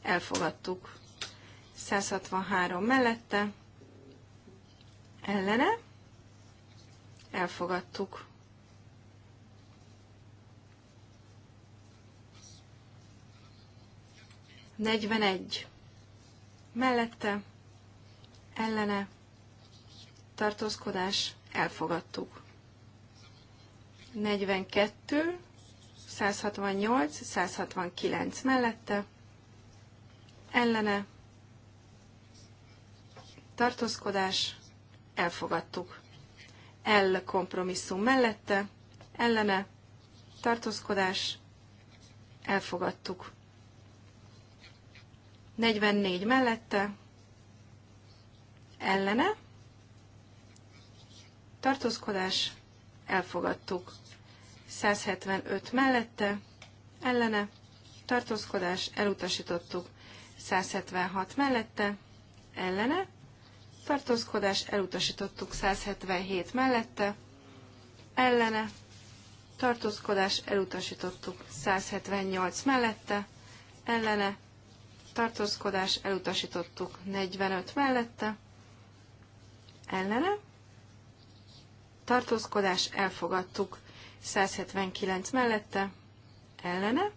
elfogadtuk 163 mellette, ellene, elfogadtuk. Negyvenegy. Mellette, ellene, tartózkodás, elfogadtuk. 42, 168, 169 mellette, ellene, tartózkodás, elfogadtuk. L kompromisszum mellette, ellene, tartózkodás, elfogadtuk. 44 mellette, ellene, tartózkodás, elfogadtuk. 175 mellette, ellene, tartózkodás, elutasítottuk. 176 mellette, ellene, tartózkodás, elutasítottuk. 177 mellette, ellene, tartózkodás, elutasítottuk. 178 mellette, ellene, tartózkodás, elutasítottuk. 45 mellette, ellene, tartózkodás, elfogadtuk. 179 mellette, ellene,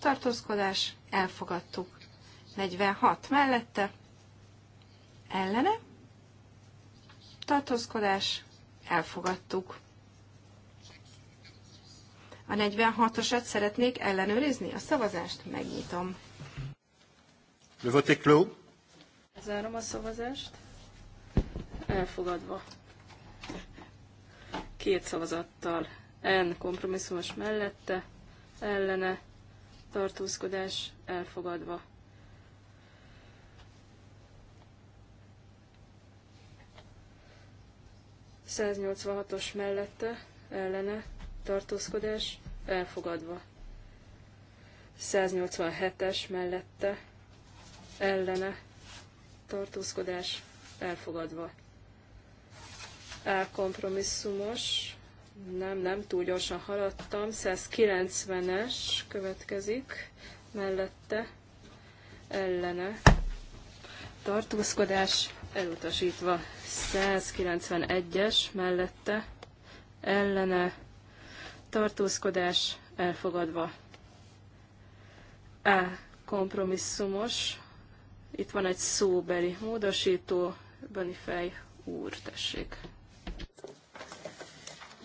tartózkodás, elfogadtuk. 46 mellette, ellene, tartózkodás, elfogadtuk. A 46-osat szeretnék ellenőrizni, a szavazást megnyitom. Le vote est clos. Zárom a szavazást. Elfogadva két szavazattal N kompromisszumos mellette, ellene tartózkodás elfogadva. os mellette, ellene tartózkodás elfogadva. 187-es mellette, ellene tartózkodás elfogadva. A kompromisszumos, nem, nem, túl gyorsan haladtam, 190-es következik mellette, ellene, tartózkodás elutasítva, 191-es mellette, ellene, tartózkodás elfogadva. A. E kompromisszumos. Itt van egy szóbeli módosító. Bönifej úr, tessék.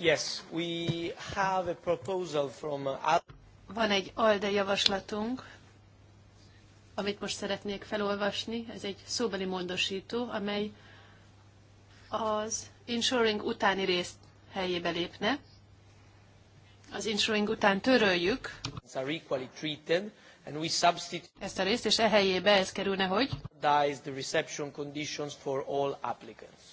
Yes, we have a proposal from... Uh, Van egy ALDE javaslatunk, amit most szeretnék felolvasni. Ez egy szóbeli módosító, amely az insuring utáni részt helyébe lépne. Az insuring után töröljük ezt a részt, és e helyébe ez kerülne, hogy the reception conditions for all applicants.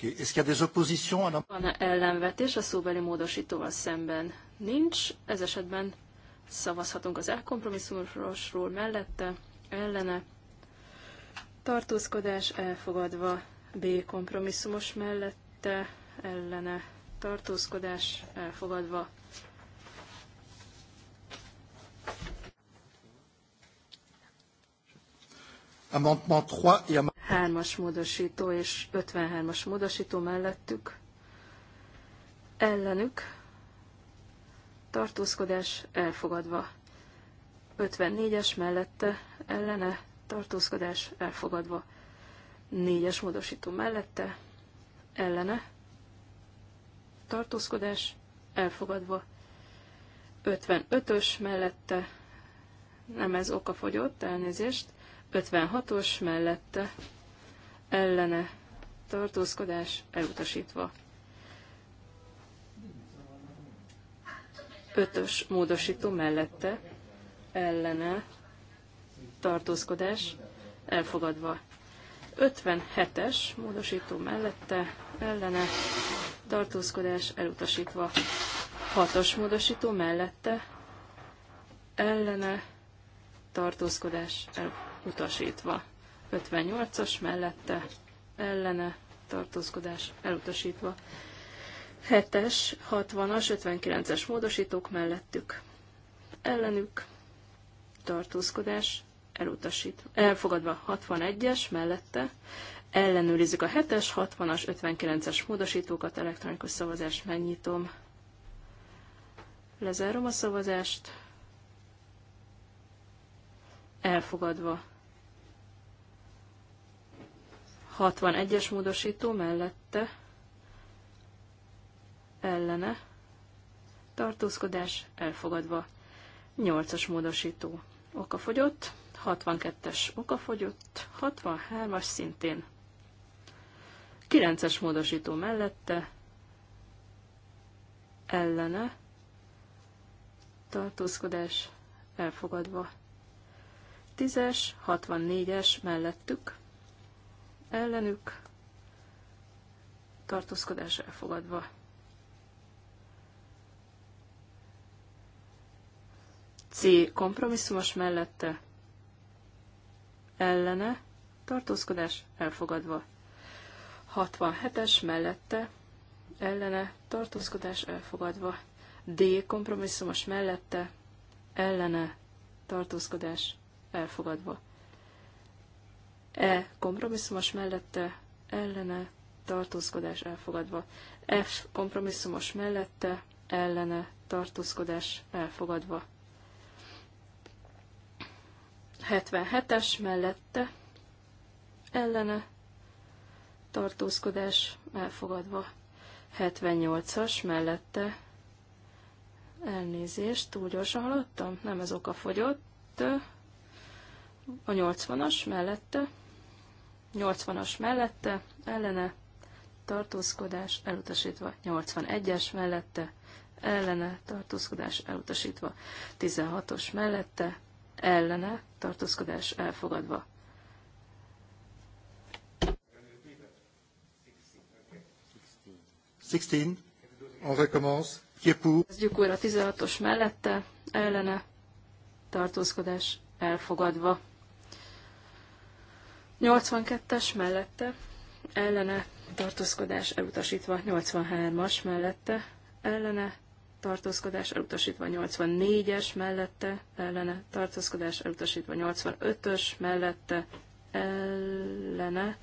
Okay. Est-ce qu'il y a des oppositions à Van -e ellenvetés a szóbeli módosítóval szemben? Nincs. Ez esetben szavazhatunk az elkompromisszumosról mellette, ellene. Tartózkodás elfogadva. B kompromisszumos mellette, ellene. Tartózkodás elfogadva. Amendement 3 et 3-as módosító és 53-as módosító mellettük ellenük tartózkodás elfogadva. 54-es mellette ellene tartózkodás elfogadva. 4-es módosító mellette ellene tartózkodás elfogadva. 55-ös mellette nem ez okafogyott, elnézést. 56-os mellette ellene tartózkodás elutasítva. Ötös módosító mellette ellene tartózkodás elfogadva. 57-es módosító mellette ellene tartózkodás elutasítva. 6-os módosító mellette ellene tartózkodás elutasítva. 58-as mellette ellene tartózkodás elutasítva. 7-es, 60-as, 59-es módosítók mellettük ellenük tartózkodás elutasít, elfogadva 61-es mellette, ellenőrizzük a 7-es, 60-as, 59-es módosítókat, elektronikus szavazást megnyitom. Lezárom a szavazást. Elfogadva 61-es módosító mellette ellene tartózkodás elfogadva. 8-as módosító okafogyott, 62-es okafogyott, 63-as szintén. 9-es módosító mellette ellene tartózkodás elfogadva. 10-es, 64-es mellettük ellenük tartózkodás elfogadva. C. Kompromisszumos mellette ellene tartózkodás elfogadva. 67-es mellette ellene tartózkodás elfogadva. D. Kompromisszumos mellette ellene tartózkodás elfogadva. E kompromisszumos mellette ellene tartózkodás elfogadva. F kompromisszumos mellette ellene tartózkodás elfogadva. 77-es mellette ellene tartózkodás elfogadva. 78-as mellette elnézést, túl gyorsan haladtam, nem ez oka fogyott. A 80-as mellette 80-as mellette, ellene, tartózkodás elutasítva, 81-es mellette, ellene, tartózkodás elutasítva, 16-os mellette, ellene, tartózkodás elfogadva. On Kezdjük újra 16-os mellette, ellene, tartózkodás elfogadva. 82-es mellette ellene tartózkodás elutasítva 83-as mellette ellene tartózkodás elutasítva 84-es mellette ellene tartózkodás elutasítva 85-ös mellette ellene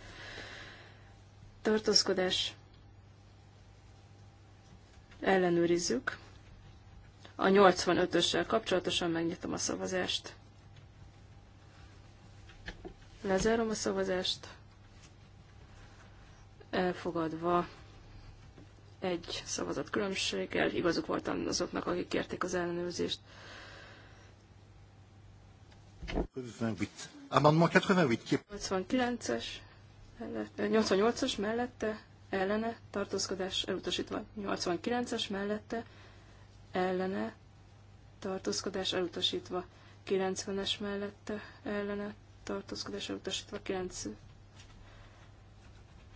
tartózkodás ellenőrizzük. A 85-össel kapcsolatosan megnyitom a szavazást. Lezárom a szavazást. Elfogadva egy szavazat különbséggel. Igazuk voltam azoknak, akik kérték az ellenőrzést. 88. Amendement 88. 89-es, 88-as mellette, ellene, tartózkodás elutasítva. 89-es mellette, ellene, tartózkodás elutasítva. 90-es mellette, ellene, tartózkodás elutasítva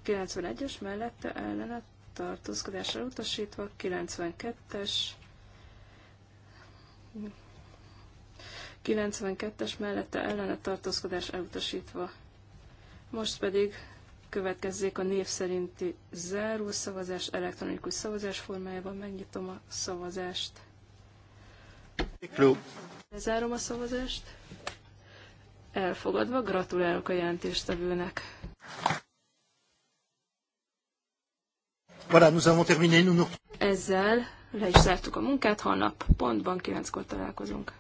91-es mellette ellene tartózkodásra elutasítva 92-es 92-es mellette ellene tartózkodás elutasítva. Most pedig következzék a név szerinti záró szavazás elektronikus szavazás formájában. Megnyitom a szavazást. Lezárom a szavazást elfogadva. Gratulálok a jelentéstevőnek. Ezzel le is zártuk a munkát, holnap pontban kilenckor találkozunk.